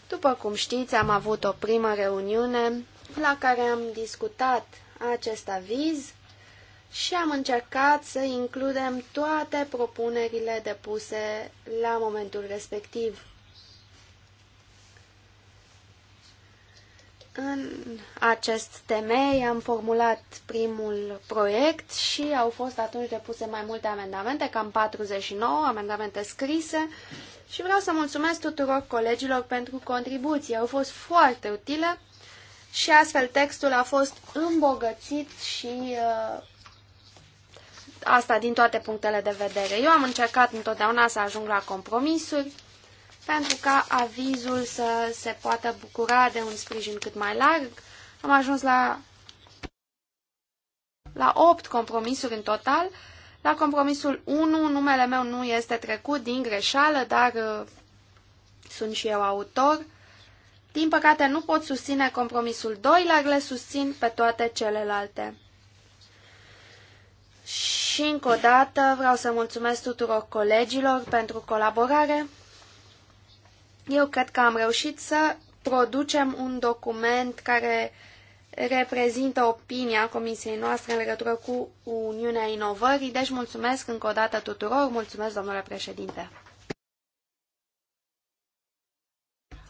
După cum știți, am avut o primă reuniune la care am discutat acest aviz și am încercat să includem toate propunerile depuse la momentul respectiv. În acest temei am formulat primul proiect și au fost atunci depuse mai multe amendamente, cam 49 amendamente scrise și vreau să mulțumesc tuturor colegilor pentru contribuții. Au fost foarte utile și astfel textul a fost îmbogățit și uh, asta din toate punctele de vedere. Eu am încercat întotdeauna să ajung la compromisuri pentru ca avizul să se poată bucura de un sprijin cât mai larg. Am ajuns la, la 8 compromisuri în total. La compromisul 1, numele meu nu este trecut din greșeală, dar uh, sunt și eu autor. Din păcate nu pot susține compromisul 2, dar le susțin pe toate celelalte. Și încă o dată vreau să mulțumesc tuturor colegilor pentru colaborare eu cred că am reușit să producem un document care reprezintă opinia comisiei noastre în legătură cu Uniunea Inovării, deci mulțumesc încă o dată tuturor, mulțumesc domnule președinte.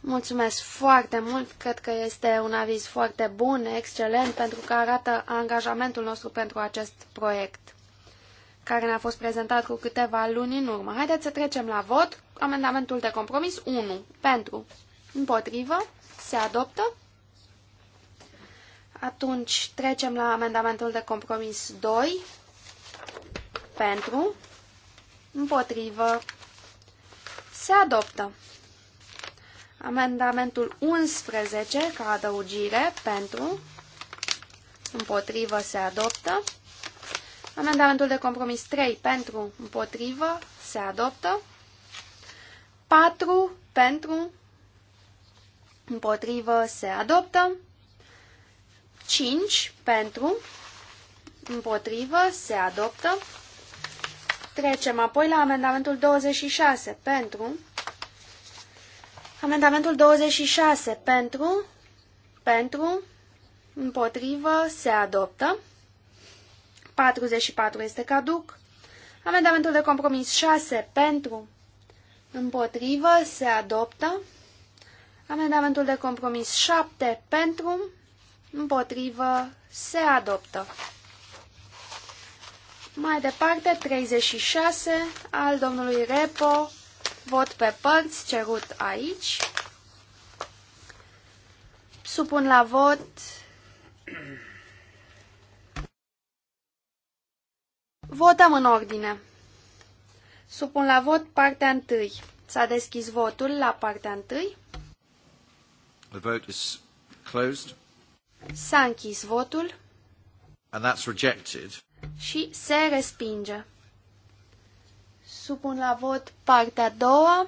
Mulțumesc foarte mult, cred că este un aviz foarte bun, excelent, pentru că arată angajamentul nostru pentru acest proiect care ne-a fost prezentat cu câteva luni în urmă. Haideți să trecem la vot. Amendamentul de compromis 1. Pentru. Împotrivă. Se adoptă. Atunci trecem la amendamentul de compromis 2. Pentru. Împotrivă. Se adoptă. Amendamentul 11, ca adăugire, pentru, împotrivă, se adoptă. Amendamentul de compromis 3 pentru, împotrivă, se adoptă. 4 pentru, împotrivă, se adoptă. 5 pentru, împotrivă, se adoptă. Trecem apoi la amendamentul 26 pentru, amendamentul 26 pentru, pentru, împotrivă, se adoptă. 44 este caduc. Amendamentul de compromis 6 pentru, împotrivă, se adoptă. Amendamentul de compromis 7 pentru, împotrivă, se adoptă. Mai departe, 36 al domnului Repo, vot pe părți cerut aici. Supun la vot Votăm în ordine. Supun la vot partea întâi. S-a deschis votul la partea întâi. The vote is closed. S-a închis votul. And that's rejected. Și se respinge. Supun la vot partea a doua.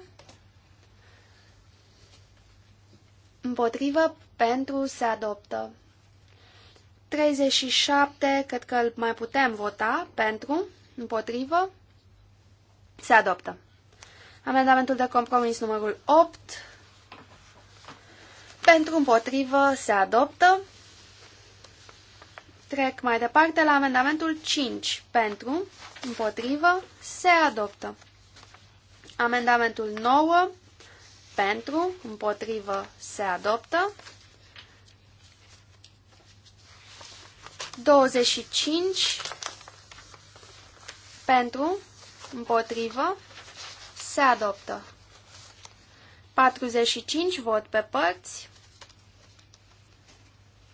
Împotrivă, pentru, se adoptă. 37, cred că îl mai putem vota pentru, împotrivă, se adoptă. Amendamentul de compromis numărul 8, pentru, împotrivă, se adoptă. Trec mai departe la amendamentul 5, pentru, împotrivă, se adoptă. Amendamentul 9, pentru, împotrivă, se adoptă. 25 pentru, împotrivă, se adoptă. 45 vot pe părți.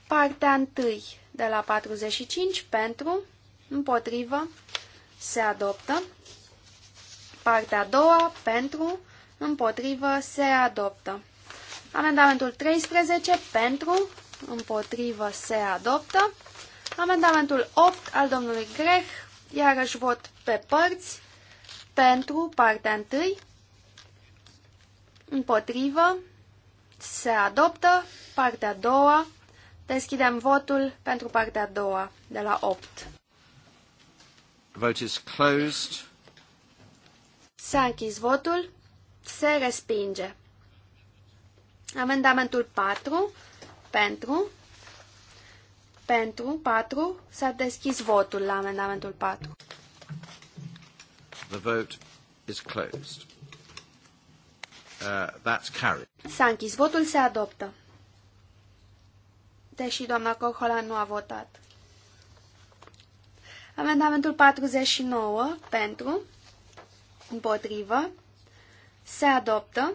Partea 1 de la 45 pentru, împotrivă, se adoptă. Partea a doua pentru, împotrivă, se adoptă. Amendamentul 13 pentru, împotrivă, se adoptă. Amendamentul 8 al domnului Grech, iarăși vot pe părți, pentru partea 1, împotrivă, se adoptă, partea 2, deschidem votul pentru partea 2 de la 8. Vote is closed. S-a închis votul, se respinge. Amendamentul 4, pentru, pentru 4 s-a deschis votul la amendamentul 4. The vote is closed. Uh, that's carried. S-a închis votul, se adoptă. Deși doamna Corhola nu a votat. Amendamentul 49 pentru, împotrivă, se adoptă.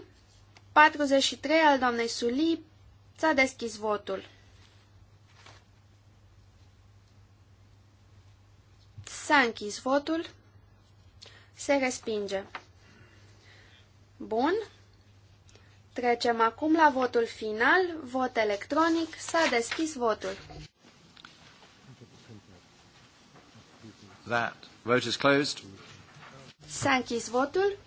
43 al doamnei Suli s-a deschis votul. S-a închis votul. Se respinge. Bun. Trecem acum la votul final, vot electronic, s-a deschis votul. That vote is closed. S-a închis votul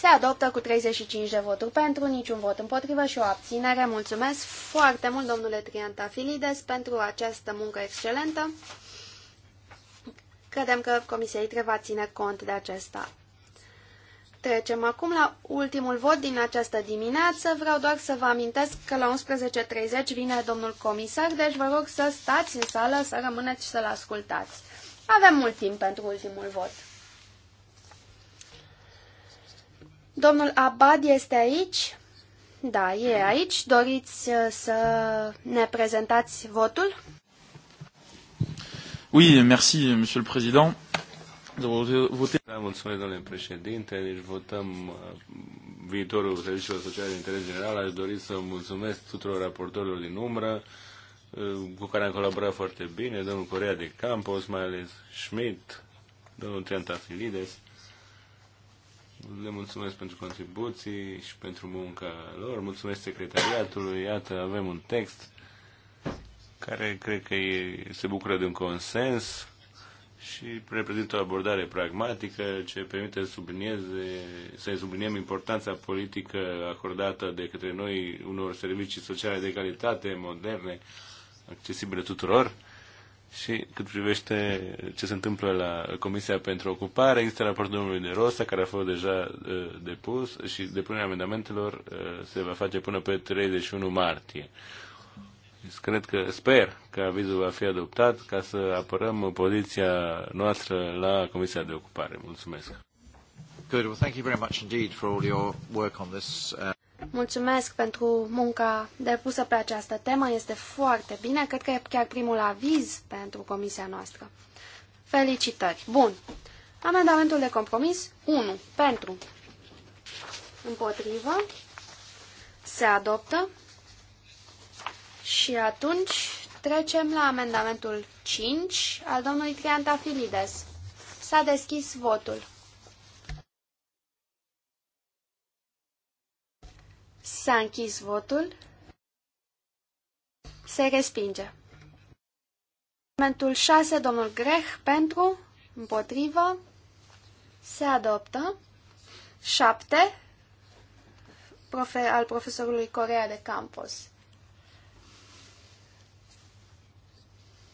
se adoptă cu 35 de voturi pentru, niciun vot împotrivă și o abținere. Mulțumesc foarte mult, domnule Triantafilides, pentru această muncă excelentă. Credem că Comisia ITRE va ține cont de acesta. Trecem acum la ultimul vot din această dimineață. Vreau doar să vă amintesc că la 11.30 vine domnul comisar, deci vă rog să stați în sală, să rămâneți și să-l ascultați. Avem mult timp pentru ultimul vot. Domnul Abad este aici? Da, e aici. Doriți uh, să ne prezentați votul? Oui, merci, monsieur le président. Da, mulțumesc, domnule președinte. Deci votăm uh, viitorul serviciilor sociale de interes general. Aș dori să mulțumesc tuturor raportorilor din umbră uh, cu care am colaborat foarte bine, domnul Corea de Campos, mai ales Schmidt, domnul Trenta Filides. Le mulțumesc pentru contribuții și pentru munca lor. Mulțumesc secretariatului. Iată, avem un text care cred că e, se bucură de un consens și reprezintă o abordare pragmatică ce permite să, sublinieze, să subliniem importanța politică acordată de către noi unor servicii sociale de calitate, moderne, accesibile tuturor și cât privește ce se întâmplă la Comisia pentru Ocupare, există raportul domnului de care a fost deja uh, depus și depunerea amendamentelor uh, se va face până pe 31 martie. Deci cred că, sper că avizul va fi adoptat ca să apărăm poziția noastră la Comisia de Ocupare. Mulțumesc! Good. Well, thank you very much indeed for all your work on this. Uh... Mulțumesc pentru munca depusă pe această temă. Este foarte bine. Cred că e chiar primul aviz pentru comisia noastră. Felicitări. Bun. Amendamentul de compromis 1. Pentru. Împotrivă. Se adoptă. Și atunci trecem la amendamentul 5 al domnului Triantafilides. S-a deschis votul. S-a închis votul. Se respinge. Amendamentul 6, domnul Greh, pentru, împotrivă, se adoptă. 7, profe, al profesorului Corea de Campos.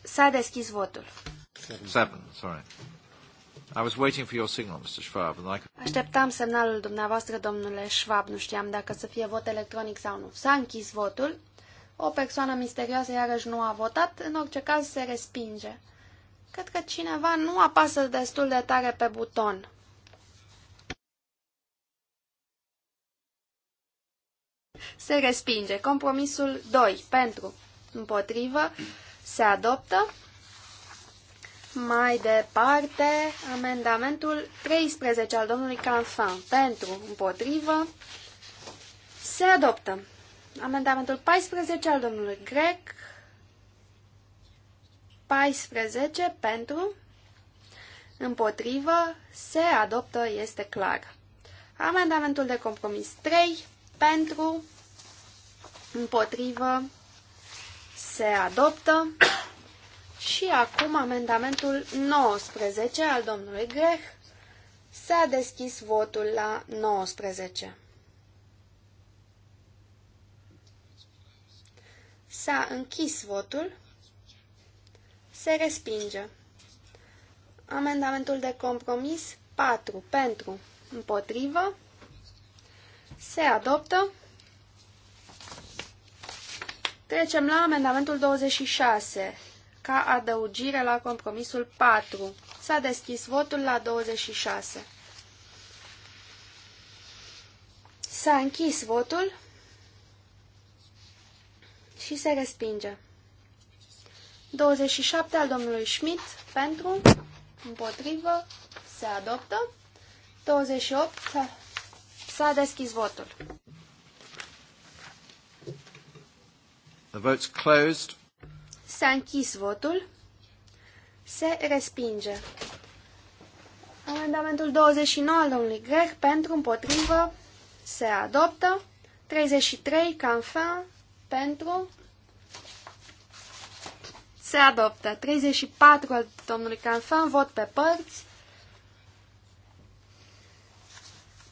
S-a deschis votul. 7, sorry. I was waiting for your signal, Mr. Schwab, and I could... Așteptam semnalul dumneavoastră, domnule Schwab, nu știam dacă să fie vot electronic sau nu. S-a închis votul, o persoană misterioasă iarăși nu a votat, în orice caz se respinge. Cred că cineva nu apasă destul de tare pe buton. Se respinge. Compromisul 2. Pentru. Împotrivă. Se adoptă. Mai departe, amendamentul 13 al domnului Canfan pentru împotrivă se adoptă. Amendamentul 14 al domnului Grec 14 pentru împotrivă se adoptă, este clar. Amendamentul de compromis 3 pentru împotrivă se adoptă. Și acum amendamentul 19 al domnului Grech. S-a deschis votul la 19. S-a închis votul. Se respinge. Amendamentul de compromis 4 pentru împotrivă. Se adoptă. Trecem la amendamentul 26 ca adăugire la compromisul 4. S-a deschis votul la 26. S-a închis votul și se respinge. 27 al domnului Schmidt pentru, împotrivă, se adoptă. 28 s-a deschis votul. The vote's closed. S-a închis votul. Se respinge. Amendamentul 29 al domnului Greg pentru împotrivă se adoptă. 33 Canfin pentru se adoptă. 34 al domnului Canfin vot pe părți.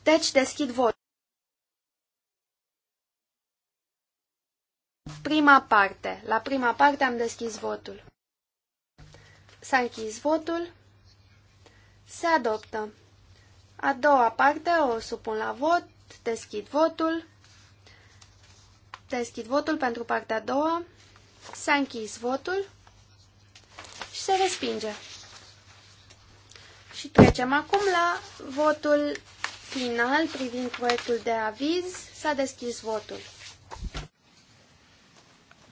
Deci deschid vot. Prima parte. La prima parte am deschis votul. S-a închis votul. Se adoptă. A doua parte o supun la vot. Deschid votul. Deschid votul pentru partea a doua. S-a închis votul și se respinge. Și trecem acum la votul final privind proiectul de aviz. S-a deschis votul.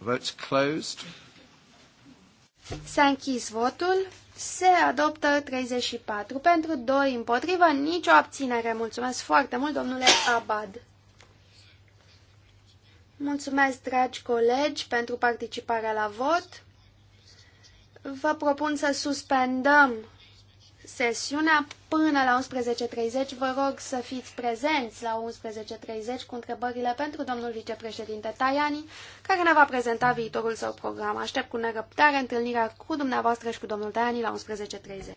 Votes closed. S-a închis votul. Se adoptă 34 pentru 2 împotriva, nicio abținere. Mulțumesc foarte mult, domnule Abad. Mulțumesc, dragi colegi, pentru participarea la vot. Vă propun să suspendăm sesiunea până la 11.30. Vă rog să fiți prezenți la 11.30 cu întrebările pentru domnul vicepreședinte Tajani, care ne va prezenta viitorul său program. Aștept cu nerăbdare întâlnirea cu dumneavoastră și cu domnul Tajani la 11.30.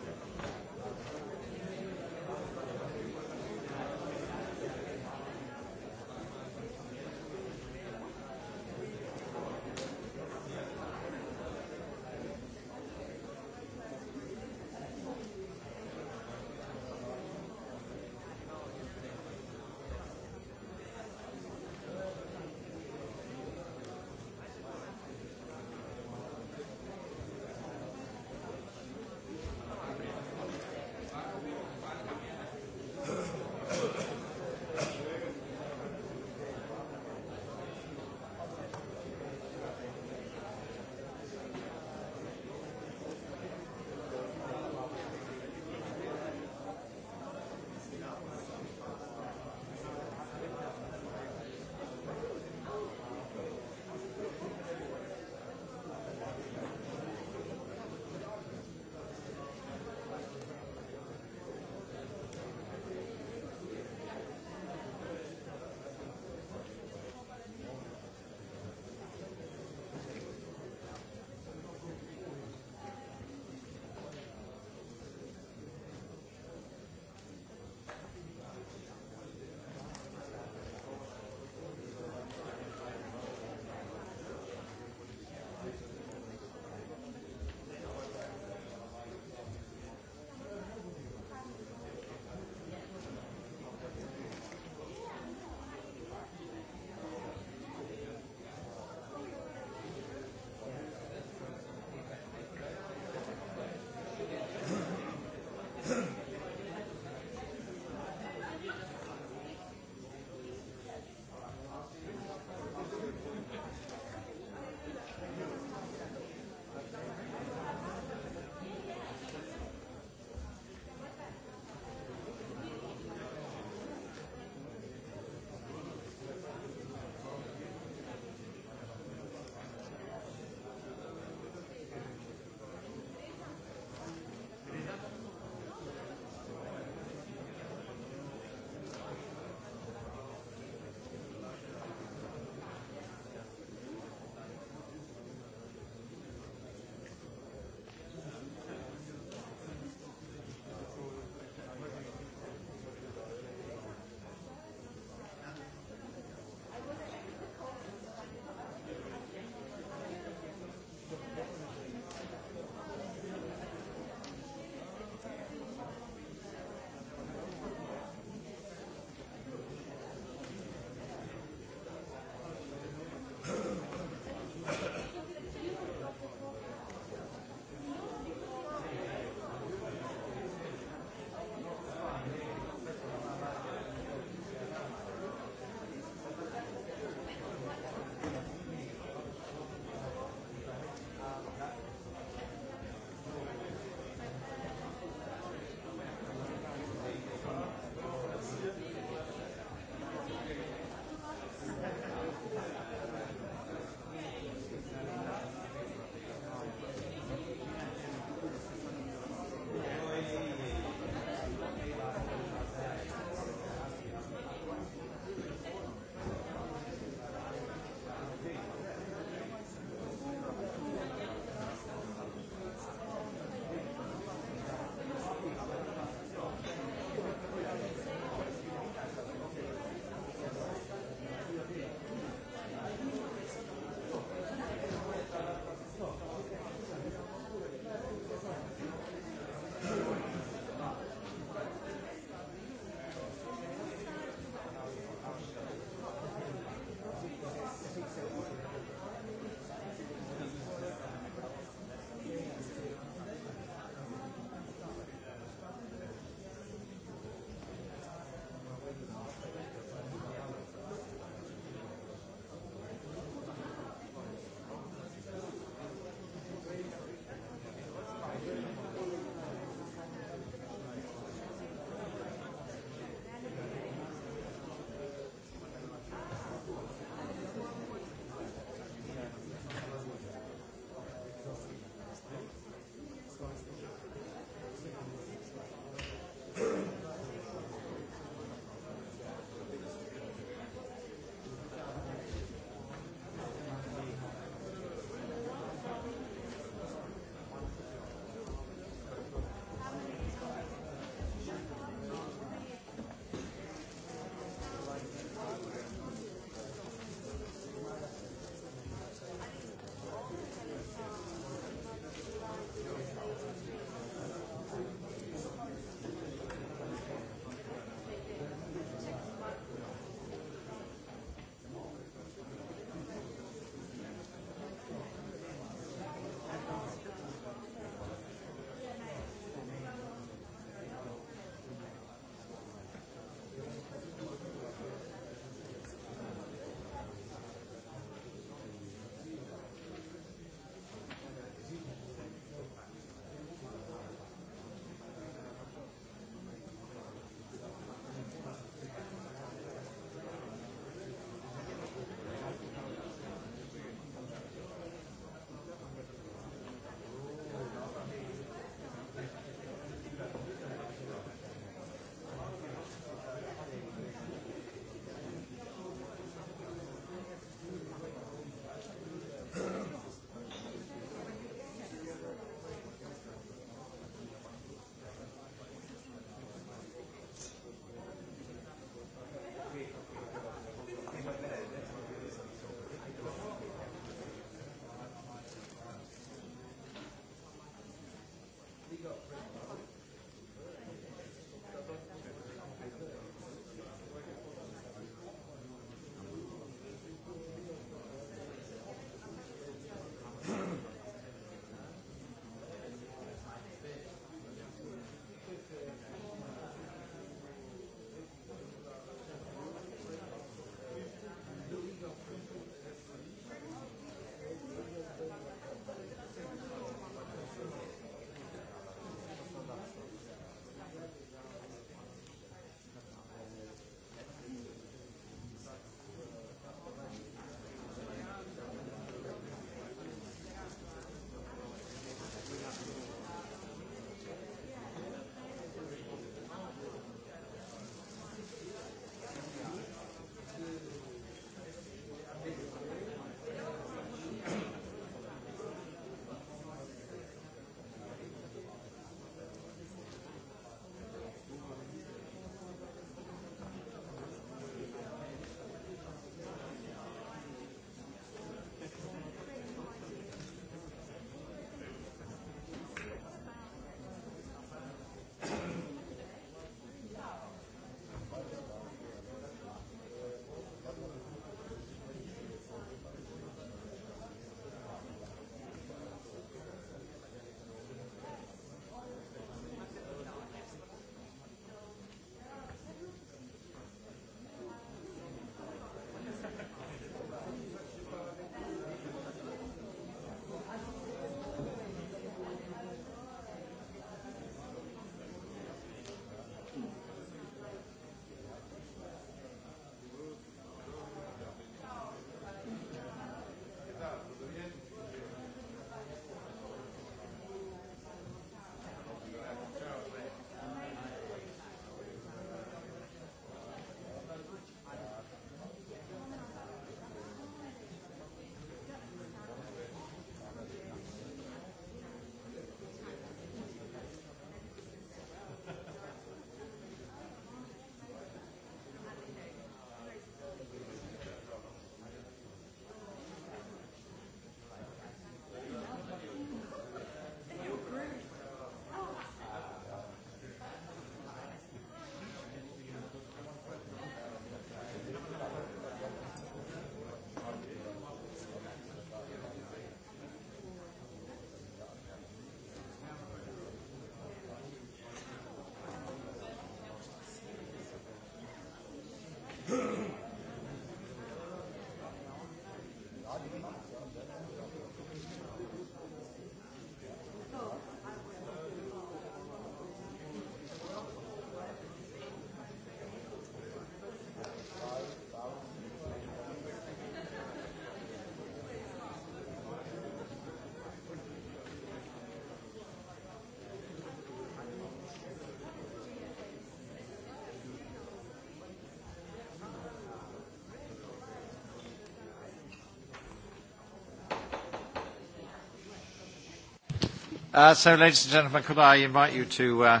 Uh, so, ladies and gentlemen, could I invite you to... Uh...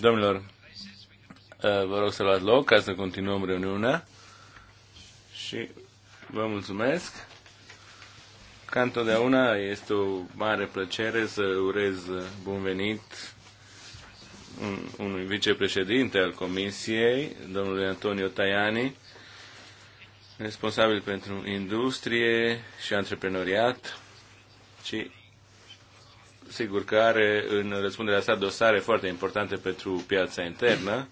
domnilor, uh, vă rog să luați loc ca să continuăm reuniunea și vă mulțumesc. Ca întotdeauna este o mare plăcere să urez bun venit unui vicepreședinte al Comisiei, domnului Antonio Tajani, responsabil pentru industrie și antreprenoriat, și sigur că are în răspunderea sa dosare foarte importante pentru piața internă.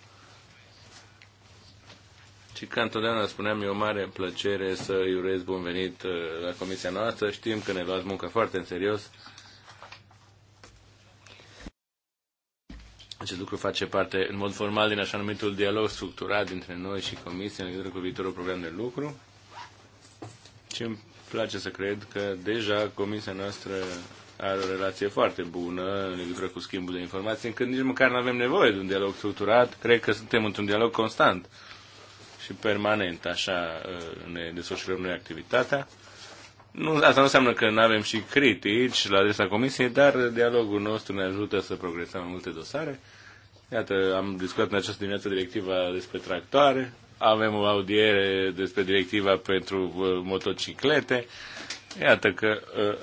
Și ca întotdeauna spuneam, e o mare plăcere să îi urez bun venit uh, la comisia noastră. Știm că ne luați muncă foarte în serios. Acest lucru face parte în mod formal din așa numitul dialog structurat dintre noi și comisie în legătură cu viitorul program de lucru. Și îmi place să cred că deja comisia noastră are o relație foarte bună în legătură cu schimbul de informații, încât nici măcar nu avem nevoie de un dialog structurat. Cred că suntem într-un dialog constant și permanent, așa uh, ne desfășurăm noi activitatea. Nu, asta nu înseamnă că nu avem și critici la adresa comisiei, dar dialogul nostru ne ajută să progresăm în multe dosare. Iată, am discutat în această dimineață directiva despre tractoare, avem o audiere despre directiva pentru uh, motociclete. Iată că uh,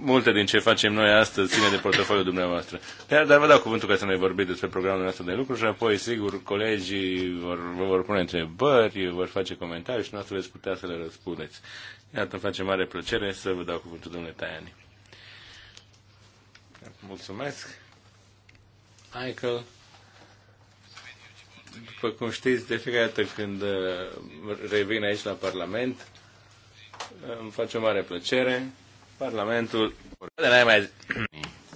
multe din ce facem noi astăzi ține de portofoliul dumneavoastră. Dar, dar vă dau cuvântul ca să ne vorbiți despre programul nostru de lucru și apoi, sigur, colegii vor, vă vor pune întrebări, vor face comentarii și noastră veți putea să le răspundeți. Iată, îmi face mare plăcere să vă dau cuvântul domnule Taiani. Mulțumesc. Michael după cum știți, de fiecare dată când uh, revin aici la Parlament, îmi face o mare plăcere Parlamentul de la mai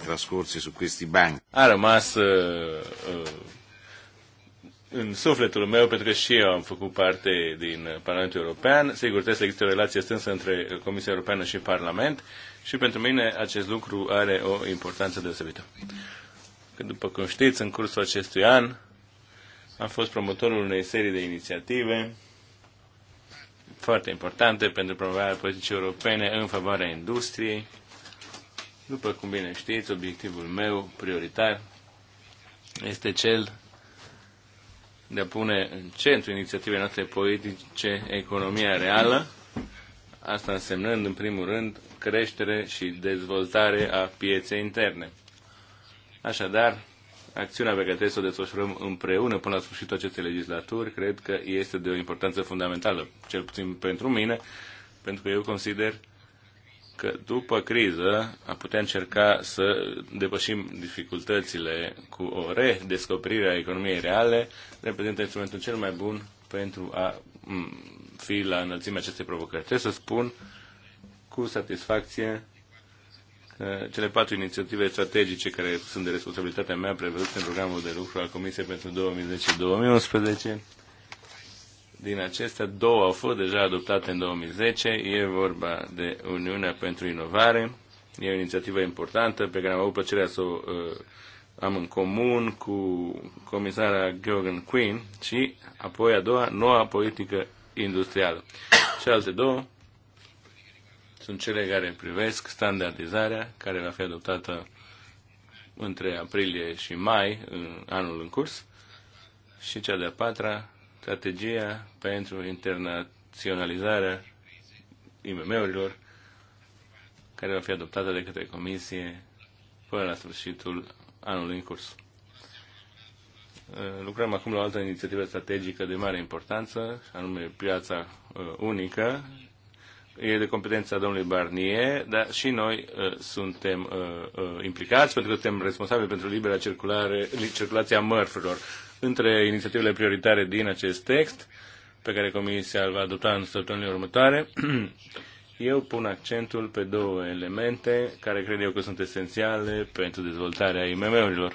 trascorsi su questi banchi a rămas uh, uh, în sufletul meu, pentru că și eu am făcut parte din Parlamentul European. Sigur, trebuie să există o relație strânsă între Comisia Europeană și Parlament și pentru mine acest lucru are o importanță deosebită. Că după cum știți, în cursul acestui an am fost promotorul unei serii de inițiative foarte importante pentru promovarea politicii europene în favoarea industriei. După cum bine știți, obiectivul meu prioritar este cel de a pune în centru inițiativei noastre politice economia reală, asta însemnând, în primul rând, creștere și dezvoltare a pieței interne. Așadar, acțiunea pe care trebuie să o desfășurăm împreună până la sfârșitul acestei legislaturi, cred că este de o importanță fundamentală, cel puțin pentru mine, pentru că eu consider că după criză a putea încerca să depășim dificultățile cu o redescoperire a economiei reale, reprezintă instrumentul cel mai bun pentru a fi la înălțimea acestei provocări. Trebuie să spun cu satisfacție Eh, cele patru inițiative strategice care sunt de responsabilitatea mea prevăzute în programul de lucru al Comisiei pentru 2010-2011. Din acestea, două au fost deja adoptate în 2010. E vorba de Uniunea pentru Inovare. E o inițiativă importantă pe care am avut plăcerea să o uh, am în comun cu comisara Georgian Quinn și apoi a doua, noua politică industrială. alte două sunt cele care privesc standardizarea care va fi adoptată între aprilie și mai, în anul în curs, și cea de-a patra, strategia pentru internaționalizarea IMM-urilor, care va fi adoptată de către Comisie până la sfârșitul anului în curs. Lucrăm acum la o altă inițiativă strategică de mare importanță, anume piața uh, unică, e de competența domnului Barnier, dar și noi uh, suntem uh, uh, implicați pentru că suntem responsabili pentru libera circulare, circulație a mărfurilor. Între inițiativele prioritare din acest text, pe care Comisia îl va adopta în săptămâna următoare, eu pun accentul pe două elemente care cred eu că sunt esențiale pentru dezvoltarea IMM-urilor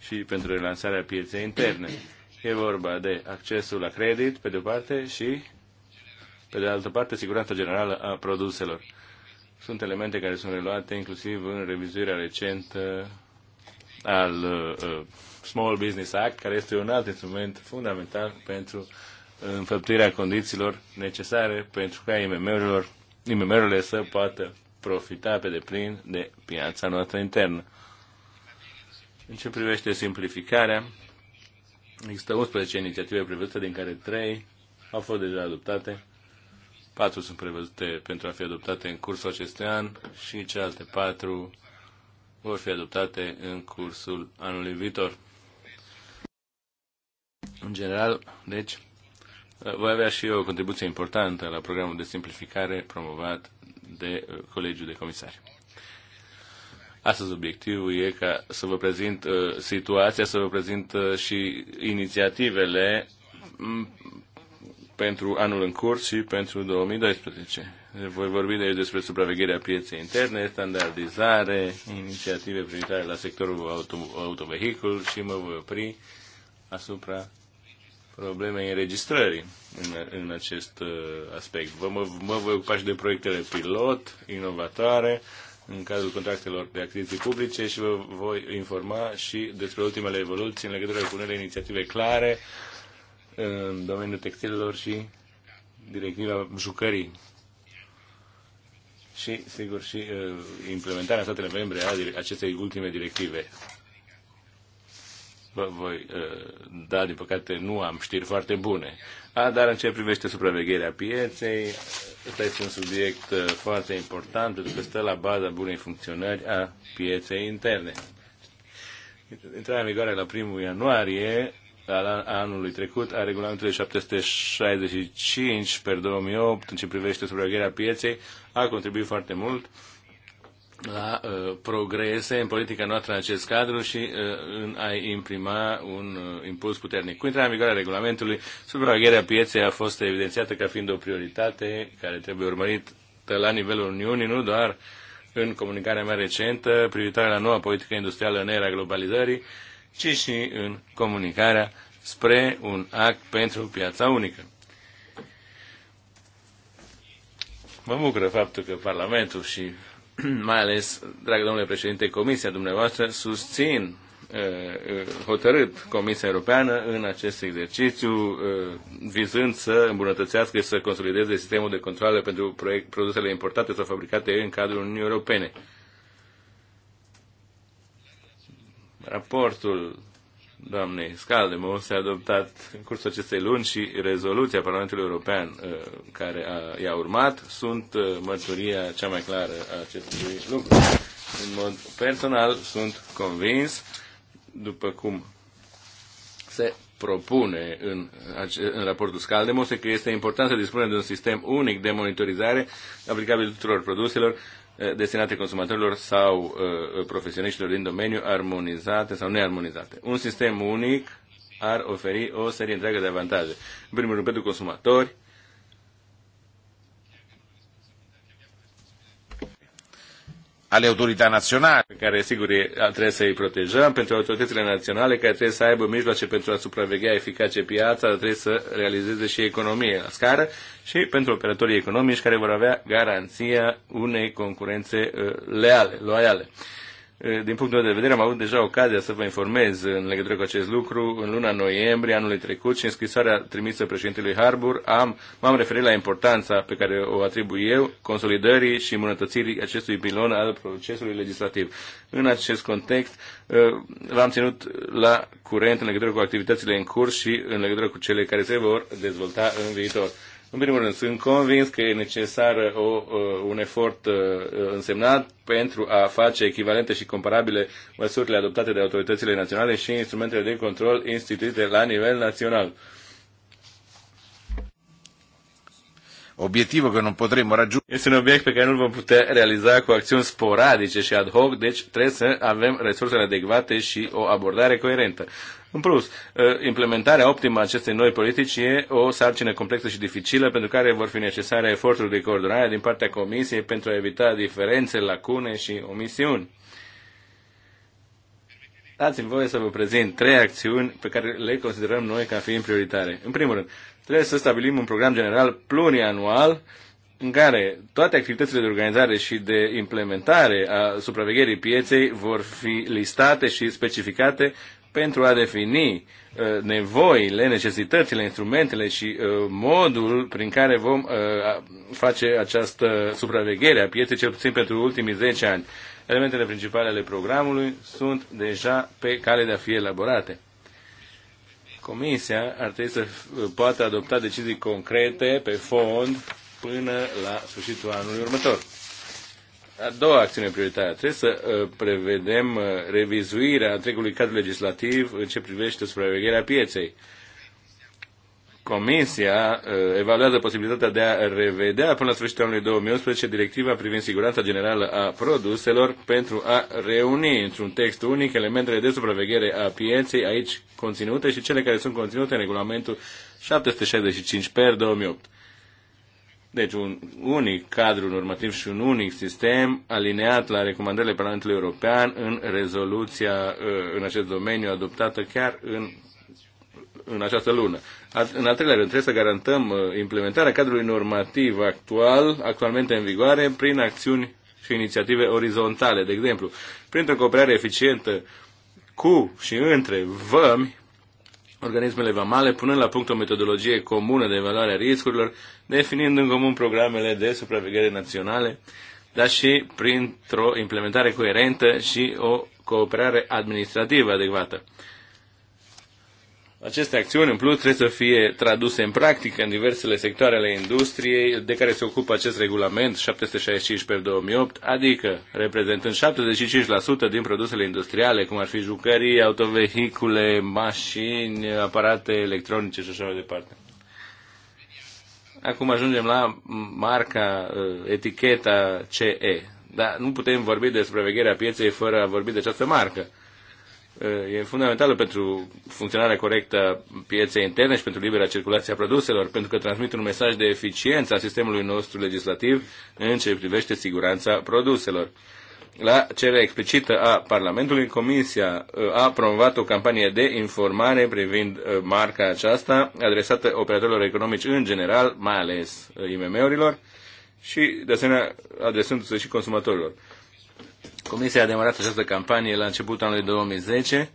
și pentru relansarea pieței interne. E vorba de accesul la credit, pe de-o parte, și pe de altă parte, siguranța generală a produselor. Sunt elemente care sunt reluate inclusiv în revizuirea recentă al uh, uh, Small Business Act, care este un alt instrument fundamental pentru înfăptuirea condițiilor necesare pentru ca IMM-urilor, IMM-urile să poată profita pe deplin de piața noastră internă. În ce privește simplificarea, există 11 inițiative prevăzute, din care 3 au fost deja adoptate Patru sunt prevăzute pentru a fi adoptate în cursul acestui an și celelalte patru vor fi adoptate în cursul anului viitor. În general, deci, voi avea și eu o contribuție importantă la programul de simplificare promovat de uh, Colegiul de Comisari. Astăzi obiectivul e ca să vă prezint uh, situația, să vă prezint uh, și inițiativele pentru anul în curs și pentru 2012. Voi vorbi de despre supravegherea pieței interne, standardizare, inițiative privitoare la sectorul auto, autovehicul și mă voi opri asupra problemei înregistrării în, în acest uh, aspect. Vă, mă, mă voi ocupa și de proiectele pilot, inovatoare, în cazul contractelor de achiziții publice și vă voi informa și despre ultimele evoluții în legătură cu unele inițiative clare în domeniul textilelor și directiva jucării. Și, sigur, și uh, implementarea statele membre a acestei ultime directive. Vă voi uh, da, din păcate, nu am știri foarte bune. A, dar în ce privește supravegherea pieței, ăsta este un subiect uh, foarte important, pentru că stă la baza bunei funcționări a pieței interne. Intrarea în vigoare la 1 ianuarie al anului trecut a regulamentului 765 per 2008 în ce privește supravegherea pieței a contribuit foarte mult la uh, progrese în politica noastră în acest cadru și uh, în a imprima un uh, impuls puternic. Cu intrarea în vigoare a regulamentului, supravegherea pieței a fost evidențiată ca fiind o prioritate care trebuie urmărită la nivelul Uniunii, nu doar în comunicarea mea recentă privitoare la noua politică industrială în era globalizării, ci și în comunicarea spre un act pentru piața unică. Mă bucură faptul că Parlamentul și mai ales, dragă domnule președinte, Comisia dumneavoastră susțin uh, uh, hotărât Comisia Europeană în acest exercițiu, uh, vizând să îmbunătățească și să consolideze sistemul de controle pentru produsele importate sau fabricate în cadrul Uniunii Europene. Raportul doamnei Scaldemo s-a adoptat în cursul acestei luni și rezoluția Parlamentului European uh, care a, i-a urmat sunt uh, mărturia cea mai clară a acestui lucru. În mod personal sunt convins, după cum se propune în, în raportul Scaldemo, că este important să dispunem de un sistem unic de monitorizare aplicabil tuturor produselor Eh, destinate consumatorilor sau eh, profesioniștilor din domeniu, armonizate sau nearmonizate. Un sistem unic ar oferi o serie întreagă de avantaje. În primul rând, pentru consumatori, ale autorità naționale Care, sigur, trebuie să îi protejăm pentru autoritățile naționale, care trebuie să aibă mijloace pentru a supraveghea eficace piața, dar trebuie să realizeze și economie la scară și pentru operatorii economici care vor avea garanția unei concurențe uh, leale, loiale. Din punctul meu de vedere, am avut deja ocazia să vă informez în legătură cu acest lucru. În luna noiembrie anului trecut și în scrisoarea trimisă președintelui Harbour am, m-am referit la importanța pe care o atribui eu consolidării și îmbunătățirii acestui pilon al procesului legislativ. În acest context, v-am ținut la curent în legătură cu activitățile în curs și în legătură cu cele care se vor dezvolta în viitor. În primul rând, sunt convins că e necesar o, uh, un efort uh, însemnat pentru a face echivalente și comparabile măsurile adoptate de autoritățile naționale și instrumentele de control instituite la nivel național. obiectivă că nu potremmo raggiungere. Este un obiect pe care nu-l vom putea realiza cu acțiuni sporadice și ad hoc, deci trebuie să avem resursele adecvate și o abordare coerentă. În plus, ă, implementarea optimă a acestei noi politici e o sarcină complexă și dificilă pentru care vor fi necesare eforturi de coordonare din partea Comisiei pentru a evita diferențe, lacune și omisiuni. Dați-mi voie să vă prezint trei acțiuni pe care le considerăm noi ca fiind prioritare. În primul rând, trebuie să stabilim un program general plurianual în care toate activitățile de organizare și de implementare a supravegherii pieței vor fi listate și specificate pentru a defini uh, nevoile, necesitățile, instrumentele și uh, modul prin care vom uh, face această supraveghere a pieței, cel puțin pentru ultimii 10 ani. Elementele principale ale programului sunt deja pe cale de a fi elaborate. Comisia ar trebui să poată adopta decizii concrete pe fond până la sfârșitul anului următor. A doua acțiune prioritară. Trebuie să uh, prevedem uh, revizuirea întregului cadru legislativ în ce privește supravegherea pieței. Comisia uh, evaluează posibilitatea de a revedea până la sfârșitul anului 2011 directiva privind siguranța generală a produselor pentru a reuni într-un text unic elementele de supraveghere a pieței aici conținute și cele care sunt conținute în regulamentul 765 per 2008. Deci un unic cadru normativ și un unic sistem alineat la recomandările Parlamentului European în rezoluția uh, în acest domeniu adoptată chiar în, în această lună. În al treilea rând, trebuie să garantăm uh, implementarea cadrului normativ actual, actualmente în vigoare, prin acțiuni și inițiative orizontale, de exemplu, printr-o cooperare eficientă cu și între vămi, organismele vamale, punând la punct o metodologie comună de evaluare a riscurilor, definind în comun programele de supraveghere naționale, dar și printr-o implementare coerentă și o cooperare administrativă adecvată. Aceste acțiuni, în plus, trebuie să fie traduse în practică în diversele sectoare ale industriei de care se ocupă acest regulament 765 pe 2008, adică reprezentând 75% din produsele industriale, cum ar fi jucării, autovehicule, mașini, aparate electronice și așa mai departe. Acum ajungem la marca, uh, eticheta CE. Dar nu putem vorbi despre vegherea pieței fără a vorbi de această marcă e fundamentală pentru funcționarea corectă pieței interne și pentru libera circulație a produselor, pentru că transmit un mesaj de eficiență a sistemului nostru legislativ în ce privește siguranța produselor. La cererea explicită a Parlamentului, Comisia uh, a promovat o campanie de informare privind uh, marca aceasta, adresată operatorilor economici în general, mai ales uh, IMM-urilor, și, de asemenea, adresându-se și consumatorilor. Comisia a demarat această campanie la începutul anului 2010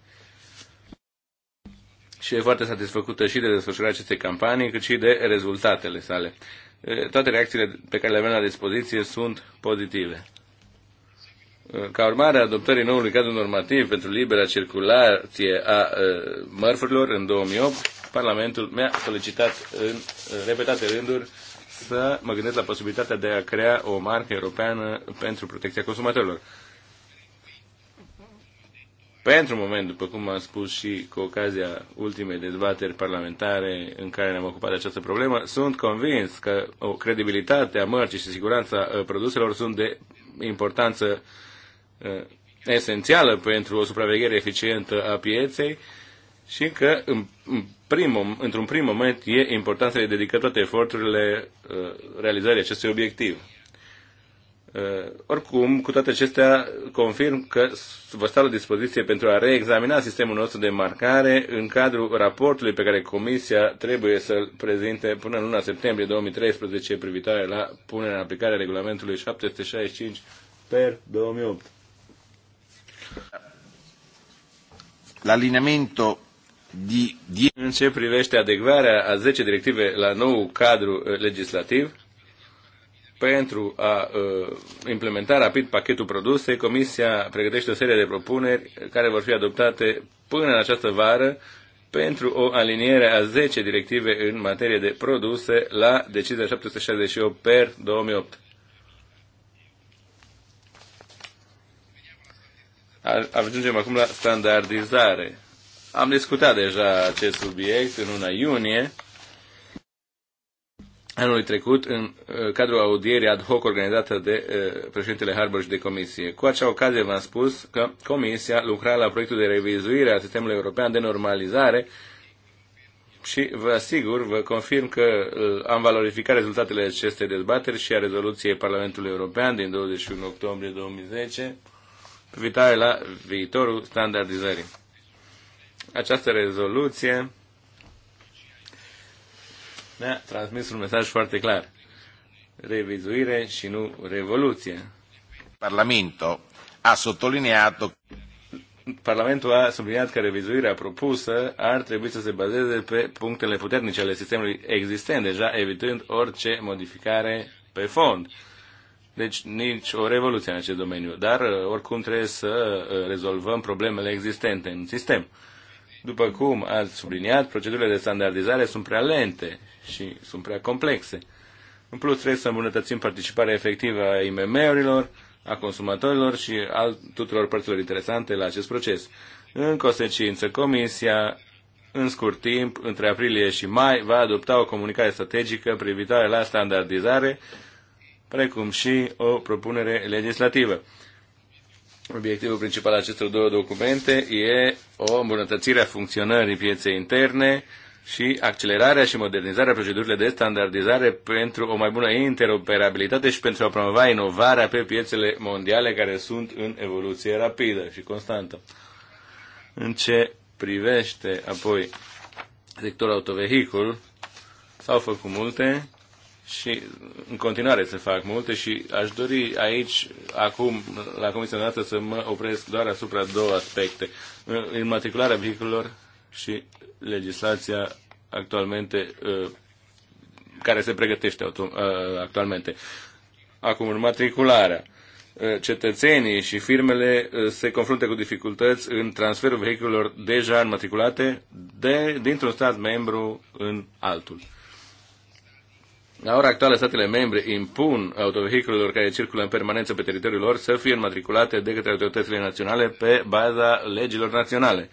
și e foarte satisfăcută și de desfășurarea acestei campanii, cât și de rezultatele sale. Toate reacțiile pe care le avem la dispoziție sunt pozitive. Ca urmare a adoptării noului cadru normativ pentru libera circulație a mărfurilor în 2008, Parlamentul mi-a solicitat în repetate rânduri să mă gândesc la posibilitatea de a crea o marcă europeană pentru protecția consumatorilor. Pentru moment, după cum am spus și cu ocazia ultimei dezbateri parlamentare în care ne-am ocupat de această problemă, sunt convins că o credibilitate a mărcii și siguranța uh, produselor sunt de importanță uh, esențială pentru o supraveghere eficientă a pieței și că în primul, într-un prim moment e important să le dedică toate eforturile uh, realizării acestui obiectiv. Eh, oricum, cu toate acestea, confirm că vă stau la dispoziție pentru a reexamina sistemul nostru de marcare în cadrul raportului pe care Comisia trebuie să-l prezinte până în luna septembrie 2013 privitoare la punerea în aplicare a regulamentului 765 per 2008. L'allineamento di... În ce privește adecvarea a 10 directive la nou cadru eh, legislativ, pentru a uh, implementa rapid pachetul produse, Comisia pregătește o serie de propuneri care vor fi adoptate până în această vară pentru o aliniere a 10 directive în materie de produse la decizia 768 per 2008. Ajungem acum la standardizare. Am discutat deja acest subiect în luna iunie anului trecut în uh, cadrul audierii ad hoc organizată de uh, președintele Harbour și de comisie. Cu acea ocazie v-am spus că comisia lucra la proiectul de revizuire a sistemului european de normalizare și vă asigur, vă confirm că uh, am valorificat rezultatele acestei dezbateri și a rezoluției Parlamentului European din 21 octombrie 2010 privitoare la viitorul standardizării. Această rezoluție ne-a transmis un mesaj foarte clar. Revizuire și nu revoluție. Parlamentul a sottolineato Parlamentul a subliniat că revizuirea propusă ar trebui să se bazeze pe punctele puternice ale sistemului existent, deja evitând orice modificare pe fond. Deci nici o revoluție în acest domeniu, dar uh, oricum trebuie să uh, rezolvăm problemele existente în sistem. După cum ați subliniat, procedurile de standardizare sunt prea lente și sunt prea complexe. În plus, trebuie să îmbunătățim participarea efectivă a IMM-urilor, a consumatorilor și al tuturor părților interesante la acest proces. În consecință, Comisia, în scurt timp, între aprilie și mai, va adopta o comunicare strategică privitoare la standardizare, precum și o propunere legislativă. Obiectivul principal al acestor două documente e o îmbunătățire a funcționării pieței interne și accelerarea și modernizarea procedurilor de standardizare pentru o mai bună interoperabilitate și pentru a promova inovarea pe piețele mondiale care sunt în evoluție rapidă și constantă. În ce privește apoi sectorul autovehicul, s-au făcut multe și în continuare se fac multe și aș dori aici, acum, la Comisia noastră, să mă opresc doar asupra două aspecte. Înmatricularea vehiculelor și legislația actualmente uh, care se pregătește uh, actualmente. Acum, înmatricularea. Uh, cetățenii și firmele se confruntă cu dificultăți în transferul vehiculelor deja înmatriculate de, dintr-un stat membru în altul. La ora actuală, statele membre impun autovehiculelor care circulă în permanență pe teritoriul lor să fie înmatriculate de către autoritățile naționale pe baza legilor naționale.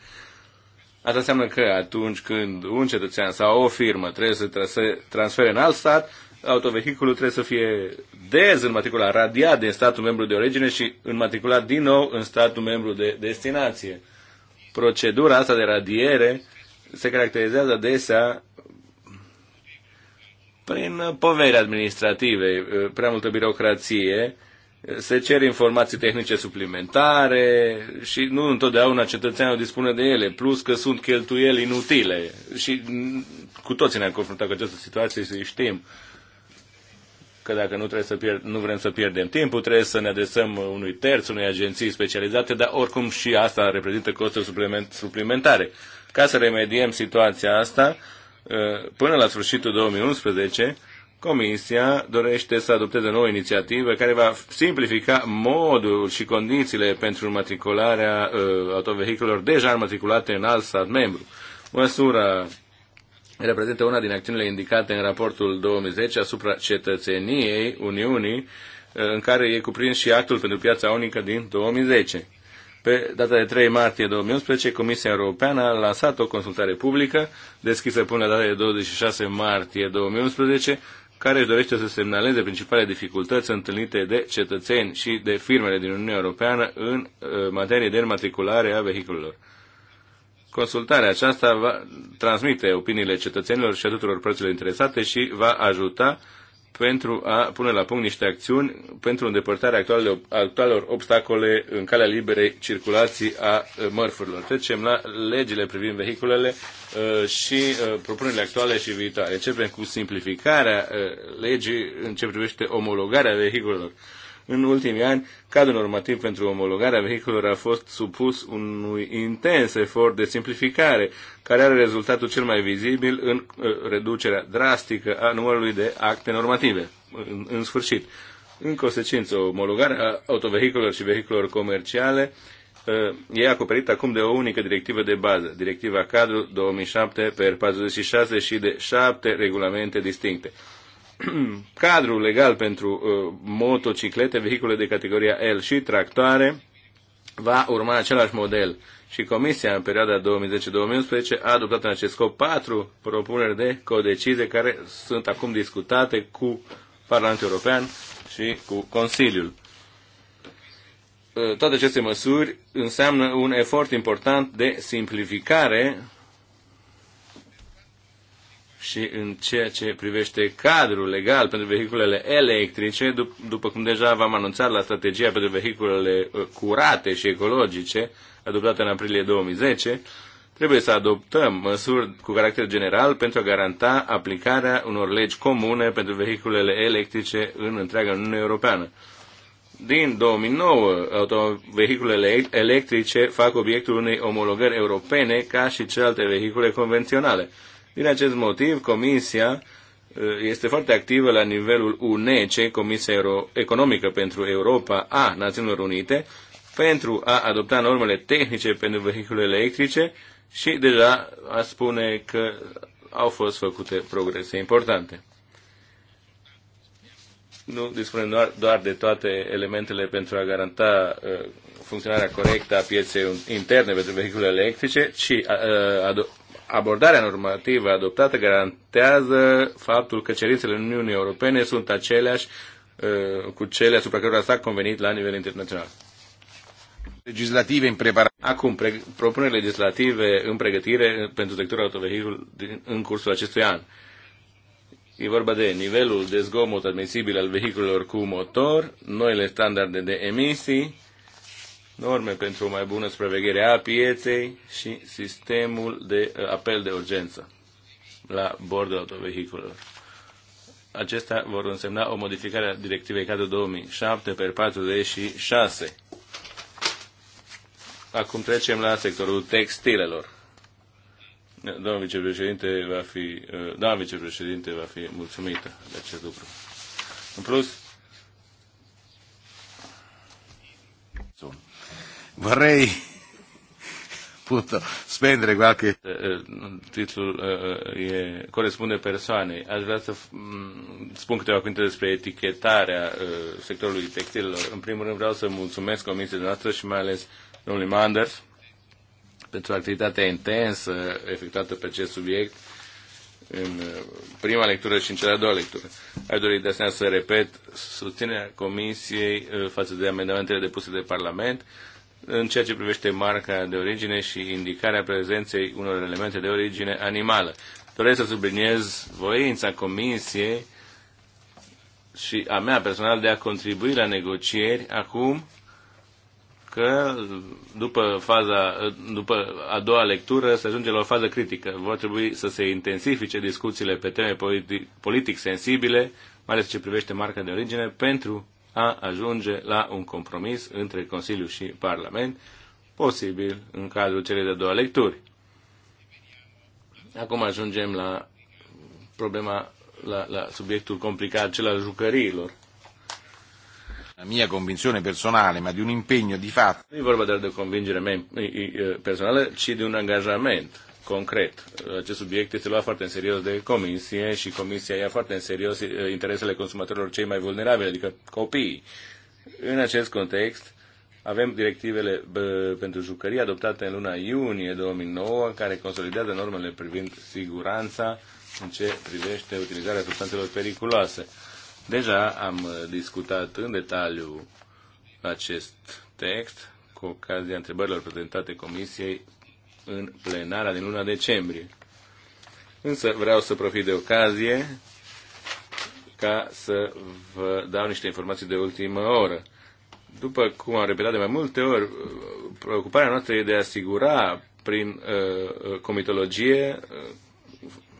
Asta înseamnă că atunci când un cetățean sau o firmă trebuie să se transfere în alt stat, autovehiculul trebuie să fie dezînmatriculat, radiat din statul membru de origine și înmatriculat din nou în statul membru de destinație. Procedura asta de radiere se caracterizează adesea prin poveri administrative, eh, prea multă birocrație, eh, se cer informații tehnice suplimentare și nu întotdeauna cetățeanul dispune de ele, plus că sunt cheltuieli inutile. Și cu toții ne-am confruntat cu această situație și știm că dacă nu, trebuie să pierd, nu vrem să pierdem timpul, trebuie să ne adresăm unui terț, unei agenții specializate, dar oricum și asta reprezintă costuri supliment, suplimentare. Ca să remediem situația asta, uh, Eh, până la sfârșitul 2011, Comisia dorește să adopteze o nouă inițiativă care va simplifica modul și condițiile pentru matricularea uh, autovehiculelor deja înmatriculate în alt stat membru. Măsura reprezintă una din acțiunile indicate în raportul 2010 asupra cetățeniei Uniunii, uh, în care e cuprins și actul pentru piața unică din 2010. Pe data de 3 martie 2011, Comisia Europeană a lansat o consultare publică deschisă până la data de 26 martie 2011, care își dorește să semnaleze principalele dificultăți întâlnite de cetățeni și de firmele din Uniunea Europeană în uh, materie de înmatriculare a vehiculelor. Consultarea aceasta va transmite opiniile cetățenilor și a tuturor părților interesate și va ajuta uh, pentru a pune la punct niște acțiuni pentru îndepărtarea actualelor, actualelor obstacole în calea liberei circulații a mărfurilor. Trecem la legile privind vehiculele și propunerile actuale și viitoare. Începem cu simplificarea legii în ce privește omologarea vehiculelor în ultimii ani, cadrul normativ pentru omologarea vehiculelor a fost supus unui intens efort de simplificare, care are rezultatul cel mai vizibil în uh, reducerea drastică a numărului de acte normative. În, în sfârșit, în consecință, omologarea autovehiculelor și vehiculelor comerciale uh, e acoperit acum de o unică directivă de bază, directiva cadru 2007 per 46 și de șapte regulamente distincte. cadrul legal pentru uh, motociclete, vehicule de categoria L și tractoare va urma același model. Și Comisia, în perioada 2010-2011, a adoptat în acest scop patru propuneri de codecizie care sunt acum discutate cu Parlamentul European și cu Consiliul uh, toate aceste măsuri înseamnă un efort important de simplificare și în ceea ce privește cadrul legal pentru vehiculele electrice, dup- după cum deja v-am anunțat la strategia pentru vehiculele uh, curate și ecologice, adoptată în aprilie 2010, trebuie să adoptăm măsuri cu caracter general pentru a garanta aplicarea unor legi comune pentru vehiculele electrice în întreaga Uniune Europeană. Din 2009, autovehiculele electrice fac obiectul unei omologări europene ca și celelalte vehicule convenționale. Din acest motiv, Comisia uh, este foarte activă la nivelul UNEC, Comisia Euro- Economică pentru Europa a Națiunilor Unite, pentru a adopta normele tehnice pentru vehiculele electrice și deja a spune că au fost făcute progrese importante. Nu dispunem doar, doar de toate elementele pentru a garanta uh, funcționarea corectă a pieței interne pentru vehiculele electrice, ci uh, abordarea normativă adoptată garantează faptul că cerințele Uniunii Europene sunt aceleași uh, cu cele asupra cărora s-a convenit la nivel internațional. Legislative în preparare. Acum, pre- propuneri legislative în pregătire pentru sectorul autovehicul din, în cursul acestui an. E vorba de nivelul de zgomot admisibil al vehiculelor cu motor, noile standarde de emisii, norme pentru o mai bună supraveghere a pieței și sistemul de uh, apel de urgență la bordul autovehiculelor. Acestea vor însemna o modificare a directivei cadru 2007 per 46. Acum trecem la sectorul textilelor. Doamna vicepreședinte va fi, uh, doamna vicepreședinte va fi mulțumită de acest lucru. În plus, vorrei appunto spendere qualche... Eh, eh, titlul eh, e, corespunde persoanei. Aș vrea să mm, spun câteva cuvinte despre etichetarea sectorului textilelor. În primul rând vreau să mulțumesc comisiei noastre și mai ales domnului Manders pentru activitatea intensă efectuată pe acest subiect în prima lectură și în cea de-a doua lectură. Aș dori de asemenea să repet susținerea Comisiei față de amendamentele depuse de Parlament, în ceea ce privește marca de origine și indicarea prezenței unor elemente de origine animală. Doresc să subliniez voința Comisiei și a mea personal de a contribui la negocieri acum că după faza, după a doua lectură se ajunge la o fază critică. Vor trebui să se intensifice discuțiile pe teme politic, politic sensibile, mai ales ce privește marca de origine, pentru a ajunge la un compromis între Consiliu și Parlament, posibil în cadrul celei de două doua lecturi. Acum ajungem la problema, la, la subiectul complicat, cel al jucăriilor. La mia convinzione personale, ma di un impegno di fatto. Non è vorba doar de o convingere mea ci de un angajament concret. Acest subiect este luat foarte în serios de comisie și comisia ia foarte în serios eh, interesele consumatorilor cei mai vulnerabili, adică copiii. În acest context, avem directivele pentru jucării adoptate în luna iunie 2009, care consolidează normele privind siguranța în ce privește utilizarea substanțelor periculoase. Deja am eh, discutat în detaliu acest text cu ocazia întrebărilor prezentate Comisiei în plenara din luna decembrie. Însă vreau să profit de ocazie ca să vă dau niște informații de ultimă oră. După cum am repetat de mai multe ori, preocuparea noastră e de a asigura prin uh, uh comitologie uh,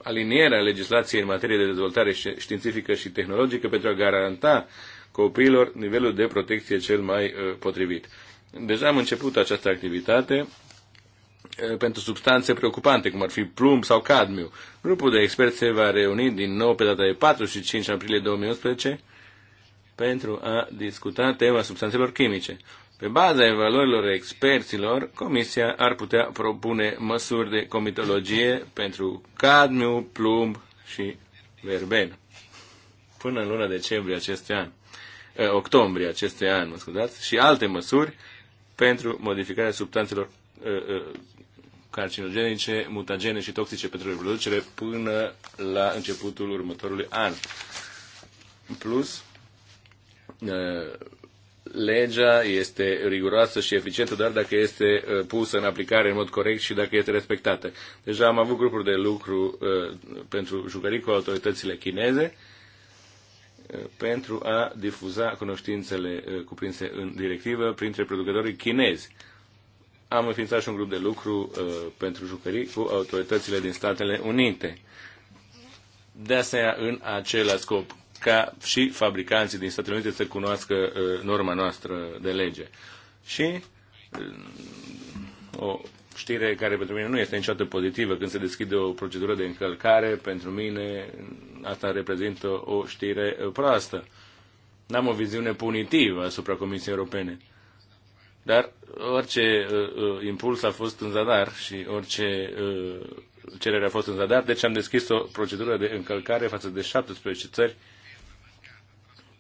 alinierea legislației în materie de dezvoltare științifică și tehnologică pentru a garanta copiilor nivelul de protecție cel mai uh, potrivit. Deja am început această activitate pentru substanțe preocupante, cum ar fi plumb sau cadmiu. Grupul de experți se va reuni din nou pe data de 4 și 5 aprilie 2011 pentru a discuta tema substanțelor chimice. Pe baza evaluărilor experților, Comisia ar putea propune măsuri de comitologie pentru cadmiu, plumb și verben. Până în luna decembrie acestui an, eh, octombrie acestui an, mă scuzați, și alte măsuri pentru modificarea substanțelor carcinogenice, mutagene și toxice pentru reproducere până la începutul următorului an. În plus, ă, legea este riguroasă și eficientă doar dacă este ă, pusă în aplicare în mod corect și dacă este respectată. Deja am avut grupuri de lucru ă, pentru jucării cu autoritățile chineze pentru a difuza cunoștințele cuprinse în directivă printre producătorii chinezi am înființat și un grup de lucru uh, pentru jucării cu autoritățile din Statele Unite. De asemenea, în același scop, ca și fabricanții din Statele Unite să cunoască uh, norma noastră de lege. Și uh, o știre care pentru mine nu este niciodată pozitivă când se deschide o procedură de încălcare, pentru mine asta reprezintă o știre uh, proastă. N-am o viziune punitivă asupra Comisiei Europene. Dar orice uh, uh, impuls a fost în zadar și orice uh, cerere a fost în zadar, deci am deschis o procedură de încălcare față de 17 țări,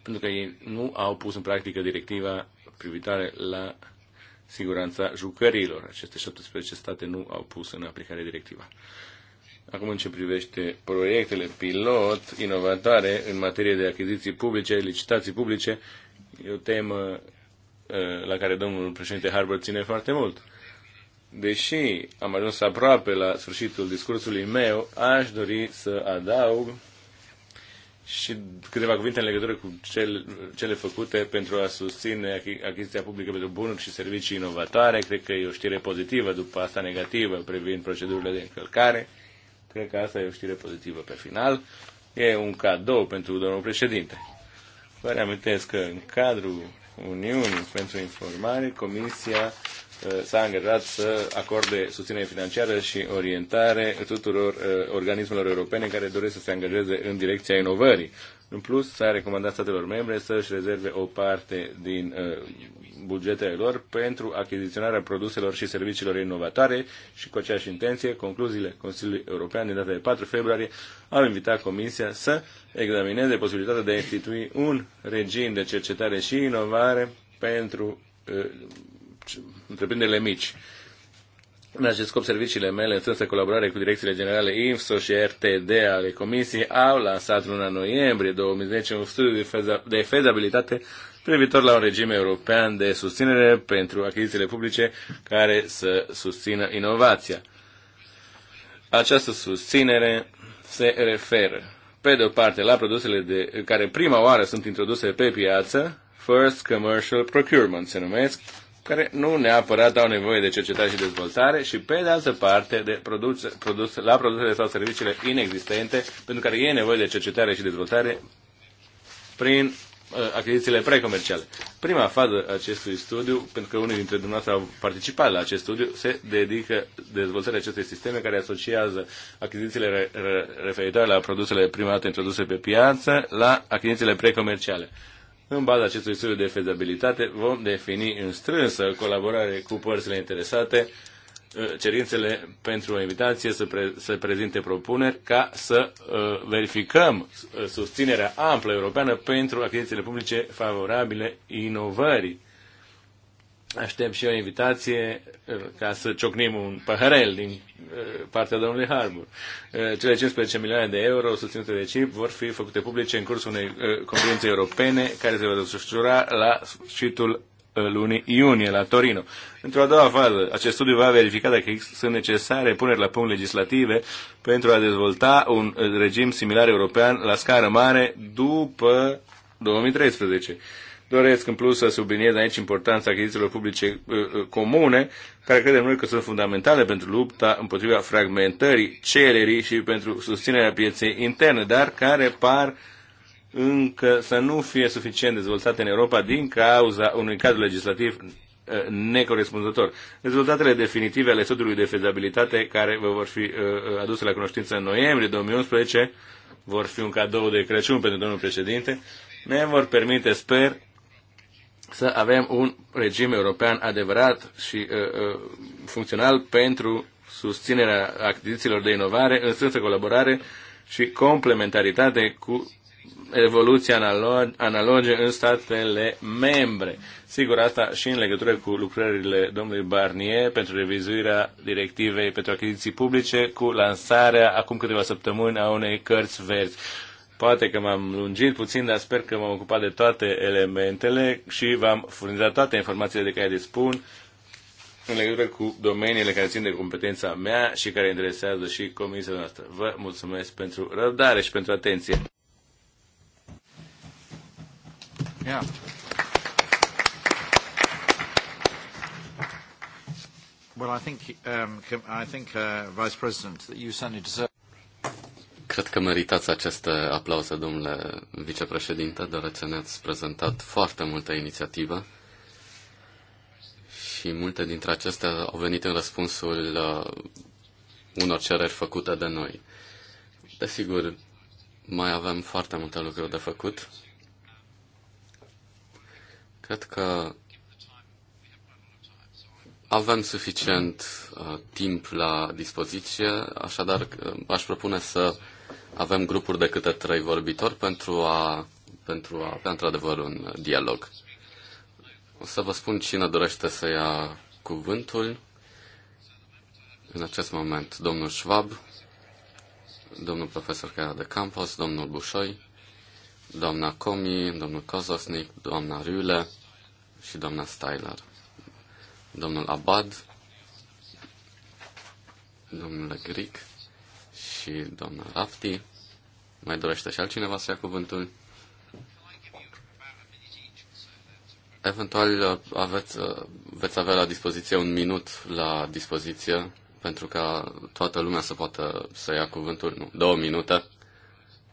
pentru că ei nu au pus în practică directiva privitoare la siguranța jucărilor. Aceste 17 state nu au pus în aplicare directiva. Acum, în ce privește proiectele pilot inovatoare în materie de achiziții publice, licitații publice, e o temă Eh, la care domnul președinte Harbour ține foarte mult. Deși am ajuns aproape la sfârșitul discursului meu, aș dori să adaug și câteva cuvinte în legătură cu cele, cele făcute pentru a susține achiziția publică pentru bunuri și servicii inovatoare. Cred că e o știre pozitivă, după asta negativă, privind procedurile de încălcare. Cred că asta e o știre pozitivă pe final. E un cadou pentru domnul președinte. Vă reamintesc că în cadrul Uniunii pentru Informare, Comisia Uh, s-a angajat să acorde susținere financiară și orientare tuturor uh, organismelor europene care doresc să se angajeze în direcția inovării. În plus, s-a recomandat statelor membre să-și rezerve o parte din uh, bugetele lor pentru achiziționarea produselor și serviciilor inovatoare și cu aceeași intenție, concluziile Consiliului European din data de 4 februarie au invitat Comisia să examineze posibilitatea de a institui un regim de cercetare și inovare pentru întreprinderile mici. În acest scop, serviciile mele, în strânsă colaborare cu direcțiile generale IMSO și RTD ale Comisiei, au lansat luna noiembrie 2010 un studiu de fezabilitate privitor la un regim european de susținere pentru achizițiile publice care să susțină inovația. Această susținere se referă, pe de o parte, la produsele de, care prima oară sunt introduse pe piață, First Commercial Procurement se numesc, care nu neapărat au nevoie de cercetare și dezvoltare și, pe de altă parte, de produs, produs, la produsele sau serviciile inexistente, pentru care e nevoie de cercetare și dezvoltare prin uh, achizițiile precomerciale. Prima fază a acestui studiu, pentru că unii dintre dumneavoastră au participat la acest studiu, se dedică dezvoltării acestei sisteme care asociază achizițiile re- re- referitoare la produsele prima dată introduse pe piață la achizițiile precomerciale. În baza acestui studiu de fezabilitate vom defini în strânsă colaborare cu părțile interesate uh, cerințele pentru o invitație să, pre, să prezinte propuneri ca să uh, verificăm uh, susținerea amplă europeană pentru achizițiile publice favorabile inovării aștept și o invitație uh, ca să ciocnim un paharel din uh, partea domnului Harbour. Uh, cele 15 milioane de euro susținute de CIP vor fi făcute publice în cursul unei conferințe europene care se va desfășura la sfârșitul lunii iunie la Torino. Într-o a doua fază, acest studiu va verifica dacă sunt necesare puneri la punct legislative pentru a dezvolta un regim similar european la scară mare după 2013. Doresc în plus să subliniez aici importanța achizițiilor publice uh, uh, comune, care credem noi că sunt fundamentale pentru lupta împotriva fragmentării, cererii și pentru susținerea pieței interne, dar care par încă să nu fie suficient dezvoltate în Europa din cauza unui cadru legislativ uh, necorespunzător. Rezultatele definitive ale studiului de fezabilitate care vă vor fi aduse la cunoștință în noiembrie 2011 vor fi un cadou de Crăciun pentru domnul președinte, ne vor permite, sper, să avem un regim european adevărat și uh, uh, funcțional pentru susținerea achizițiilor de inovare în strânsă colaborare și complementaritate cu evoluția analoge în statele membre. Sigur, asta și în legătură cu lucrările domnului Barnier pentru revizuirea directivei pentru achiziții publice cu lansarea acum câteva săptămâni a unei cărți verzi. Poate că m-am lungit puțin, dar sper că m-am ocupat de toate elementele și v-am furnizat toate informațiile de care dispun în legătură cu domeniile care țin de competența mea și care interesează și comisia noastră. Vă mulțumesc pentru răbdare și pentru atenție. Yeah. Well, I think, um, I think, uh, Vice President, that you certainly deserve. Cred că meritați aceste aplauze, domnule vicepreședinte, deoarece ne-ați prezentat foarte multe inițiative și multe dintre acestea au venit în răspunsul uh, unor cereri făcute de noi. Desigur, mai avem foarte multe lucruri de făcut. Cred că avem suficient uh, timp la dispoziție, așadar uh, aș propune să avem grupuri de câte trei vorbitori pentru a, pentru a avea într-adevăr un dialog. O să vă spun cine dorește să ia cuvântul. În acest moment, domnul Schwab, domnul profesor Cara de Campos, domnul Bușoi, doamna Comi, domnul Kozosnik, doamna Riule și doamna Styler. Domnul Abad, domnule Gric, și doamna Rafti. Mai dorește și altcineva să ia cuvântul? Eventual uh, aveți, uh, veți avea la dispoziție un minut la dispoziție pentru ca toată lumea să poată să ia cuvântul. Nu, două minute,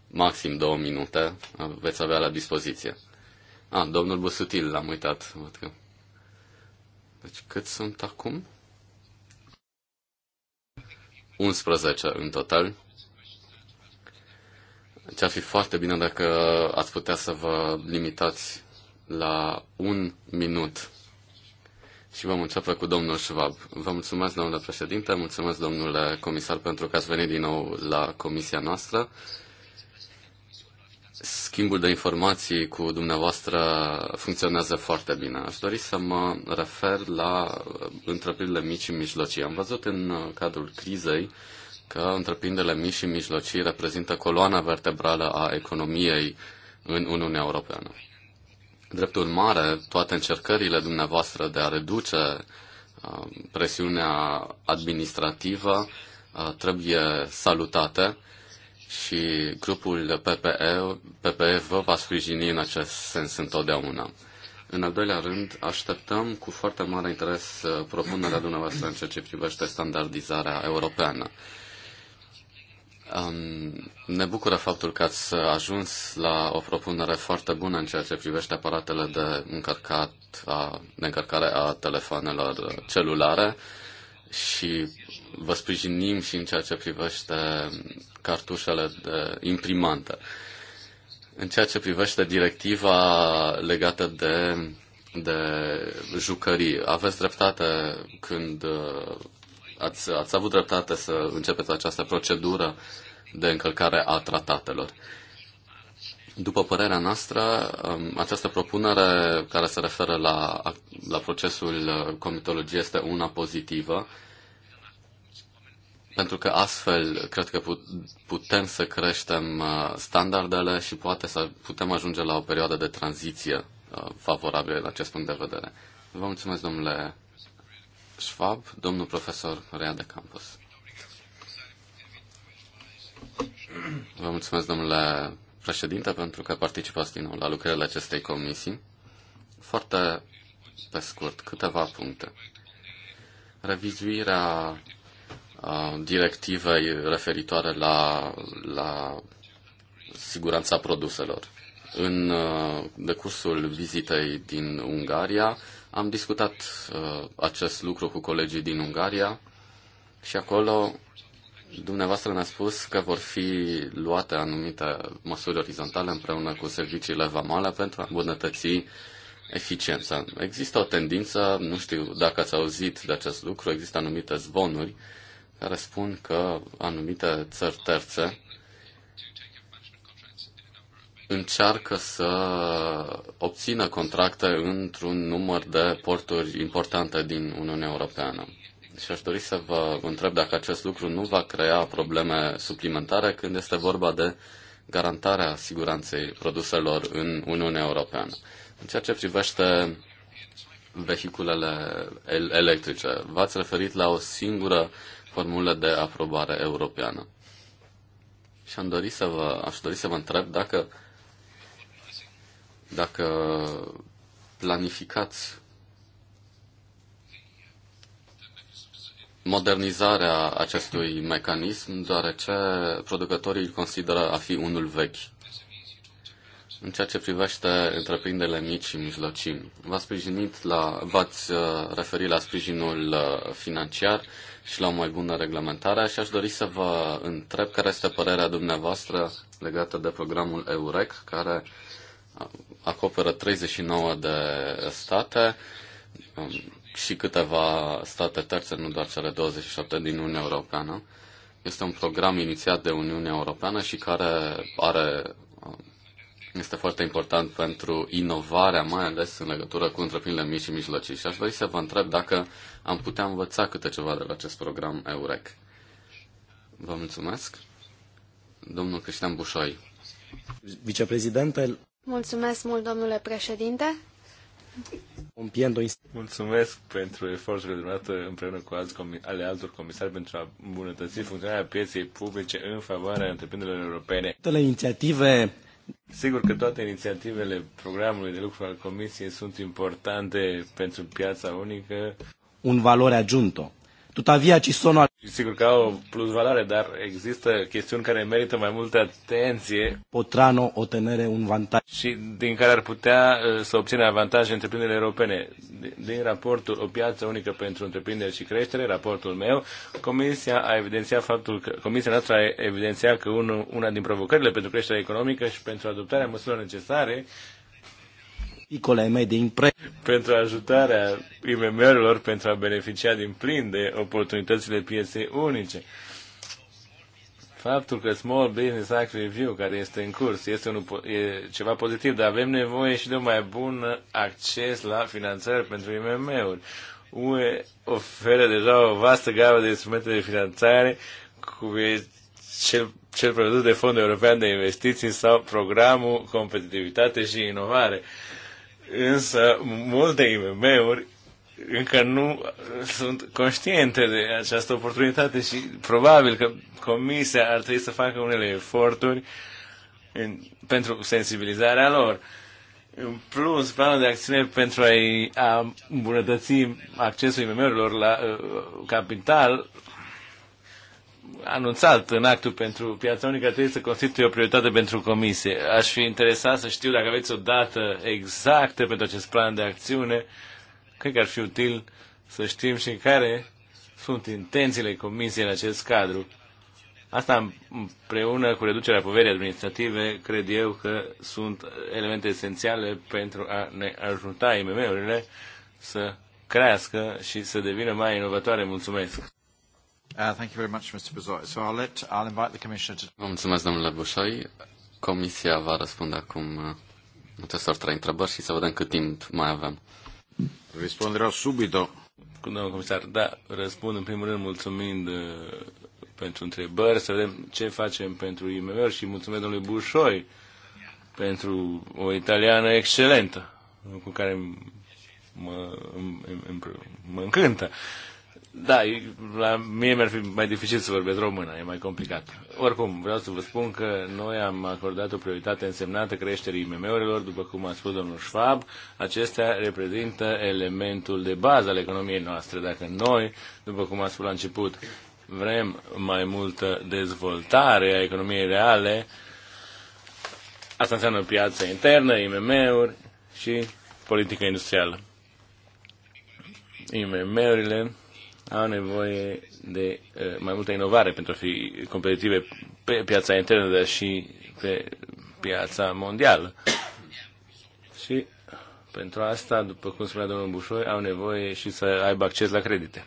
maxim două minute veți avea la dispoziție. A, ah, domnul Busutil, l-am uitat. Văd că... Deci cât sunt acum? 11 în total. Ce ar fi foarte bine dacă ați putea să vă limitați la un minut. Și vom începe cu domnul Schwab. Vă mulțumesc, domnule președinte, mulțumesc, domnule comisar, pentru că ați venit din nou la comisia noastră. Schimbul de informații cu dumneavoastră funcționează foarte bine. Aș dori să mă refer la uh, întreprinderile mici și mijlocii. Am văzut în uh, cadrul crizei că întreprinderile mici și mijlocii reprezintă coloana vertebrală a economiei în Uniunea Europeană. Drept urmare, toate încercările dumneavoastră de a reduce uh, presiunea administrativă trebuie salutate și grupul PPE, PPE vă va sprijini în acest sens întotdeauna. În al doilea rând, așteptăm cu foarte mare interes uh, propunerea dumneavoastră în ceea ce privește standardizarea europeană. Um, ne bucură faptul că ați ajuns la o propunere foarte bună în ceea ce privește aparatele de, încărcat a, de încărcare a telefonelor celulare și vă sprijinim și în ceea ce privește cartușele de imprimante. În ceea ce privește directiva legată de, de jucării, aveți dreptate când uh, ați, ați avut dreptate să începeți această procedură de încălcare a tratatelor. După părerea noastră, um, această propunere care se referă la, la procesul uh, comitologiei este una pozitivă pentru că astfel cred că putem să creștem uh, standardele și poate să putem ajunge la o perioadă de tranziție uh, favorabilă din acest punct de vedere. Vă mulțumesc, domnule Schwab, domnul profesor Rea de Campus. Vă mulțumesc, domnule președinte, pentru că participați din nou la lucrările acestei comisii. Foarte pe scurt, câteva puncte. Revizuirea directivei referitoare la, la siguranța produselor. În decursul vizitei din Ungaria am discutat acest lucru cu colegii din Ungaria și acolo dumneavoastră ne-a spus că vor fi luate anumite măsuri orizontale împreună cu serviciile vamale pentru a îmbunătăți eficiența. Există o tendință, nu știu dacă ați auzit de acest lucru, există anumite zvonuri uh, care spun că anumite țări terțe încearcă să obțină contracte într-un număr de porturi importante din Uniunea Europeană. Și aș dori să vă întreb dacă acest lucru nu va crea probleme suplimentare când este vorba de garantarea siguranței produselor în Uniunea Europeană. În ceea ce privește vehiculele electrice, v-ați referit la o singură formule de aprobare europeană. Și am dorit să vă, aș dori să vă întreb dacă, dacă planificați modernizarea acestui mecanism, deoarece producătorii îl consideră a fi unul vechi. În ceea ce privește întreprinderile mici și mijlocii, v-ați sprijinit la, v-ați uh, referit la sprijinul uh, financiar, și la o mai bună reglementare și aș dori să vă întreb care este părerea dumneavoastră legată de programul EUREC, care acoperă 39 de state um, și câteva state terțe, nu doar cele 27 din Uniunea Europeană. Este un program inițiat de Uniunea Europeană și care are um, este foarte important pentru inovarea, mai ales în legătură cu întreprinderile mici și mijlocii. Și aș dori să vă întreb dacă am putea învăța câte ceva de la acest program EUREC. Vă mulțumesc. Domnul Cristian Bușoi. Vicepreședinte. Mulțumesc mult, domnule președinte. Mulțumesc pentru eforturile dumneavoastră împreună cu alți ale altor comisari pentru a îmbunătăți funcționarea pieței publice în favoarea întreprinderilor europene. Toate inițiative Sigur că toate inițiativele programului de lucru al Comisiei sunt importante pentru piața unică. Un valore adjunto. Tuttavia ci sono sigur că au plus valoare, dar există chestiuni care merită mai multă atenție. Potrano o tenere un vantaj. Și din care ar putea uh, să obține avantaje întreprinderile europene. Din raportul O piață unică pentru întreprinderi și creștere, raportul meu, Comisia a evidențiat faptul că Comisia noastră a evidențiat că una din provocările pentru creșterea economică și pentru adoptarea măsurilor necesare mei de impre... Pentru ajutarea IMM-urilor pentru a beneficia din plin de oportunitățile pieței unice. Faptul că Small Business Act Review, care este în curs, este un, e ceva pozitiv, dar avem nevoie și de un mai bun acces la finanțări pentru IMM-uri. UE oferă deja o vastă gamă de instrumente de finanțare cu cel, cel produs de Fondul European de Investiții sau Programul Competitivitate și Inovare. Însă, multe IMM-uri încă nu sunt conștiente de această oportunitate și probabil că Comisia ar trebui să facă unele eforturi în, pentru sensibilizarea lor. În plus, planul de acțiune pentru a îmbunătăți accesul IMM-urilor la uh, capital anunțat în actul pentru piața unică trebuie să constituie o prioritate pentru comisie. Aș fi interesat să știu dacă aveți o dată exactă pentru acest plan de acțiune. Cred că ar fi util să știm și care sunt intențiile comisiei în acest cadru. Asta împreună cu reducerea poverii administrative, cred eu că sunt elemente esențiale pentru a ne ajuta IMM-urile să crească și să devină mai inovatoare. Mulțumesc! Uh, thank you very much, Mr. So I'll, let, I'll invite the Commissioner to... Vă mulțumesc, domnule Bușoi. Comisia va răspunde acum uh, acestor trei întrebări și să vedem cât timp mai avem. Răspunderea subito. Domnul comisar, da, răspund în primul rând mulțumind uh, pentru întrebări, să vedem ce facem pentru imm și mulțumesc domnului Bușoi pentru o italiană excelentă, cu care mă, mă, mă încântă. Da, la mie mi-ar fi mai dificil să vorbesc română, e mai complicat. Oricum, vreau să vă spun că noi am acordat o prioritate însemnată creșterii IMM-urilor, după cum a spus domnul Schwab. Acestea reprezintă elementul de bază al economiei noastre. Dacă noi, după cum a spus la început, vrem mai multă dezvoltare a economiei reale, asta înseamnă piața internă, IMM-uri și politică industrială. IMM-urile au nevoie de uh, mai multă inovare pentru a fi competitive pe piața internă, dar și pe piața mondială. Și pentru asta, după cum spunea domnul Bușoi, au nevoie și să aibă acces la credite.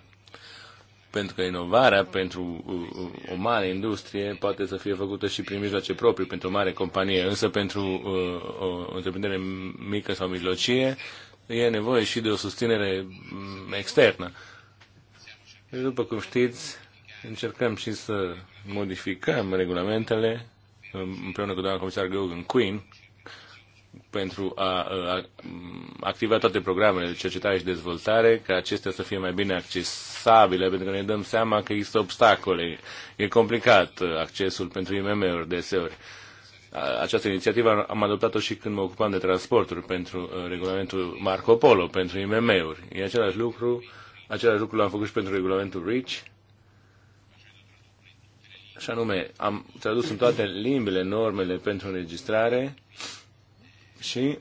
Pentru că inovarea pentru uh, o mare industrie poate să fie făcută și prin mijloace proprii, pentru o mare companie, însă pentru o, uh, o întreprindere mică sau mijlocie e nevoie și de o susținere mm, externă. După cum știți, încercăm și să modificăm regulamentele um, împreună cu doamna comisar Gauguin Queen pentru a, a activa toate programele de cercetare și dezvoltare, ca acestea să fie mai bine accesabile, pentru că ne dăm seama că există obstacole. E complicat uh, accesul pentru IMM-uri deseori. Această inițiativă am adoptat-o și când mă ocupam de transporturi pentru uh, regulamentul Marco Polo, pentru IMM-uri. E același lucru Același lucru l-am făcut și pentru regulamentul REACH. Și anume, am tradus în toate limbile normele pentru înregistrare și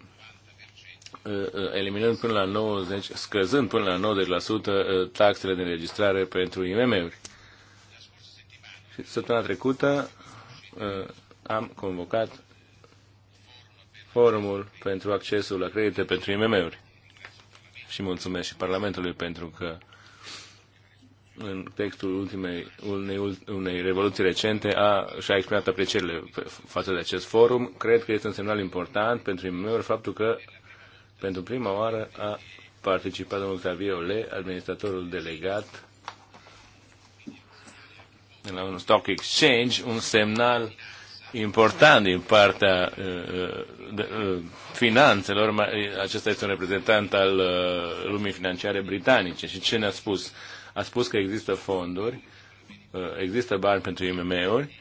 uh, uh, eliminând până la 90, scăzând până la 90% uh, taxele de înregistrare pentru IMM-uri. Și săptămâna trecută am convocat forumul pentru accesul la credite pentru IMM-uri și mulțumesc și Parlamentului pentru că în textul ultimei, unei, unei revoluții recente a, și-a exprimat aprecierile față de acest forum. Cred că este un semnal important pentru imm faptul că pentru prima oară a participat domnul Xavier Ole, administratorul delegat la un stock exchange, un semnal important din partea uh, uh, uh, finanțelor. Acesta este un reprezentant al lumii financiare britanice. Și ce ne-a spus? A spus că există fonduri, există bani pentru IMM-uri.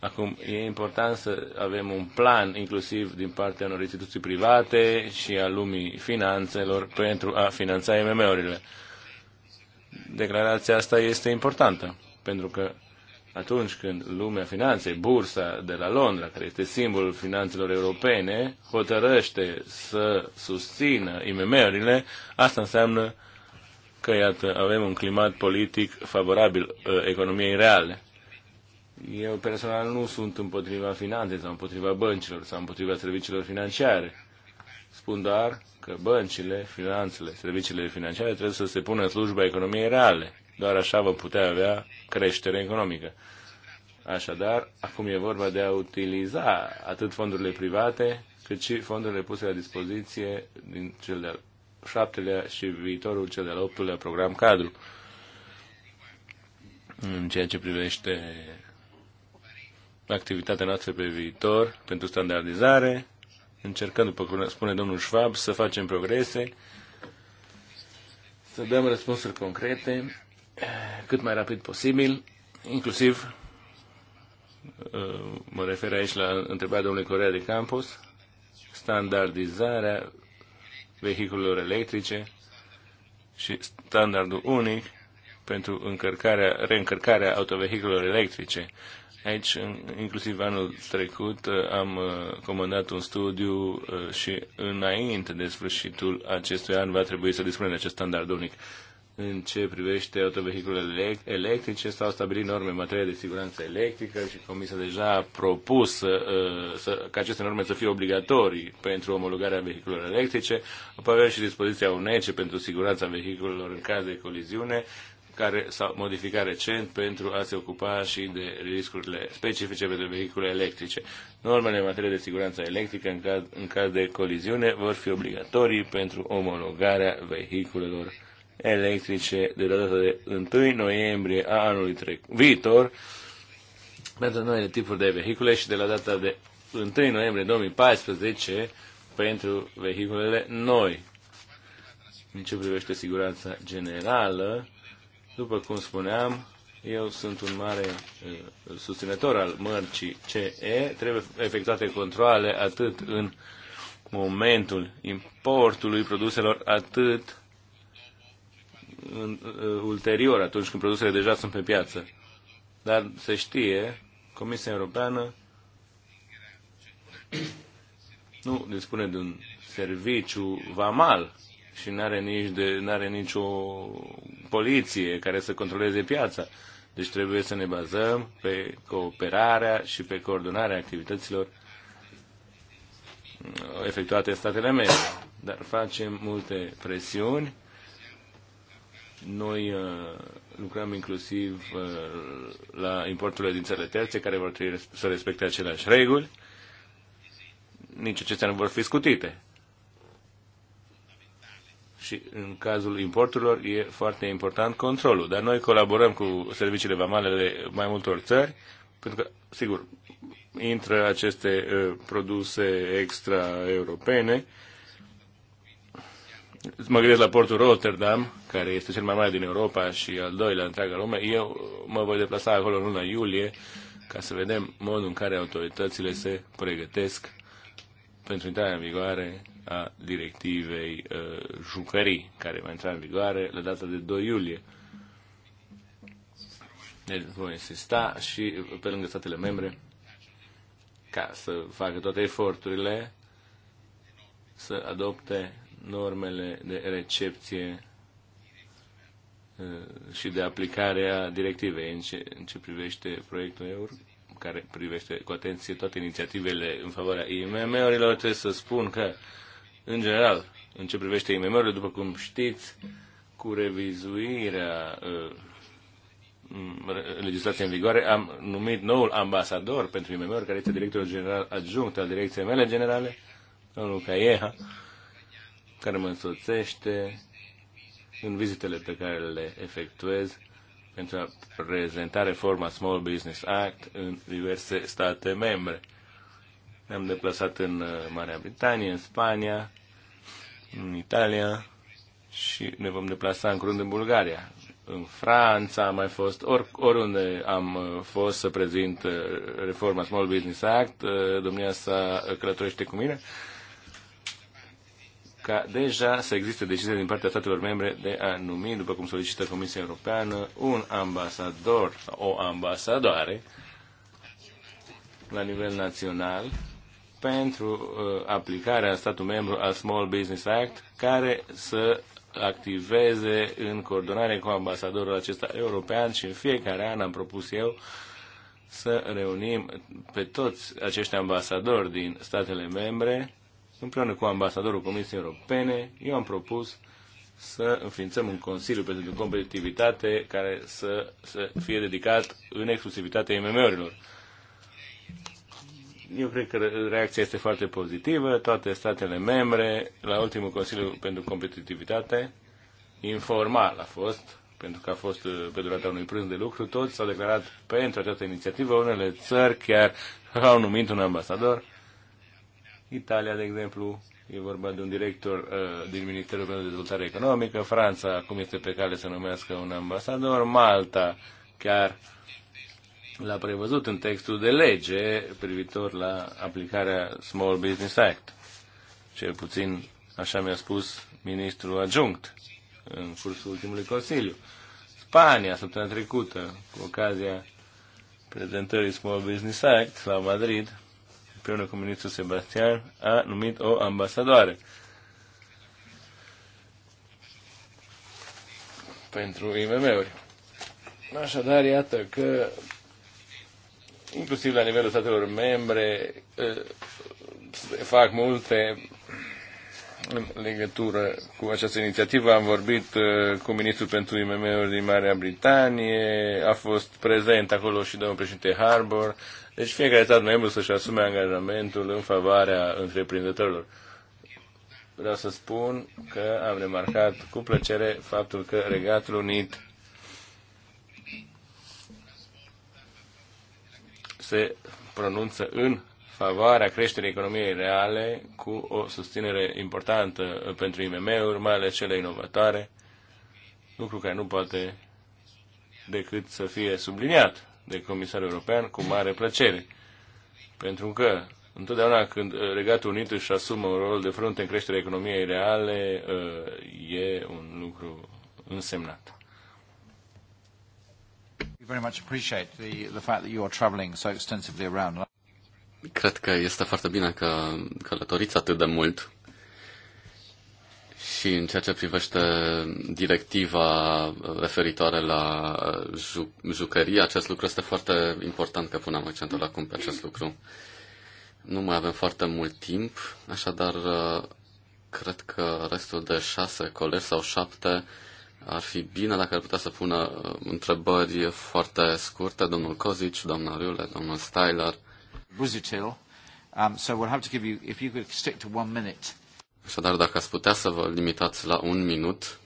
Acum, e important să avem un plan, inclusiv din partea unor instituții private și a lumii finanțelor, pentru a finanța IMM-urile. Declarația asta este importantă, pentru că atunci când lumea finanței, bursa de la Londra, care este simbolul finanțelor europene, hotărăște să susțină IMM-urile, asta înseamnă că, iată, avem un climat politic favorabil uh, economiei reale. Eu personal nu sunt împotriva finanței sau împotriva băncilor sau împotriva serviciilor financiare. Spun doar că băncile, finanțele, serviciile financiare trebuie să se pună în slujba economiei reale doar așa vom putea avea creștere economică. Așadar, acum e vorba de a utiliza atât fondurile private, cât și fondurile puse la dispoziție din cel de-al șaptelea și viitorul cel de-al optulea program cadru. În ceea ce privește activitatea noastră pe viitor pentru standardizare, încercând, după cum spune domnul Schwab, să facem progrese, să dăm răspunsuri concrete cât mai rapid posibil, inclusiv uh, mă refer aici la întrebarea domnului Corea de Campos, standardizarea vehiculelor electrice și standardul unic pentru încărcarea, reîncărcarea autovehiculelor electrice. Aici, inclusiv anul trecut, uh, am uh, comandat un studiu și înainte de sfârșitul acestui an va trebui să dispunem de acest standard unic în ce privește autovehiculele electrice, s-au stabilit norme în materie de siguranță electrică și Comisia deja a propus să, uh, să, ca aceste norme să fie obligatorii pentru omologarea vehiculelor electrice. Apoi avem și dispoziția UNECE pentru siguranța vehiculelor în caz de coliziune, care s-a modificat recent pentru a se ocupa și de riscurile specifice pentru vehicule electrice. Normele în materie de siguranță electrică în caz, în caz de coliziune vor fi obligatorii pentru omologarea vehiculelor electrice de la data de 1 noiembrie a anului trec- viitor pentru noile tipuri de vehicule și de la data de 1 noiembrie 2014 pentru vehiculele noi. În ce privește siguranța generală, după cum spuneam, eu sunt un mare uh, susținător al mărcii CE. Trebuie efectuate controle atât în momentul importului produselor, atât în, uh, ulterior, atunci când produsele deja sunt pe piață. Dar se știe, Comisia Europeană nu dispune de un serviciu vamal și nu are nici de, n-are nicio poliție care să controleze piața. Deci trebuie să ne bazăm pe cooperarea și pe coordonarea activităților efectuate în statele mele. Dar facem multe presiuni noi uh, lucrăm inclusiv uh, la importurile din țările terțe, care vor trebui să respecte aceleași reguli. Nici acestea nu vor fi scutite. Și în cazul importurilor e foarte important controlul. Dar noi colaborăm cu serviciile vamale de mai multor țări, pentru că, sigur, intră aceste uh, produse extra-europene, uh, mă gândesc la portul Rotterdam, care este cel mai mare din Europa și al doilea întreaga lume. Eu mă voi deplasa acolo în luna iulie ca să vedem modul în care autoritățile se pregătesc pentru intrarea în vigoare a directivei uh, jucării, care va intra în vigoare la data de 2 iulie. Deci vom insista și pe lângă statele membre ca să facă toate eforturile să adopte normele de recepție uh, și de aplicare a directivei în ce, în ce privește proiectul EUR, care privește cu atenție toate inițiativele în favoarea IMM-urilor, trebuie să spun că, în general, în ce privește IMM-urile, după cum știți, cu revizuirea uh, legislației în vigoare, am numit noul ambasador pentru IMM-uri, care este directorul general adjunct al direcției mele generale, domnul Caieha, care mă însoțește în vizitele pe care le efectuez pentru a prezenta reforma Small Business Act în diverse state membre. Ne-am deplasat în uh, Marea Britanie, în Spania, în Italia și ne vom deplasa în curând în Bulgaria. În Franța am mai fost, or, oriunde am uh, fost să prezint uh, reforma Small Business Act, domnia sa călătorește cu mine ca deja să existe decizie din partea statelor membre de a numi, după cum solicită Comisia Europeană, un ambasador sau o ambasadoare la nivel național pentru uh, aplicarea în statul membru al Small Business Act, care să activeze în coordonare cu ambasadorul acesta european și în fiecare an am propus eu să reunim pe toți acești ambasadori din statele membre împreună cu ambasadorul Comisiei Europene, eu am propus să înființăm un Consiliu pentru Competitivitate care să, să fie dedicat în exclusivitate IMM-urilor. Eu cred că reacția este foarte pozitivă. Toate statele membre, la ultimul Consiliu pentru Competitivitate, informal a fost, pentru că a fost uh, pe durata unui prânz de lucru, toți s-au declarat pentru această inițiativă. Unele țări chiar au numit un ambasador Italia, de exemplu, e vorba de un director uh, din Ministerul pentru Dezvoltare Economică, Franța acum este pe cale să numească un ambasador, Malta chiar l-a prevăzut în textul de lege privitor la aplicarea Small Business Act. Cel puțin așa mi-a spus ministrul adjunct în cursul ultimului Consiliu. Spania, săptămâna trecută, cu ocazia prezentării Small Business Act la Madrid, împreună cu ministrul Sebastian, a numit o ambasadoare. pentru IMM-uri. Așadar, iată că inclusiv la nivelul statelor membre ă, fac multe în legătură cu această inițiativă. Am vorbit ă, cu ministrul pentru IMM-uri din Marea Britanie, a fost prezent acolo și domnul președinte Harbour, deci fiecare stat membru să-și asume angajamentul în favoarea întreprinzătorilor. Vreau să spun că am remarcat cu plăcere faptul că Regatul Unit se pronunță în favoarea creșterii economiei reale cu o susținere importantă pentru IMM-uri, mai ales cele inovatoare, lucru care nu poate decât să fie subliniat de comisar european cu mare plăcere. Pentru că întotdeauna când uh, Regatul Unit își asumă un rol de frunte în creșterea economiei reale, uh, e un lucru însemnat. Cred că este foarte bine că călătoriți atât de mult și în ceea ce privește directiva uh, referitoare la uh, ju- jucărie, acest lucru este foarte important că punem accentul acum pe acest lucru. Nu mai avem foarte mult timp, așadar uh, cred că restul de șase colegi sau șapte ar fi bine dacă ar putea să pună întrebări foarte scurte, domnul Kozic, doamna Riule, domnul Styler. Um, so we'll have to give you, if you could stick to one minute. Așadar, dacă ați putea să vă limitați la un minut,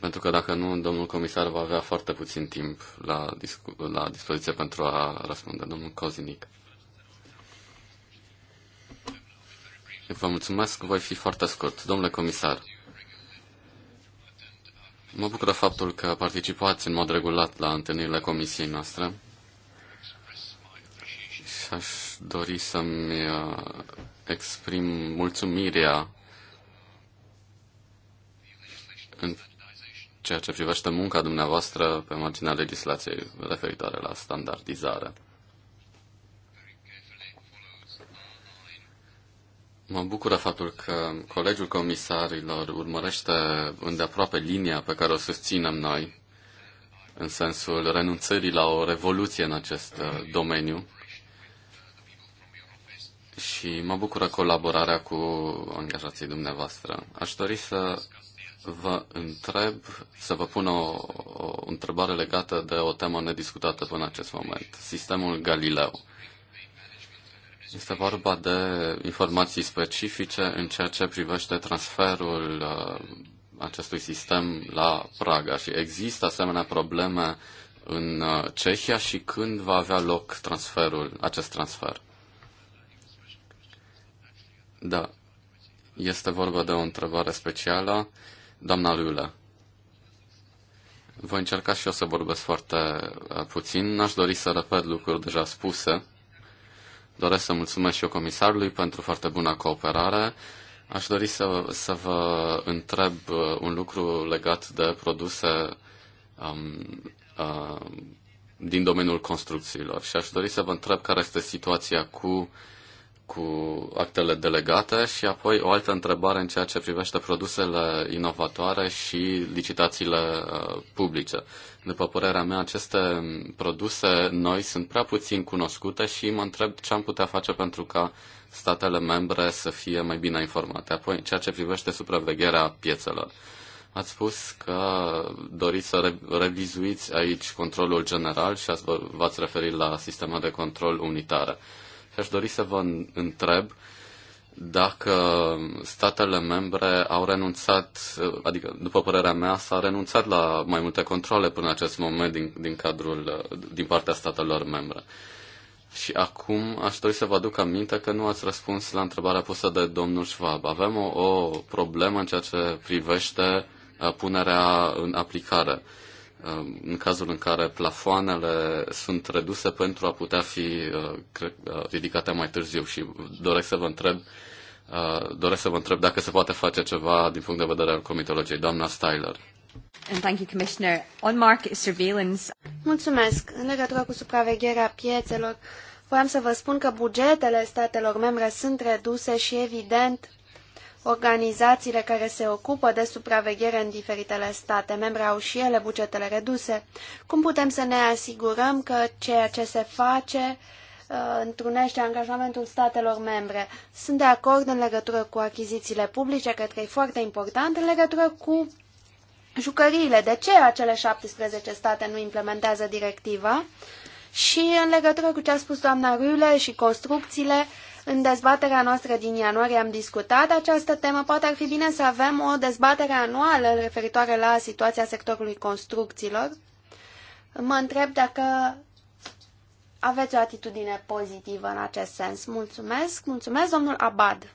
pentru că dacă nu, domnul comisar va avea foarte puțin timp la, discu- la dispoziție pentru a răspunde. Domnul Cozinic. Vă mulțumesc, voi fi foarte scurt. Domnule comisar, mă bucură faptul că participați în mod regulat la întâlnirile comisiei noastre și aș dori să-mi uh, exprim mulțumirea când ceea ce privește munca dumneavoastră pe marginea legislației referitoare la standardizare. Mă bucură faptul că Colegiul Comisarilor urmărește îndeaproape linia pe care o susținem noi, în sensul renunțării la o revoluție în acest uh, domeniu. Și mă bucură colaborarea cu angajații dumneavoastră. Aș dori să vă întreb, să vă pun o, o întrebare legată de o temă nediscutată până acest moment, sistemul Galileo. Este vorba de informații specifice în ceea ce privește transferul uh, acestui sistem la Praga și există asemenea probleme în uh, Cehia și când va avea loc transferul, acest transfer. Da, este vorba de o întrebare specială. Doamna Riulă, voi încerca și eu să vorbesc foarte uh, puțin. N-aș dori să repet lucruri deja spuse. Doresc să mulțumesc și eu comisarului pentru foarte bună cooperare. Aș dori să, să vă întreb uh, un lucru legat de produse um, uh, din domeniul construcțiilor și aș dori să vă întreb care este situația cu cu actele delegate și apoi o altă întrebare în ceea ce privește produsele inovatoare și licitațiile uh, publice. După părerea mea, aceste produse noi sunt prea puțin cunoscute și mă întreb ce am putea face pentru ca statele membre să fie mai bine informate. Apoi, în ceea ce privește supravegherea piețelor. Ați spus că doriți să revizuiți aici controlul general și v-ați referit la sistemul de control unitară. Și aș dori să vă întreb dacă statele membre au renunțat, adică, după părerea mea, s-a renunțat la mai multe controle până în acest moment din, din cadrul, din partea statelor membre. Și acum aș dori să vă aduc aminte că nu ați răspuns la întrebarea pusă de domnul Schwab. Avem o, o problemă în ceea ce privește uh, punerea în aplicare. Um, în cazul în care plafoanele sunt reduse pentru a putea fi uh, uh, ridicate mai târziu și doresc să vă întreb uh, doresc să vă întreb dacă se poate face ceva din punct de vedere al comitologiei. Doamna Styler. And thank you, Commissioner. On market surveillance. Mulțumesc. În legătură cu supravegherea piețelor, Vreau să vă spun că bugetele statelor membre sunt reduse și, evident, Organizațiile care se ocupă de supraveghere în diferitele state membre au și ele bugetele reduse. Cum putem să ne asigurăm că ceea ce se face uh, întrunește angajamentul statelor membre? Sunt de acord în legătură cu achizițiile publice, cred că e foarte important, în legătură cu jucăriile. De ce acele 17 state nu implementează directiva? Și în legătură cu ce a spus doamna Rule și construcțiile, uh, în dezbaterea noastră din ianuarie am discutat această temă. Poate ar fi bine să avem o dezbatere anuală referitoare la situația sectorului construcțiilor. Mă întreb dacă aveți o atitudine pozitivă în acest sens. Mulțumesc. Mulțumesc, domnul Abad.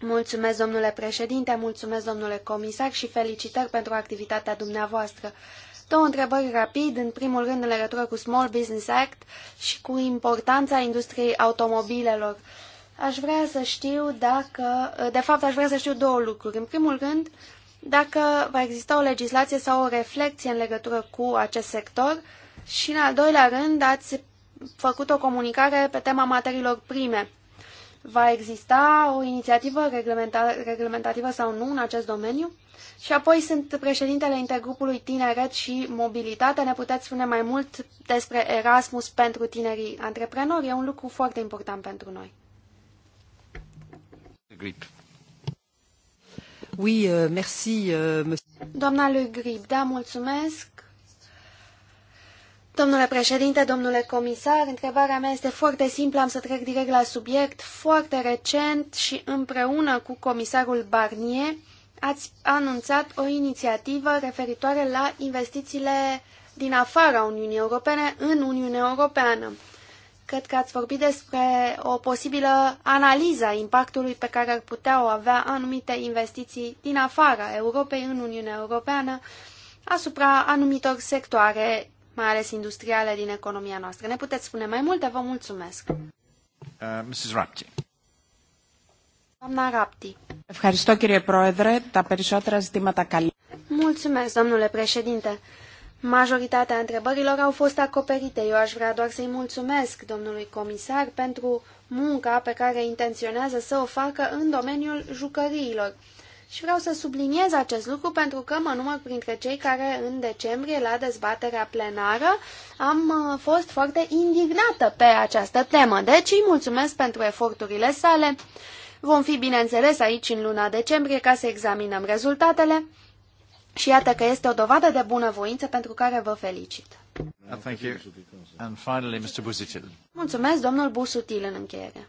Mulțumesc, domnule președinte, mulțumesc, domnule comisar și felicitări pentru activitatea dumneavoastră. Două întrebări rapid, în primul rând în legătură cu Small Business Act și cu importanța industriei automobilelor. Aș vrea să știu dacă, de fapt aș vrea să știu două lucruri. În primul rând, dacă va exista o legislație sau o reflexie în legătură cu acest sector și în al doilea rând ați făcut o comunicare pe tema materiilor prime. Va exista o inițiativă reglementa reglementativă sau nu în acest domeniu? Și apoi sunt președintele intergrupului Tineret și Mobilitate. Ne puteți spune mai mult despre Erasmus pentru tinerii antreprenori? E un lucru foarte important pentru noi. Grip. Oui, euh, merci, euh, Doamna lui Grip, da, mulțumesc. Domnule președinte, domnule comisar, întrebarea mea este foarte simplă, am să trec direct la subiect. Foarte recent și împreună cu comisarul Barnier ați anunțat o inițiativă referitoare la investițiile din afara Uniunii Europene în Uniunea Europeană. Cred că ați vorbit despre o posibilă analiză a impactului pe care ar putea o avea anumite investiții din afara Europei în Uniunea Europeană asupra anumitor sectoare mai ales industriale, din economia noastră. Ne puteți spune mai multe? Vă mulțumesc! Uh, Mrs. Rapti. Doamna Rapti. Mulțumesc, domnule președinte. Majoritatea întrebărilor au fost acoperite. Eu aș vrea doar să-i mulțumesc domnului comisar pentru munca pe care intenționează să o facă în domeniul jucăriilor. Și vreau să subliniez acest lucru pentru că mă număr printre cei care în decembrie, la dezbaterea plenară, am uh, fost foarte indignată pe această temă. Deci îi mulțumesc pentru eforturile sale. Vom fi, bineînțeles, aici în luna decembrie ca să examinăm rezultatele. Și iată că este o dovadă de bunăvoință pentru care vă felicit. Mulțumesc, domnul Busutil, în încheiere.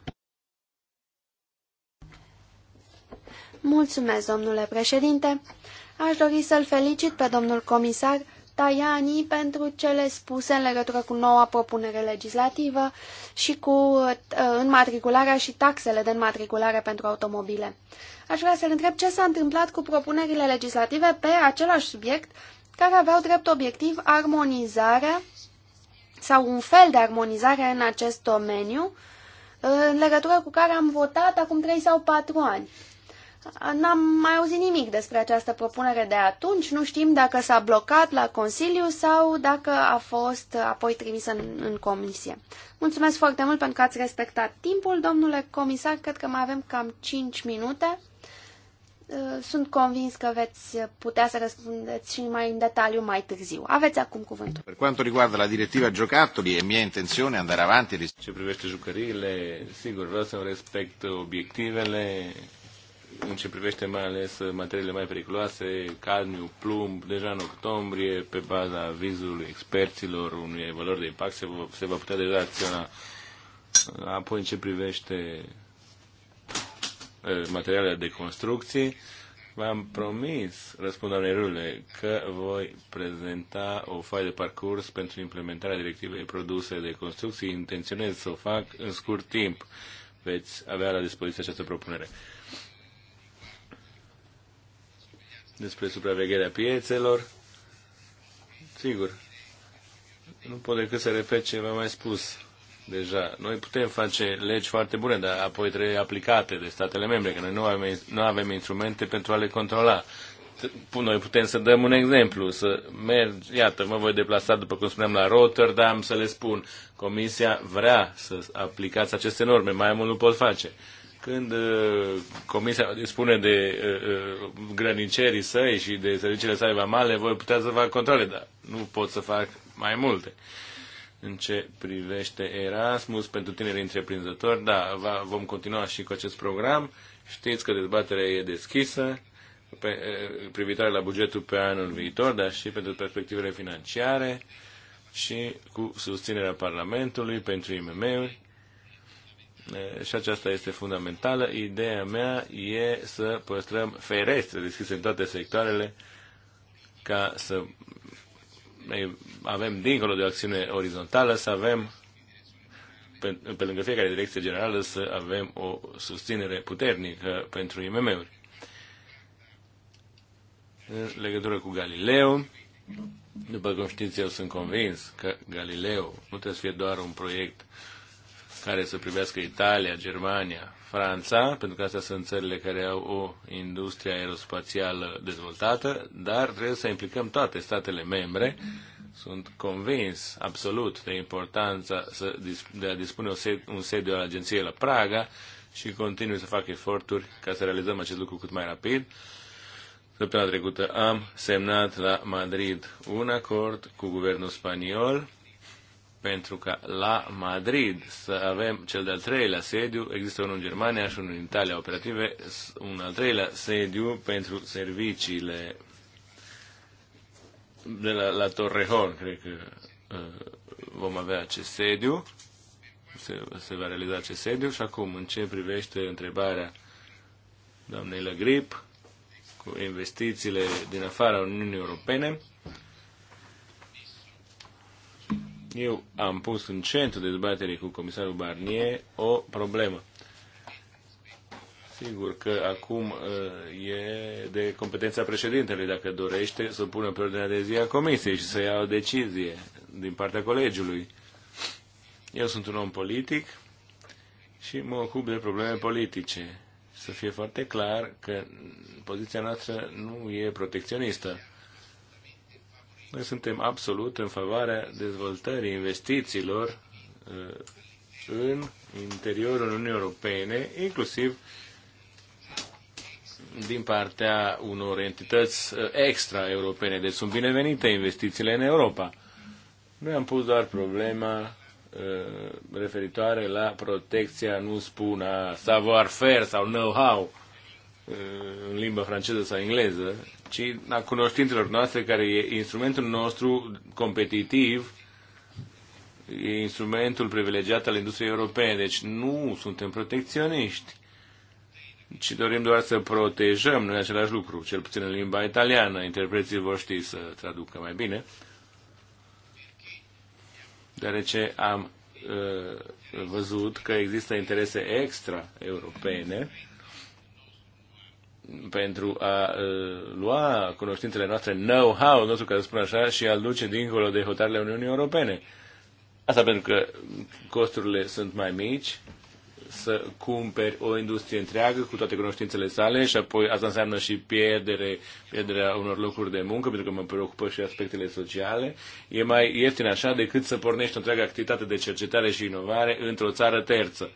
Mulțumesc, domnule președinte. Aș dori să-l felicit pe domnul comisar Tajani pentru cele spuse în legătură cu noua propunere legislativă și cu uh, înmatricularea și taxele de înmatriculare pentru automobile. Aș vrea să-l întreb ce s-a întâmplat cu propunerile legislative pe același subiect care aveau drept obiectiv armonizarea sau un fel de armonizare în acest domeniu uh, în legătură cu care am votat acum 3 sau 4 ani. N-am mai auzit nimic despre această propunere de atunci, nu știm dacă s-a blocat la Consiliu sau dacă a fost apoi trimisă în, în comisie. Mulțumesc foarte mult pentru că ați respectat timpul, domnule comisar, cred că mai avem cam 5 minute. Uh, sunt convins că veți putea să răspundeți și mai în detaliu mai târziu. Aveți acum cuvântul. Per quanto riguarda la directiva giocattoli, e mia intenzione andare avanti. Ce privește jucăriile, sigur, vreau să respect obiectivele în ce privește mai ales materiile mai periculoase, cadmiu, plumb, deja în octombrie, pe baza vizului experților, unui valori de impact, se va, se va putea deja acționa. Apoi, în ce privește materialele de construcții, v-am promis, răspund doamnei Rule, că voi prezenta o foaie de parcurs pentru implementarea directivei produse de construcții. Intenționez să o fac în scurt timp. Veți avea la dispoziție această propunere. despre supravegherea piețelor. Sigur, nu pot decât să repet ce v-am mai spus deja. Noi putem face legi foarte bune, dar apoi trebuie aplicate de statele membre, că noi nu avem, nu avem instrumente pentru a le controla. Noi putem să dăm un exemplu, să merg, iată, mă voi deplasa, după cum spuneam, la Rotterdam, să le spun, Comisia vrea să aplicați aceste norme, mai mult nu pot face când uh, Comisia dispune de uh, uh, grănicerii săi și de serviciile sale vamale, voi putea să fac controle, dar nu pot să fac mai multe. În ce privește Erasmus pentru tineri întreprinzători, da, va, vom continua și cu acest program. Știți că dezbaterea e deschisă pe, uh, privitoare la bugetul pe anul viitor, dar și pentru perspectivele financiare și cu susținerea Parlamentului pentru IMM-uri și aceasta este fundamentală. Ideea mea e să păstrăm ferestre deschise în toate sectoarele ca să avem dincolo de o acțiune orizontală, să avem pe, pe lângă fiecare direcție generală să avem o susținere puternică pentru IMM-uri. În legătură cu Galileo, după cum știți, eu sunt convins că Galileo nu trebuie să fie doar un proiect uh, care să privească Italia, Germania, Franța, pentru că astea sunt țările care au o industrie aerospațială dezvoltată, dar trebuie să implicăm toate statele membre. Sunt convins absolut de importanța să, de a dispune un sediu al agenției la Praga și continui să fac eforturi ca să realizăm acest lucru cât mai rapid. Săptămâna trecută am semnat la Madrid un acord cu guvernul spaniol pentru că la Madrid să avem cel de-al treilea sediu, există unul în Germania și unul în Italia operative, un al treilea sediu pentru serviciile de la, la Torrejon, cred că uh, vom avea acest sediu, se, se va realiza acest sediu și acum în ce privește întrebarea doamnei Lăgrip cu investițiile din afara Uniunii Europene, eu am pus în centru dezbaterii cu comisarul Barnier o problemă. Sigur că acum uh, e de competența președintelui, dacă dorește, să pună pe ordinea de zi a comisiei și să ia o decizie din partea colegiului. Eu sunt un om politic și mă ocup de probleme politice. Să fie foarte clar că poziția noastră nu e protecționistă. Noi suntem absolut în favoarea dezvoltării investițiilor uh, în interiorul Uniunii Europene, inclusiv din partea unor entități uh, extra-europene. Deci sunt binevenite investițiile în Europa. Noi am pus doar problema uh, referitoare la protecția, nu spun, a savoir-faire sau know-how Uh, în limba franceză sau engleză, ci a cunoștințelor noastre, care e instrumentul nostru competitiv, e instrumentul privilegiat al industriei europene. Deci nu suntem protecționiști, ci dorim doar să protejăm noi același lucru, cel puțin în limba italiană. Interpreții vor ști să traducă mai bine. Deoarece am uh, văzut că există interese extra-europene pentru a uh, lua cunoștințele noastre, know how nu știu ca să spun așa, și a-l duce dincolo de hotarele Uniunii Europene. Asta pentru că costurile sunt mai mici, să cumperi o industrie întreagă cu toate cunoștințele sale și apoi asta înseamnă și pierdere, pierderea unor locuri de muncă, pentru că mă preocupă și aspectele sociale. E mai ieftin așa decât să pornești o întreagă activitate de cercetare și inovare într-o țară terță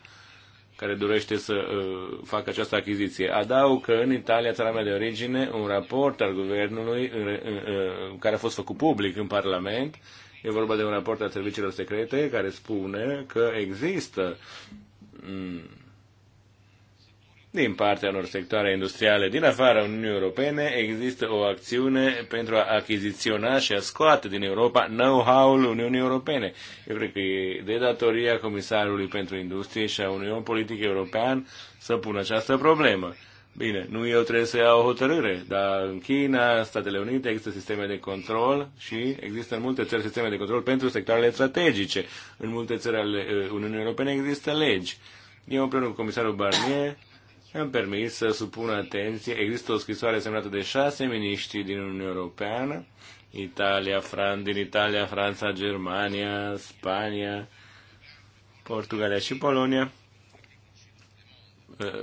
care dorește să uh, facă această achiziție. Adaug că în Italia, țara mea de origine, un raport al guvernului în, în, în, uh, care a fost făcut public în Parlament, e vorba de un raport al serviciilor secrete care spune că există um, din partea unor sectoare industriale din afara Uniunii Europene există o acțiune pentru a achiziționa și a scoate din Europa know-how-ul Uniunii Europene. Eu cred că e de datoria Comisarului pentru Industrie și a Uniunii om politic european să pună această problemă. Bine, nu eu trebuie să iau o hotărâre, dar în China, Statele Unite există sisteme de control și există în multe țări sisteme de control pentru sectoarele strategice. În multe țări ale uh, Uniunii Europene există legi. Eu împreună cu comisarul Barnier am permis să supun atenție. Există o scrisoare semnată de șase miniștri din Uniunea Europeană, Italia, Fran, din Italia, Franța, Germania, Spania, Portugalia și Polonia.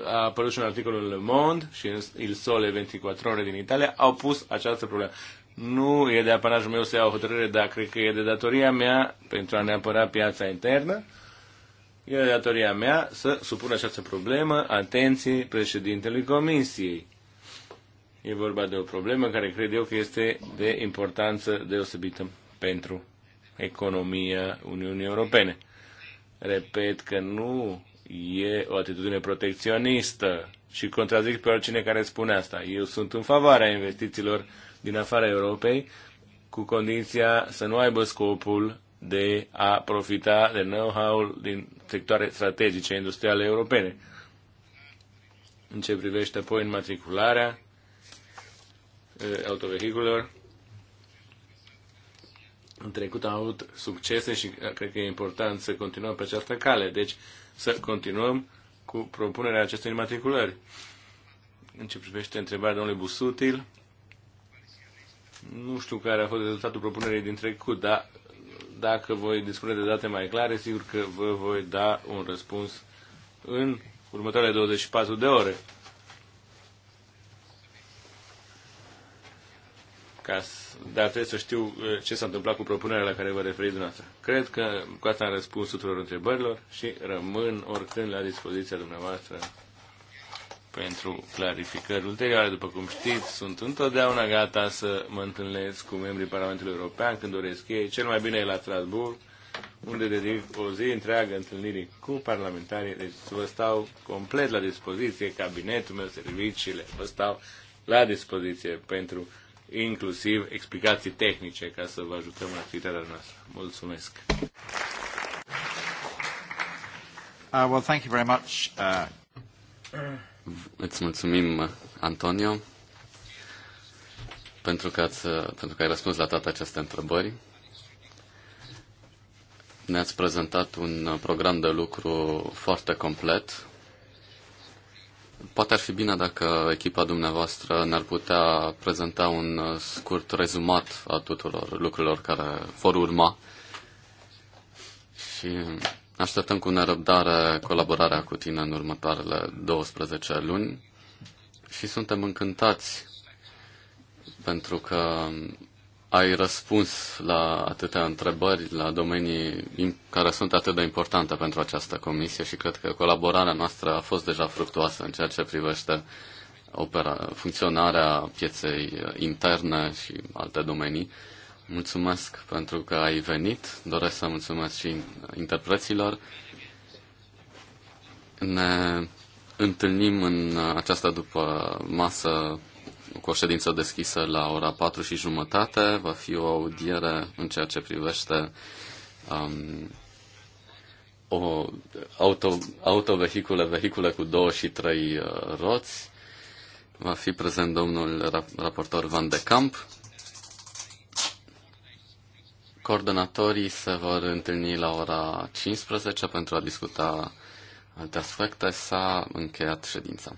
A apărut și un articol în Le Monde și în Il Sole 24 ore din Italia, au pus această problemă. Nu e de apanajul meu să iau o hotărâre, dar cred că e de datoria mea pentru a ne apăra piața internă E datoria mea să supun această problemă atenției președintelui Comisiei. E vorba de o problemă care cred eu că este de importanță deosebită pentru economia Uniunii Europene. Repet că nu e o atitudine protecționistă și contrazic pe oricine care spune asta. Eu sunt în favoarea investițiilor din afara Europei cu condiția să nu aibă scopul de a profita de know how din sectoare strategice industriale europene. În ce privește apoi înmatricularea eh, autovehiculelor, în trecut am avut succese și cred că e important să continuăm pe această cale. Deci să continuăm cu propunerea acestei înmatriculări. În ce privește întrebarea domnului Busutil, nu știu care a fost rezultatul propunerii din trecut, dar dacă voi dispune de date mai clare, sigur că vă voi da un răspuns în următoarele 24 de ore. Ca, dar trebuie să știu uh, ce s-a întâmplat cu propunerea la care vă referiți dumneavoastră. Cred că cu asta am răspuns tuturor întrebărilor și rămân oricând la dispoziția dumneavoastră pentru clarificări ulterioare. După cum știți, sunt întotdeauna gata să mă întâlnesc cu membrii Parlamentului European când doresc ei. Cel mai bine e la Strasburg, unde dedic o zi întreagă întâlnirii cu parlamentarii. Deci vă stau complet la dispoziție, cabinetul meu, serviciile, vă stau la dispoziție pentru inclusiv explicații tehnice ca să vă ajutăm în activitatea noastră. Mulțumesc! Uh, well, thank you very much. Uh... Îți mulțumim, Antonio, pentru că, ați, pentru că ai răspuns la toate aceste întrebări. Ne-ați prezentat un program de lucru foarte complet. Poate ar fi bine dacă echipa dumneavoastră ne-ar putea prezenta un scurt rezumat a tuturor lucrurilor care vor urma. Și Așteptăm cu nerăbdare colaborarea cu tine în următoarele 12 luni și suntem încântați pentru că ai răspuns la atâtea întrebări, la domenii care sunt atât de importante pentru această comisie și cred că colaborarea noastră a fost deja fructuoasă în ceea ce privește opera, funcționarea pieței interne și alte domenii. Mulțumesc pentru că ai venit. Doresc să mulțumesc și interpreților. Ne întâlnim în această după masă cu o ședință deschisă la ora 4 și jumătate. Va fi o audiere în ceea ce privește um, o auto, autovehicule, vehicule cu două și trei uh, roți. Va fi prezent domnul raportor Van de Camp Coordonatorii se vor întâlni la ora 15 pentru a discuta alte aspecte. S-a încheiat ședința.